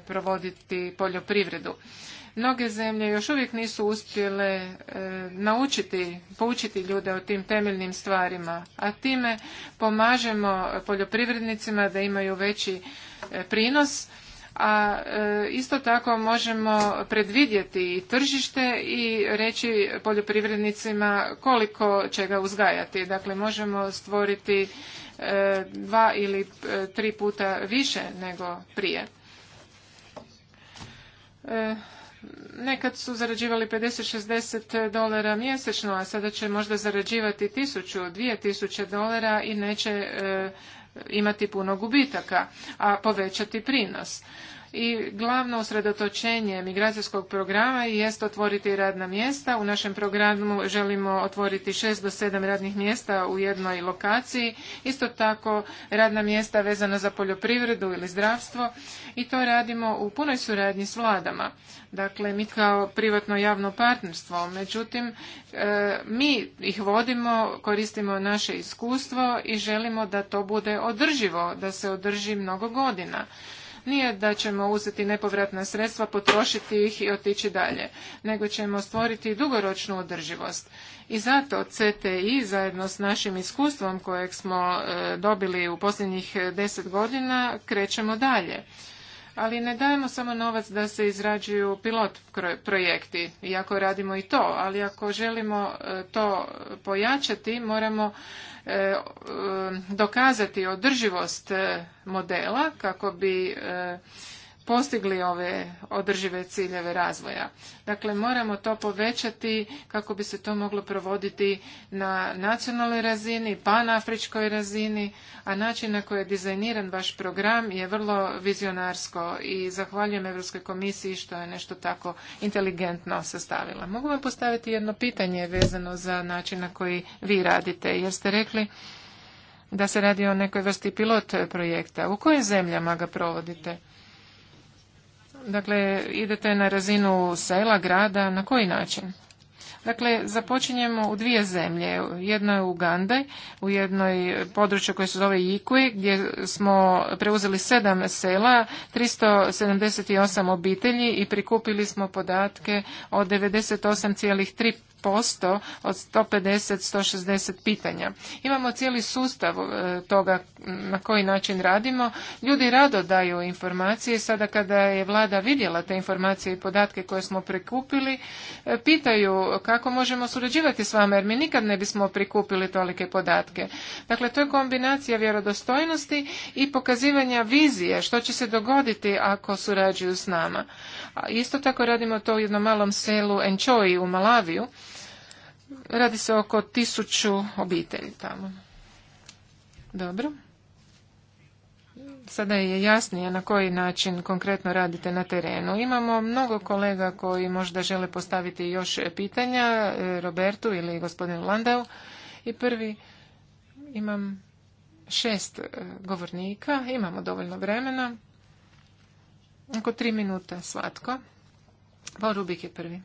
provoditi poljoprivredu. Mnoge zemlje još uvijek nisu uspjele e, naučiti, poučiti ljude o tim temeljnim stvarima, a time pomažemo poljoprivrednicima da imaju veći e, prinos, a e, isto tako možemo predvidjeti i tržište i reći poljoprivrednicima koliko će ga uzgajati. Dakle, možemo stvoriti dva ili tri puta više nego prije Nekad su zarađivali 50-60 dolara mjesečno, a sada će možda zarađivati 1000, 2000 dolara i neće e, imati puno gubitaka, a povećati prinos i glavno usredotočenje migracijskog programa jest otvoriti radna mjesta. U našem programu želimo otvoriti 6 do 7 radnih mjesta u jednoj lokaciji. Isto tako radna mjesta vezana za poljoprivredu ili zdravstvo i to radimo u punoj suradnji s vladama. Dakle, mi kao privatno javno partnerstvo, međutim, e, mi ih vodimo, koristimo naše iskustvo i želimo da to bude održivo, da se održi mnogo godina nije da ćemo uzeti nepovratna sredstva, potrošiti ih i otići dalje, nego ćemo stvoriti dugoročnu održivost. I zato CTI zajedno s našim iskustvom kojeg smo e, dobili u posljednjih deset godina krećemo dalje ali ne dajemo samo novac da se izrađuju pilot projekti, iako radimo i to, ali ako želimo e, to pojačati, moramo E, e, dokazati održivost e, modela kako bi postigli ove održive ciljeve razvoja. Dakle, moramo to povećati kako bi se to moglo provoditi na nacionalnoj razini, afričkoj razini, a način na koji je dizajniran vaš program je vrlo vizionarsko i zahvaljujem Evropskoj komisiji što je nešto tako inteligentno sastavila. Mogu vam postaviti jedno pitanje vezano za način na koji vi radite, jer ste rekli da se radi o nekoj vrsti pilot projekta. U kojim zemljama ga provodite? Dakle, idete na razinu sela, grada, na koji način? Dakle, započinjemo u dvije zemlje. Jedno je Uganda, u jednoj području koje se zove Ikui, gdje smo preuzeli sedam sela, 378 obitelji i prikupili smo podatke o 98,3 posto od 150-160 pitanja. Imamo cijeli sustav e, toga na koji način radimo. Ljudi rado daju informacije. Sada kada je vlada vidjela te informacije i podatke koje smo prikupili, e, pitaju kako možemo surađivati s vama jer mi nikad ne bismo prikupili tolike podatke. Dakle, to je kombinacija vjerodostojnosti i pokazivanja vizije što će se dogoditi ako surađuju s nama. isto tako radimo to u jednom malom selu Enchoi u Malaviju Radi se oko tisuću obitelji tamo. Dobro. Sada je jasnije na koji način konkretno radite na terenu. Imamo mnogo kolega koji možda žele postaviti još pitanja e, Robertu ili gospodinu Landau. I prvi imam šest e, govornika, imamo dovoljno vremena. Oko tri minuta svatko. Pa Rubik je prvi.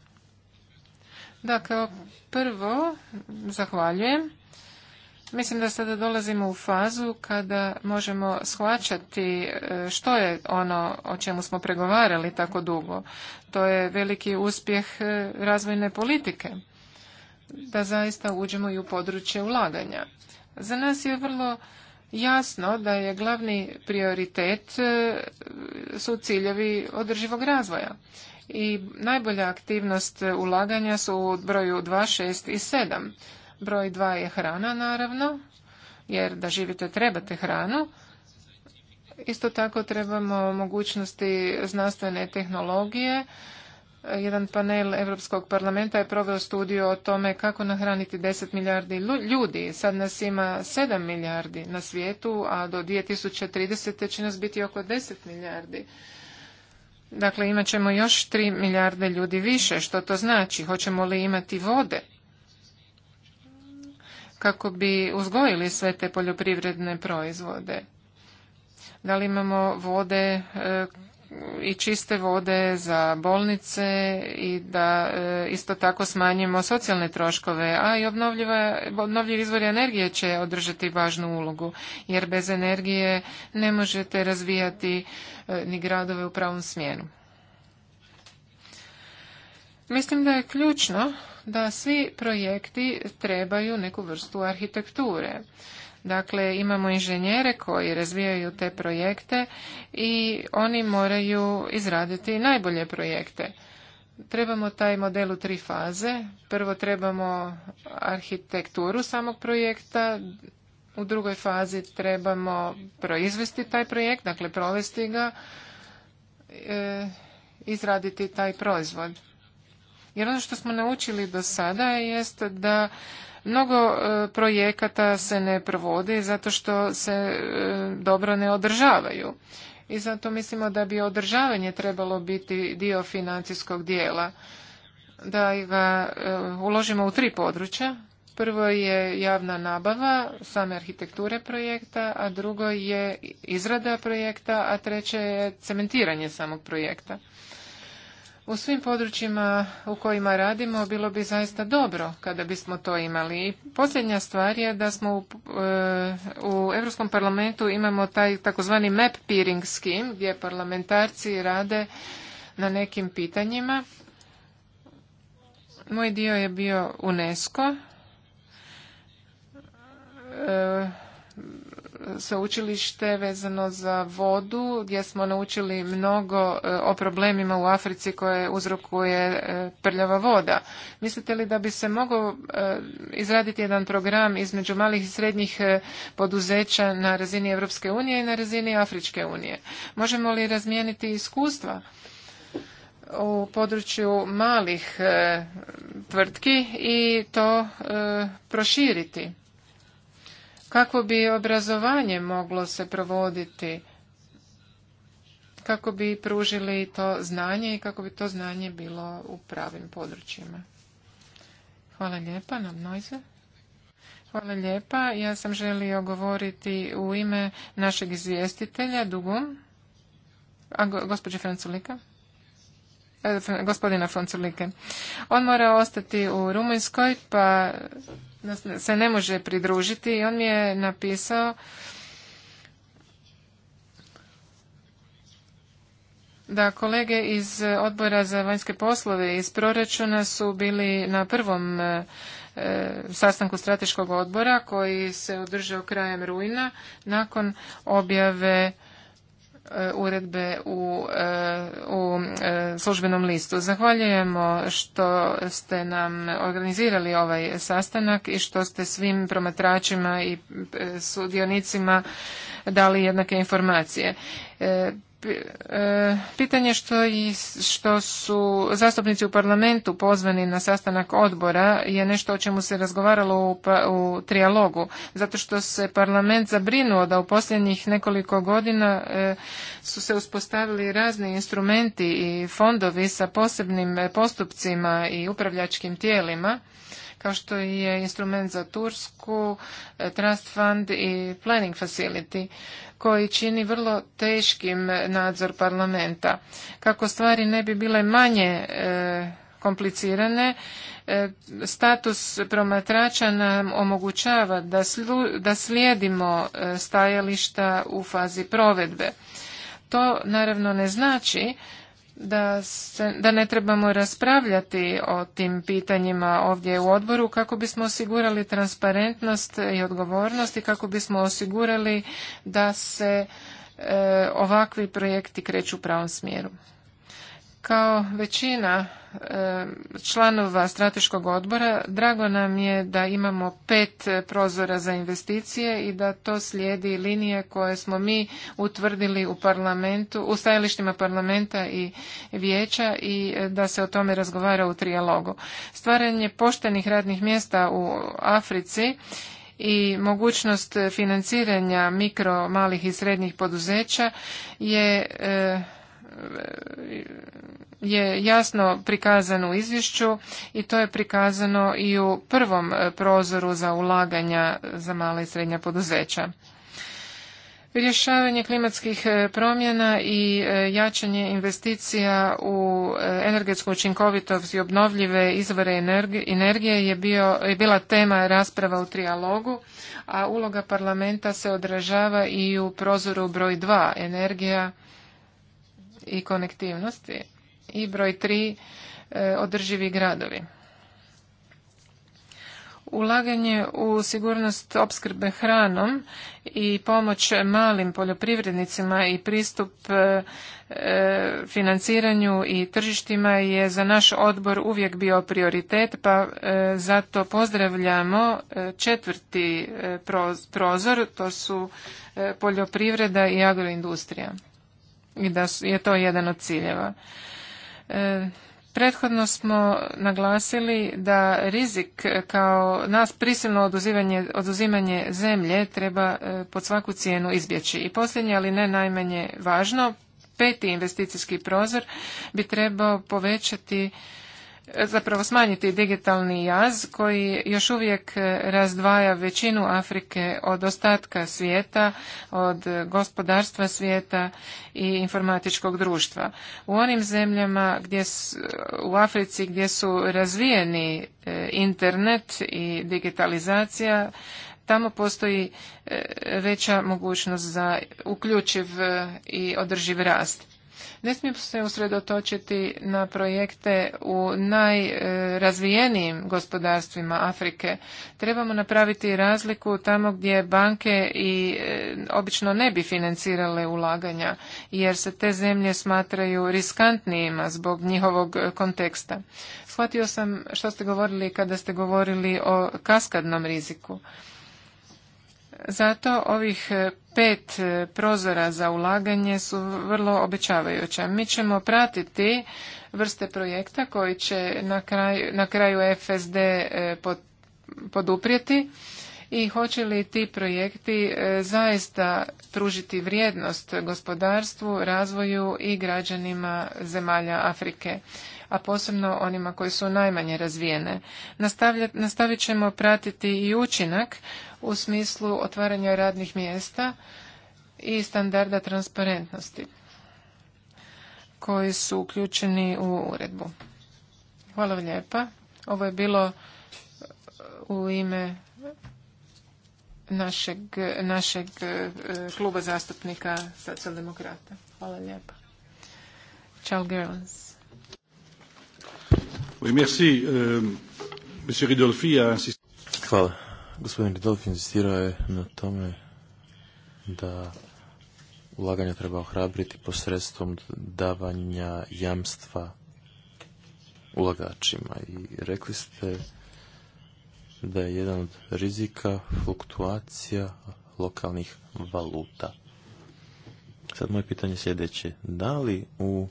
Dakle, prvo, zahvaljujem. Mislim da sada dolazimo u fazu kada možemo shvaćati e, što je ono o čemu smo pregovarali tako dugo. To je veliki uspjeh e, razvojne politike, da zaista uđemo i u područje ulaganja. Za nas je vrlo jasno da je glavni prioritet e, su ciljevi održivog razvoja. I najbolja aktivnost ulaganja su u broju 2, 6 i 7. Broj 2 je hrana, naravno, jer da živite trebate hranu. Isto tako trebamo mogućnosti znanstvene tehnologije, jedan panel Europskog parlamenta je proveo studiju o tome kako nahraniti 10 milijardi ljudi. Sad nas ima 7 milijardi na svijetu, a do 2030. će nas biti oko 10 milijardi. Dakle, imat ćemo još 3 milijarde ljudi više. Što to znači? Hoćemo li imati vode? Kako bi uzgojili sve te poljoprivredne proizvode? Da li imamo vode e, i čiste vode za bolnice i da e, isto tako smanjimo socijalne troškove, a i obnovljivi izvori energije će održati važnu ulogu, jer bez energije ne možete razvijati e, ni gradove u pravom smjeru. Mislim da je ključno da svi projekti trebaju neku vrstu arhitekture. Dakle, imamo inženjere koji razvijaju te projekte i oni moraju izraditi najbolje projekte. Trebamo taj model u tri faze. Prvo trebamo arhitekturu samog projekta, u drugoj fazi trebamo proizvesti taj projekt, dakle provesti ga, e, izraditi taj proizvod. Jer ono što smo naučili do sada jest da Mnogo e, projekata se ne provodi zato što se e, dobro ne održavaju. I zato mislimo da bi održavanje trebalo biti dio financijskog dijela. Da ga e, uložimo u tri područja. Prvo je javna nabava same arhitekture projekta, a drugo je izrada projekta, a treće je cementiranje samog projekta. U svim područjima u kojima radimo bilo bi zaista dobro kada bismo to imali. I posljednja stvar je da smo u, e, u Europskom parlamentu imamo taj takozvani map peering scheme gdje parlamentarci rade na nekim pitanjima. Moj dio je bio UNESCO. E, sveučilište vezano za vodu gdje smo naučili mnogo e, o problemima u Africi koje uzrokuje e, prljava voda. Mislite li da bi se mogao e, izraditi jedan program između malih i srednjih poduzeća na razini Europske unije i na razini Afričke unije? Možemo li razmijeniti iskustva? u području malih tvrtki i to proširiti kako bi obrazovanje moglo se provoditi, kako bi pružili to znanje i kako bi to znanje bilo u pravim područjima. Hvala lijepa na Hvala lijepa. Ja sam želio govoriti u ime našeg izvjestitelja, Dugum, a gospođe Franculika e, gospodina Franculike. On mora ostati u Rumunjskoj, pa se ne može pridružiti i on mi je napisao da kolege iz odbora za vanjske poslove iz proračuna su bili na prvom e, sastanku strateškog odbora koji se održao krajem rujna nakon objave E, uredbe u, e, e, službenom listu. Zahvaljujemo što ste nam organizirali ovaj sastanak i što ste svim promatračima i sudionicima dali jednake informacije. E, pitanje što, i, što su zastupnici u parlamentu pozvani na sastanak odbora je nešto o čemu se razgovaralo u, pa- u trijalogu, zato što se parlament zabrinuo da u posljednjih nekoliko godina e, su se uspostavili razni instrumenti i fondovi sa posebnim e, postupcima i upravljačkim tijelima kao što je instrument za Tursku, Trust Fund i Planning Facility koji čini vrlo teškim nadzor parlamenta. Kako stvari ne bi bile manje e, komplicirane, e, status promatrača nam omogućava da slijedimo e, stajališta u fazi provedbe. To naravno ne znači da, se, da ne trebamo raspravljati o tim pitanjima ovdje u odboru kako bismo osigurali transparentnost i odgovornost i kako bismo osigurali da se e, ovakvi projekti kreću u pravom smjeru. Kao većina e, članova strateškog odbora, drago nam je da imamo pet prozora za investicije i da to slijedi linije koje smo mi utvrdili u parlamentu, u stajalištima parlamenta i vijeća i e, da se o tome razgovara u trijalogu. Stvaranje poštenih radnih mjesta u Africi i mogućnost financiranja mikro, malih i srednjih poduzeća je e, je jasno prikazano u izvješću i to je prikazano i u prvom e, prozoru za ulaganja za mala i srednja poduzeća. Rješavanje klimatskih e, promjena i e, jačanje investicija u energetsku učinkovitost i obnovljive izvore energije je, bio, je bila tema rasprava u trialogu, a uloga parlamenta se odražava i u prozoru broj 2 energija i konektivnosti i broj tri e, održivi gradovi. Ulaganje u sigurnost opskrbe hranom i pomoć malim poljoprivrednicima i pristup e, e, financiranju i tržištima je za naš odbor uvijek bio prioritet, pa zato pozdravljamo četvrti prozor, to su poljoprivreda i agroindustrija i da je to jedan od ciljeva. E, prethodno smo naglasili da rizik kao nas prisilno oduzimanje, zemlje treba e, pod svaku cijenu izbjeći. I posljednje, ali ne najmanje važno, peti investicijski prozor bi trebao povećati zapravo smanjiti digitalni jaz koji još uvijek razdvaja većinu Afrike od ostatka svijeta, od gospodarstva svijeta i informatičkog društva. U onim zemljama gdje u Africi gdje su razvijeni e, internet i digitalizacija, tamo postoji e, veća mogućnost za uključiv e, i održiv rast. Ne smijemo se usredotočiti na projekte u najrazvijenijim gospodarstvima Afrike. Trebamo napraviti razliku tamo gdje banke i e, obično ne bi financirale ulaganja, jer se te zemlje smatraju riskantnijima zbog njihovog konteksta. Shvatio sam što ste govorili kada ste govorili o kaskadnom riziku. Zato ovih pet e, prozora za ulaganje su vrlo obećavajuća. Mi ćemo pratiti vrste projekta koji će na kraju, na kraju FSD e, poduprijeti i hoće li ti projekti e, zaista pružiti vrijednost gospodarstvu, razvoju i građanima zemalja Afrike a posebno onima koji su najmanje razvijene. nastavit ćemo pratiti i učinak u smislu otvaranja radnih mjesta i standarda transparentnosti koji su uključeni u uredbu. Hvala lijepa. Ovo je bilo e, u ime našeg, našeg e, kluba zastupnika socijaldemokrata. Hvala lijepa. Ciao, euh, insisté. Hvala. Gospodin Ridolf insistirao je na tome da ulaganja treba ohrabriti posredstvom davanja jamstva ulagačima i rekli ste da je jedan od rizika fluktuacija lokalnih valuta. Sad moje pitanje je sljedeće. Da li u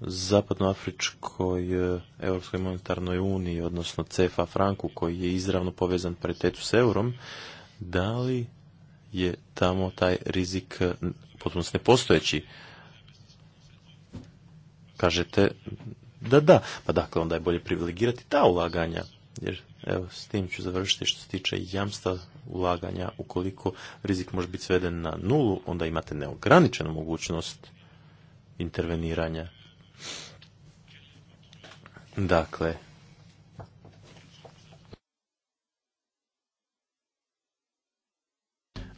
zapadnoafričkoj e, Europskoj monetarnoj uniji, odnosno CFA Franku, koji je izravno povezan paritetu s eurom, da li je tamo taj rizik e, potpuno nepostojeći? Kažete da da, pa dakle onda je bolje privilegirati ta ulaganja, jer evo s tim ću završiti što se tiče jamstva ulaganja, ukoliko rizik može biti sveden na nulu, onda imate neograničenu mogućnost interveniranja Dakle,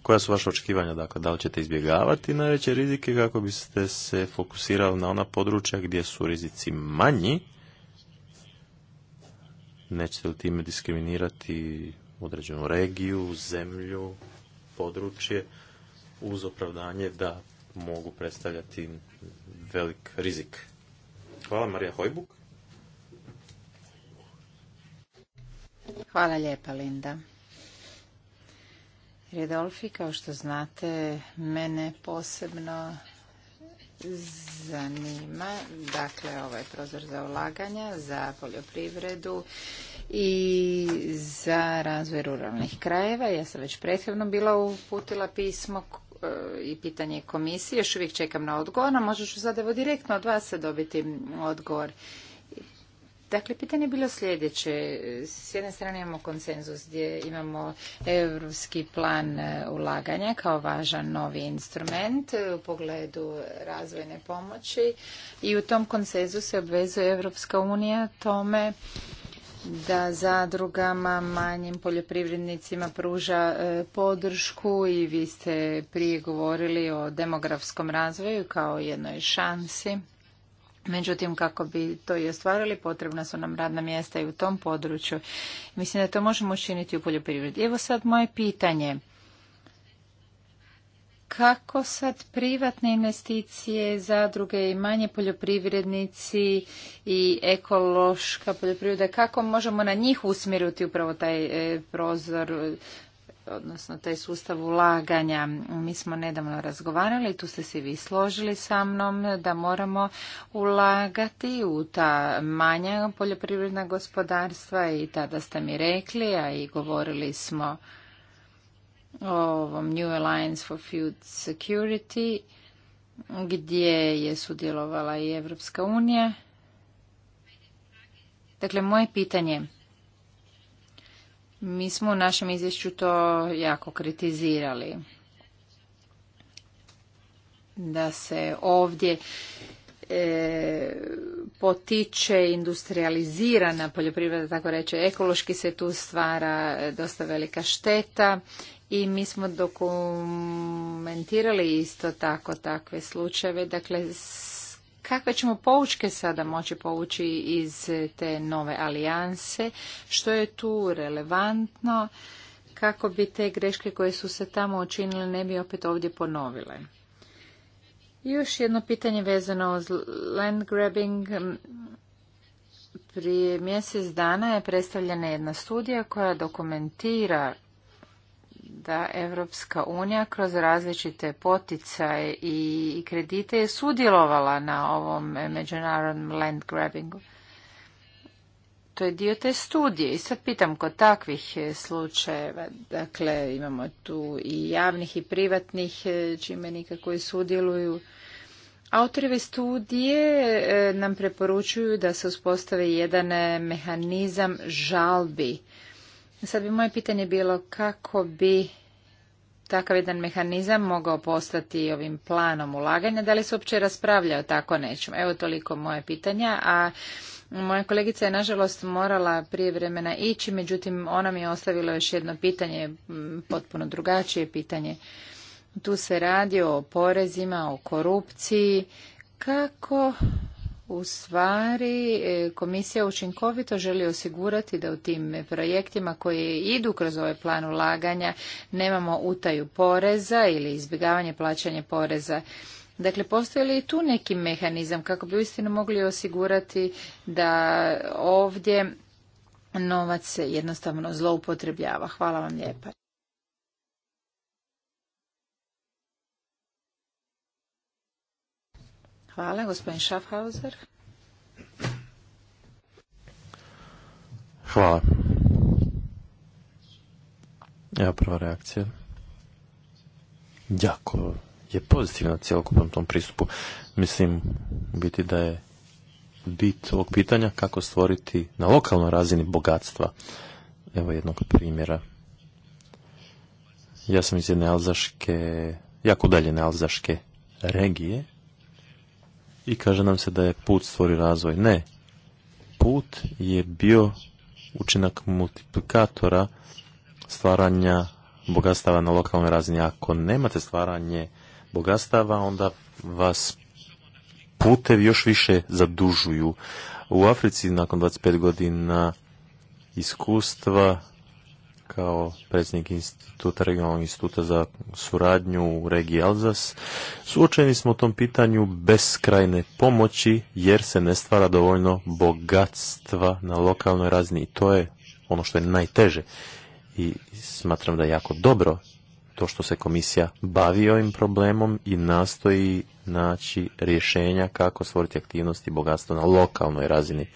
koja su vaša očekivanja? Dakle, da li ćete izbjegavati najveće rizike kako biste se fokusirali na ona područja gdje su rizici manji? Nećete li time diskriminirati određenu regiju, zemlju, područje uz opravdanje da mogu predstavljati velik rizik? Hvala, Marija Hojbuk. Hvala lijepa, Linda. Redolfi, kao što znate, mene posebno zanima, dakle, ovaj prozor za ulaganja, za poljoprivredu i za razvoj ruralnih krajeva. Ja sam već prethodno bila uputila pismo E, i pitanje komisije, još uvijek čekam na odgovor, a možda ću sada evo direktno od vas dobiti odgovor. Dakle, pitanje je bilo sljedeće. S jedne strane imamo konsenzus gdje imamo europski plan e, ulaganja kao važan novi instrument e, u pogledu razvojne pomoći i u tom konsenzusu se obvezuje Europska unija tome da zadrugama, manjim poljoprivrednicima pruža e, podršku i vi ste prije govorili o demografskom razvoju kao jednoj šansi. Međutim, kako bi to i ostvarili, potrebna su nam radna mjesta i u tom području. Mislim da to možemo učiniti u poljoprivredi. Evo sad moje pitanje kako sad privatne investicije, zadruge i manje poljoprivrednici i ekološka poljoprivreda, kako možemo na njih usmjeriti upravo taj e, prozor, odnosno taj sustav ulaganja. Mi smo nedavno razgovarali, tu ste se vi složili sa mnom, da moramo ulagati u ta manja poljoprivredna gospodarstva i tada ste mi rekli, a i govorili smo ovom New Alliance for Food Security gdje je sudjelovala i Evropska unija. Dakle, moje pitanje, mi smo u našem izvješću to jako kritizirali, da se ovdje e, potiče industrializirana poljoprivreda, tako reći, ekološki se tu stvara dosta velika šteta i mi smo dokumentirali isto tako takve slučajeve. Dakle, kakve ćemo poučke sada moći povući iz te nove alijanse, što je tu relevantno, kako bi te greške koje su se tamo učinile ne bi opet ovdje ponovile. Još jedno pitanje vezano uz land grabbing. Prije mjesec dana je predstavljena jedna studija koja dokumentira da Evropska unija kroz različite poticaje i kredite je sudjelovala na ovom međunarodnom land grabbingu. To je dio te studije i sad pitam kod takvih slučajeva, dakle imamo tu i javnih i privatnih e, čimenika koji sudjeluju. Autorive studije e, nam preporučuju da se uspostavi jedan mehanizam žalbi Sad bi moje pitanje bilo kako bi takav jedan mehanizam mogao postati ovim planom ulaganja? Da li se uopće raspravlja o tako nečem? Evo toliko moje pitanja, a moja kolegica je nažalost morala prije vremena ići, međutim ona mi je ostavila još jedno pitanje, potpuno drugačije pitanje. Tu se radi o porezima, o korupciji. Kako u stvari, e, komisija učinkovito želi osigurati da u tim projektima koji idu kroz ovaj plan ulaganja nemamo utaju poreza ili izbjegavanje plaćanja poreza. Dakle, postoji li i tu neki mehanizam kako bi uistinu mogli osigurati da ovdje novac se jednostavno zloupotrebljava? Hvala vam lijepa. Hvala, gospodin Schaffhauser. Hvala. Ja prva reakcija. Jako je pozitivna cijelokupnom tom pristupu. Mislim biti da je bit ovog pitanja kako stvoriti na lokalnoj razini bogatstva. Evo jednog primjera. Ja sam iz jedne alzaške, jako dalje alzaške regije i kaže nam se da je put stvori razvoj. Ne, put je bio učinak multiplikatora stvaranja bogatstava na lokalnoj razini. Ako nemate stvaranje bogatstava, onda vas putevi još više zadužuju. U Africi nakon 25 godina iskustva kao predsjednik instituta, regionalnog instituta za suradnju u regiji Alzas, suočeni smo u tom pitanju beskrajne pomoći jer se ne stvara dovoljno bogatstva na lokalnoj razini i to je ono što je najteže i smatram da je jako dobro to što se komisija bavi ovim problemom i nastoji naći rješenja kako stvoriti aktivnosti i bogatstvo na lokalnoj razini.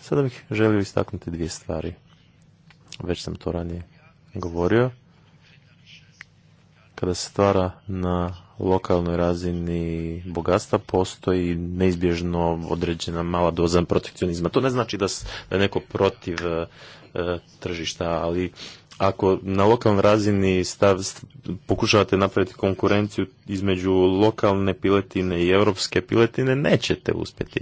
Sada bih želio istaknuti dvije stvari već sam to ranije govorio, kada se stvara na lokalnoj razini bogatstva postoji neizbježno određena mala doza protekcionizma. To ne znači da, je neko protiv e, e, tržišta, ali ako na lokalnoj razini stav, pokušavate napraviti konkurenciju između lokalne piletine i europske piletine, nećete uspjeti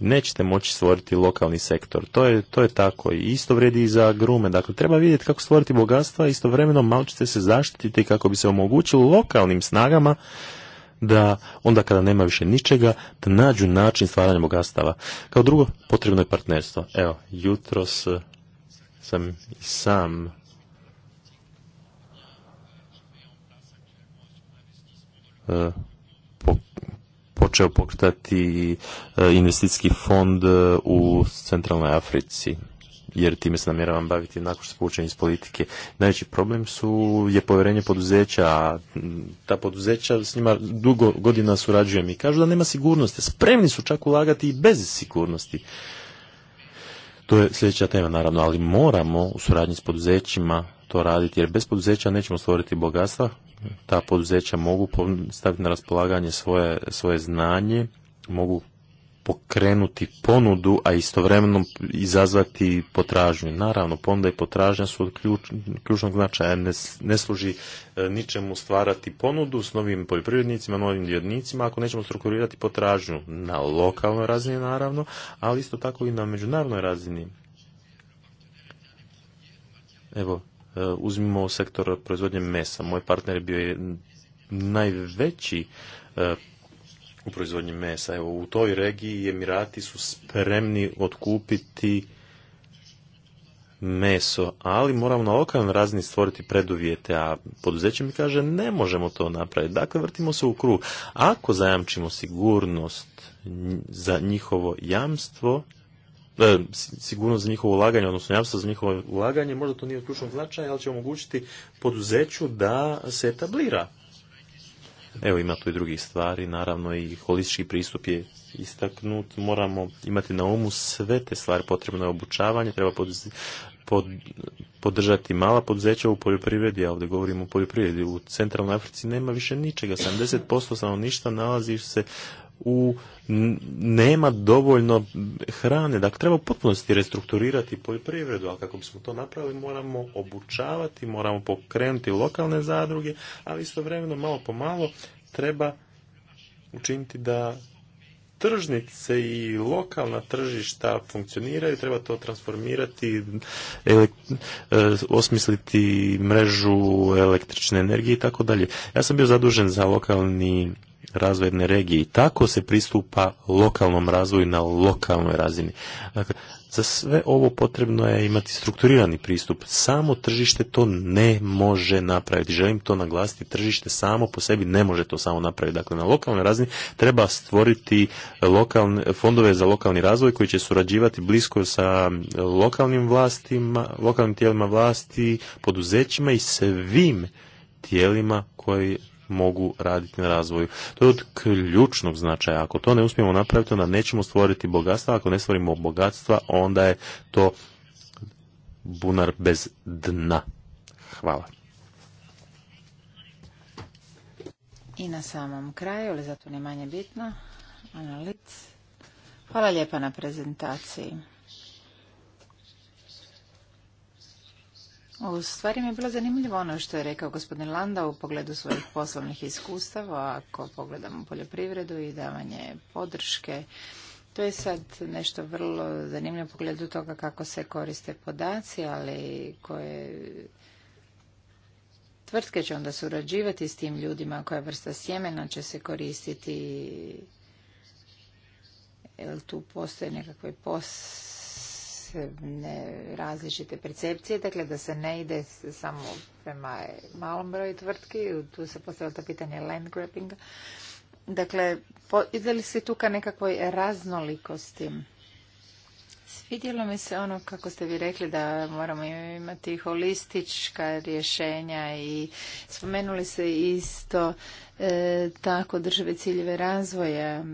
nećete moći stvoriti lokalni sektor. To je, to je tako. I isto vrijedi i za grume. Dakle, treba vidjeti kako stvoriti bogatstva, istovremeno malo ćete se zaštititi kako bi se omogućilo lokalnim snagama da onda kada nema više ničega, da nađu način stvaranja bogatstava. Kao drugo, potrebno je partnerstvo. Evo, jutros eh, sam sam eh, počeo pokretati e, investicijski fond e, u centralnoj Africi jer time se namjeravam baviti nakon što se povučem iz politike. Najveći problem su je povjerenje poduzeća, a ta poduzeća s njima dugo godina surađujem i kažu da nema sigurnosti. Spremni su čak ulagati i bez sigurnosti. To je sljedeća tema naravno, ali moramo u suradnji s poduzećima to raditi, jer bez poduzeća nećemo stvoriti bogatstva, ta poduzeća mogu staviti na raspolaganje svoje, svoje znanje, mogu pokrenuti ponudu, a istovremeno izazvati potražnju. Naravno, ponuda i potražnja su od ključnog značaja. Ne, ne služi e, ničemu stvarati ponudu s novim poljoprivrednicima, novim dionicima, ako nećemo strukturirati potražnju na lokalnoj razini, naravno, ali isto tako i na međunarodnoj razini. Evo, E, uzmimo sektor proizvodnje mesa. Moj partner je bio je najveći e, u proizvodnji mesa. Evo, u toj regiji Emirati su spremni otkupiti meso, ali moramo na lokalnom razini stvoriti preduvjete, a poduzeće mi kaže ne možemo to napraviti. Dakle, vrtimo se u krug. Ako zajamčimo sigurnost za njihovo jamstvo, E, sigurnost za njihovo ulaganje, odnosno jamstvo za njihovo ulaganje, možda to nije od ključnog značaja, ali će omogućiti poduzeću da se etablira. Evo ima tu i drugih stvari, naravno i holistički pristup je istaknut, moramo imati na umu sve te stvari, potrebno je obučavanje, treba podržati mala poduzeća u poljoprivredi, a ovdje govorimo o poljoprivredi, u centralnoj Africi nema više ničega, 70% stanovništva nalazi se u nema dovoljno hrane. Dakle, treba potpuno restrukturirati poljoprivredu, ali kako bismo to napravili moramo obučavati, moramo pokrenuti lokalne zadruge, ali istovremeno malo po malo treba učiniti da tržnice i lokalna tržišta funkcioniraju, treba to transformirati, e, osmisliti mrežu električne energije i tako dalje. Ja sam bio zadužen za lokalni razvojne regije i tako se pristupa lokalnom razvoju na lokalnoj razini. Dakle, za sve ovo potrebno je imati strukturirani pristup. Samo tržište to ne može napraviti. Želim to naglasiti, tržište samo po sebi ne može to samo napraviti. Dakle, na lokalnoj razini treba stvoriti lokalne, fondove za lokalni razvoj koji će surađivati blisko sa lokalnim vlastima, lokalnim tijelima vlasti, poduzećima i svim tijelima koji mogu raditi na razvoju. To je od ključnog značaja. Ako to ne uspijemo napraviti, onda nećemo stvoriti bogatstva. Ako ne stvorimo bogatstva, onda je to bunar bez dna. Hvala. I na samom kraju, ali zato ne manje bitno, Hvala lijepa na prezentaciji. U stvari mi je bilo zanimljivo ono što je rekao gospodin Landa u pogledu svojih poslovnih iskustava, ako pogledamo poljoprivredu i davanje podrške. To je sad nešto vrlo zanimljivo u pogledu toga kako se koriste podaci, ali koje tvrtke će onda surađivati s tim ljudima, koja vrsta sjemena će se koristiti, jel tu postoje nekakve pos različite percepcije, dakle da se ne ide samo prema malom broju tvrtki, tu se postavlja to pitanje land grabbinga. Dakle, ide li se tu ka nekakvoj raznolikosti? Svidjelo mi se ono kako ste vi rekli da moramo imati holistička rješenja i spomenuli se isto e, tako države ciljeve razvoja.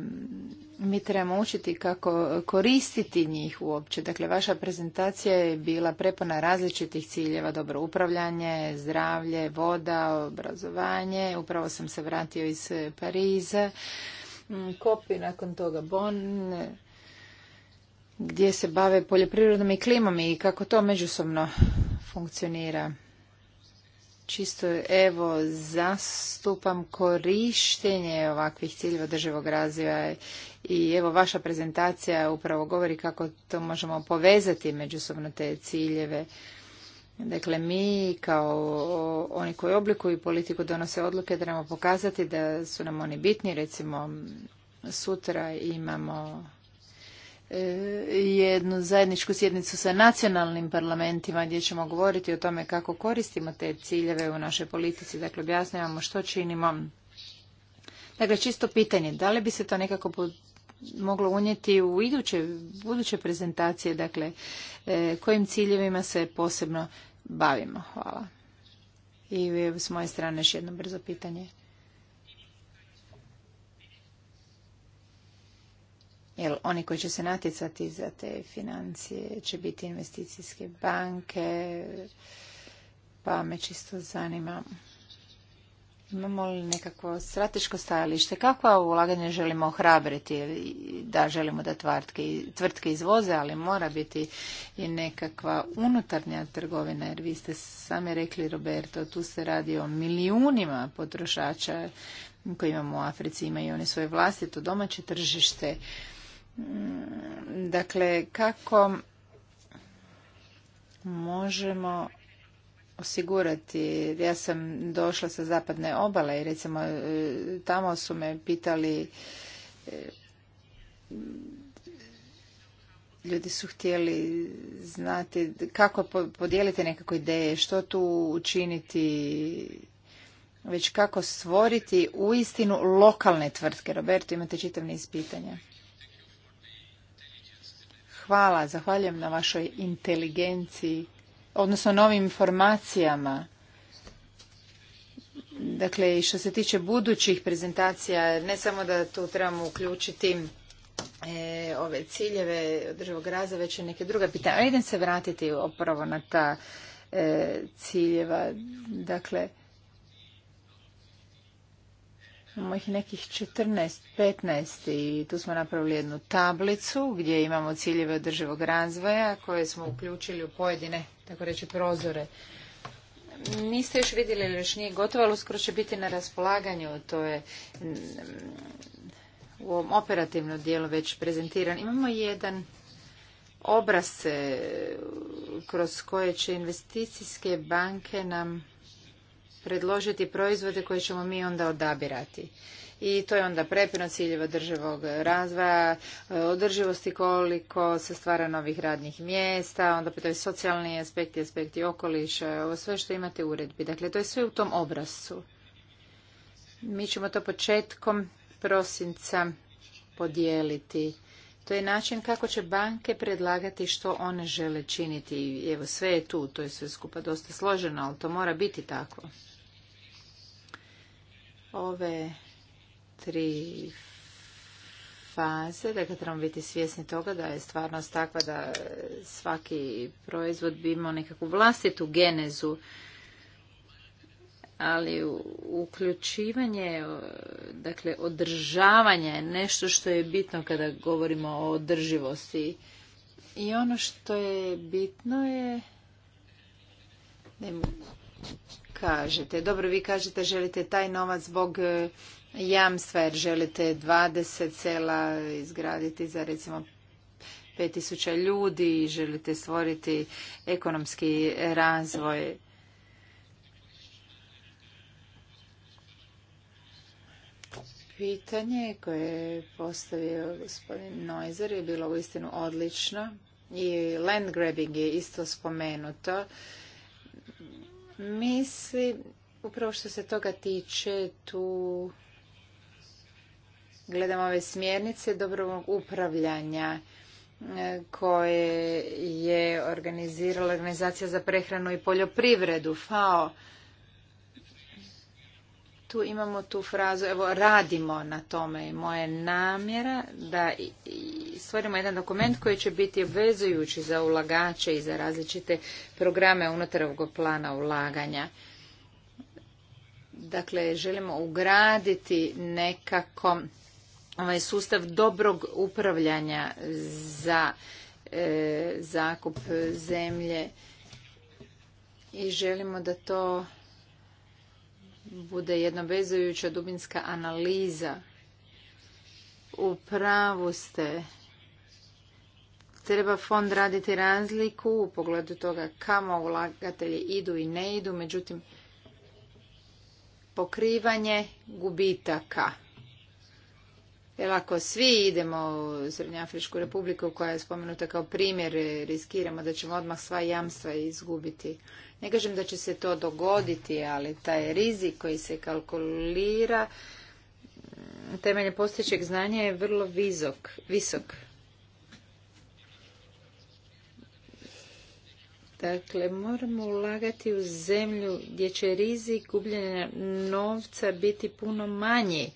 Mi trebamo učiti kako koristiti njih uopće. Dakle, vaša prezentacija je bila prepona različitih ciljeva, dobro upravljanje, zdravlje, voda, obrazovanje. Upravo sam se vratio iz Pariza, mm, Kopi, nakon toga Bonn, gdje se bave poljoprivredom i klimom i kako to međusobno funkcionira. Čisto evo zastupam korištenje ovakvih ciljeva državog razvoja i evo vaša prezentacija upravo govori kako to možemo povezati međusobno te ciljeve. Dakle, mi kao oni koji oblikuju politiku donose odluke trebamo pokazati da su nam oni bitni. Recimo, sutra imamo E, jednu zajedničku sjednicu sa nacionalnim parlamentima gdje ćemo govoriti o tome kako koristimo te ciljeve u našoj politici, dakle objašnjavamo što činimo. Dakle, čisto pitanje, da li bi se to nekako moglo unijeti u iduće, buduće prezentacije, dakle, e, kojim ciljevima se posebno bavimo? Hvala. I s moje strane još jedno brzo pitanje. jer oni koji će se natjecati za te financije će biti investicijske banke, pa me čisto zanima Imamo li nekakvo strateško stajalište? Kakva ulaganja želimo ohrabriti? Da, želimo da tvrtke izvoze, ali mora biti i nekakva unutarnja trgovina, jer vi ste sami rekli, Roberto, tu se radi o milijunima potrošača koji imamo u Africi, imaju oni svoje vlastito domaće tržište Mm, dakle, kako možemo osigurati. Ja sam došla sa zapadne obale i recimo e, tamo su me pitali e, ljudi su htjeli znati kako podijeliti nekakve ideje, što tu učiniti već kako stvoriti uistinu lokalne tvrtke. Roberto, imate čitav niz pitanja. Hvala, zahvaljujem na vašoj inteligenciji, odnosno novim informacijama. Dakle, i što se tiče budućih prezentacija, ne samo da tu trebamo uključiti e, ove ciljeve održivog razvoja, već i neke druga pitanja. Idem se vratiti opravo na ta e, ciljeva. Dakle, Imamo ih nekih 14, 15 i tu smo napravili jednu tablicu gdje imamo ciljeve održivog razvoja koje smo uključili u pojedine, tako reći, prozore. Niste još vidjeli ili još nije gotovo, ali uskoro će biti na raspolaganju. To je mm, u ovom operativnom dijelu već prezentiran. Imamo jedan obraz kroz koje će investicijske banke nam predložiti proizvode koje ćemo mi onda odabirati. I to je onda prepino ciljeva državog razvoja, održivosti koliko se stvara novih radnih mjesta, onda to je socijalni aspekti, aspekti okoliša, ovo sve što imate u uredbi. Dakle, to je sve u tom obrazcu. Mi ćemo to početkom prosinca podijeliti. To je način kako će banke predlagati što one žele činiti. Evo, sve je tu, to je sve skupa dosta složeno, ali to mora biti tako ove tri faze, dakle trebamo biti svjesni toga da je stvarnost takva da svaki proizvod bi imao nekakvu vlastitu genezu, ali uključivanje, dakle održavanje je nešto što je bitno kada govorimo o održivosti. I ono što je bitno je kažete. Dobro, vi kažete želite taj novac zbog e, jamstva jer želite 20 sela izgraditi za recimo 5000 ljudi i želite stvoriti ekonomski razvoj. Pitanje koje je postavio gospodin Noizer je bilo uistinu odlično i land grabbing je isto spomenuto. Mislim, upravo što se toga tiče, tu gledamo ove smjernice dobrovog upravljanja e, koje je organizirala Organizacija za prehranu i poljoprivredu, FAO tu imamo tu frazu, evo radimo na tome i moje namjera da stvorimo jedan dokument koji će biti obvezujući za ulagače i za različite programe unutar ovog plana ulaganja. Dakle, želimo ugraditi nekako ovaj sustav dobrog upravljanja za e, zakup zemlje i želimo da to bude jedna dubinska analiza. U pravu ste. Treba fond raditi razliku u pogledu toga kamo ulagatelji idu i ne idu, međutim pokrivanje gubitaka. Jer ako svi idemo u Srednjoafričku republiku koja je spomenuta kao primjer, riskiramo da ćemo odmah sva jamstva izgubiti. Ne kažem da će se to dogoditi, ali taj rizik koji se kalkulira mm, temelje postojećeg znanja je vrlo visok. visok. Dakle, moramo ulagati u zemlju gdje će rizik gubljenja novca biti puno manji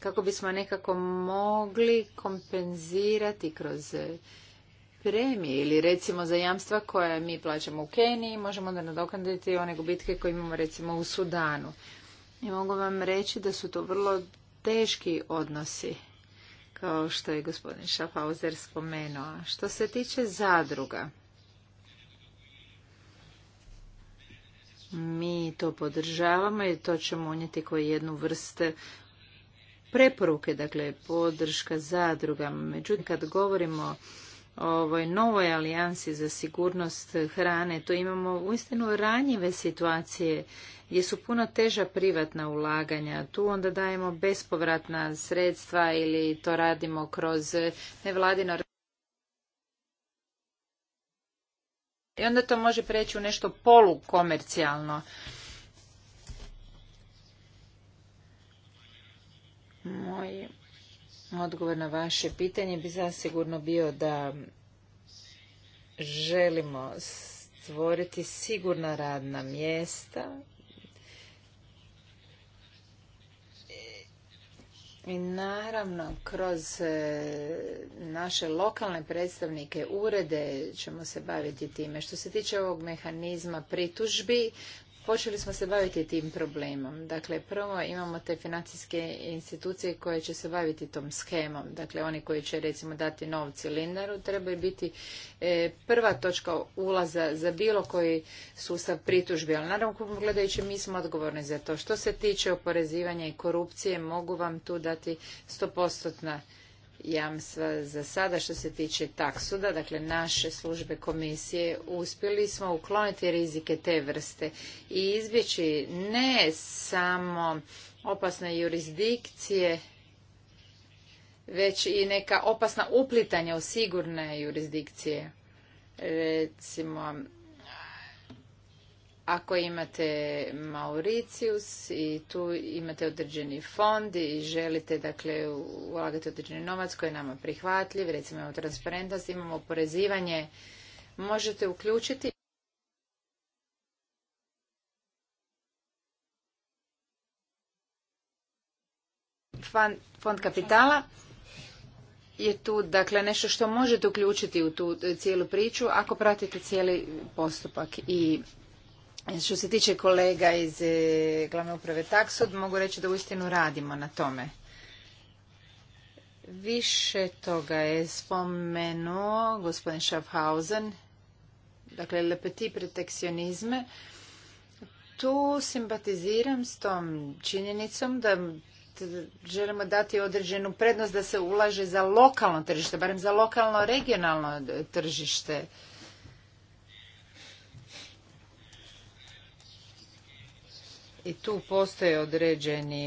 kako bismo nekako mogli kompenzirati kroz premije ili recimo za jamstva koje mi plaćamo u Keniji možemo onda nadoknaditi one gubitke koje imamo recimo u Sudanu. I mogu vam reći da su to vrlo teški odnosi kao što je gospodin Šafauzer spomenuo. Što se tiče zadruga, mi to podržavamo i to ćemo unijeti kao jednu vrstu preporuke, dakle podrška zadrugama. Međutim, kad govorimo ovoj novoj alijansi za sigurnost hrane, to imamo uistinu ranjive situacije gdje su puno teža privatna ulaganja. Tu onda dajemo bespovratna sredstva ili to radimo kroz nevladino i onda to može preći u nešto polukomercijalno. Moje... Odgovor na vaše pitanje bi zasigurno bio da želimo stvoriti sigurna radna mjesta I naravno, kroz e, naše lokalne predstavnike urede ćemo se baviti time. Što se tiče ovog mehanizma pritužbi, počeli smo se baviti tim problemom. Dakle, prvo imamo te financijske institucije koje će se baviti tom schemom. Dakle, oni koji će recimo dati novci Lindaru trebaju biti e, prva točka ulaza za bilo koji sustav pritužbi. Ali naravno, gledajući, mi smo odgovorni za to. Što se tiče oporezivanja i korupcije, mogu vam tu dati stopostotna jamstva za sada što se tiče taksuda, dakle naše službe komisije, uspjeli smo ukloniti rizike te vrste i izbjeći ne samo opasne jurisdikcije, već i neka opasna uplitanja u sigurne jurisdikcije. Recimo, ako imate Mauricius i tu imate određeni fond i želite dakle ulagati određeni novac koji je nama prihvatljiv, recimo imamo transparentnost, imamo oporezivanje, možete uključiti fond, kapitala je tu dakle nešto što možete uključiti u tu cijelu priču ako pratite cijeli postupak i što se tiče kolega iz e, glavne uprave Taksod, mogu reći da uistinu radimo na tome. Više toga je spomenuo gospodin Schaffhausen, dakle lepeti protekcionizme. Tu simpatiziram s tom činjenicom da želimo dati određenu prednost da se ulaže za lokalno tržište, barem za lokalno regionalno tržište i tu postoje određeni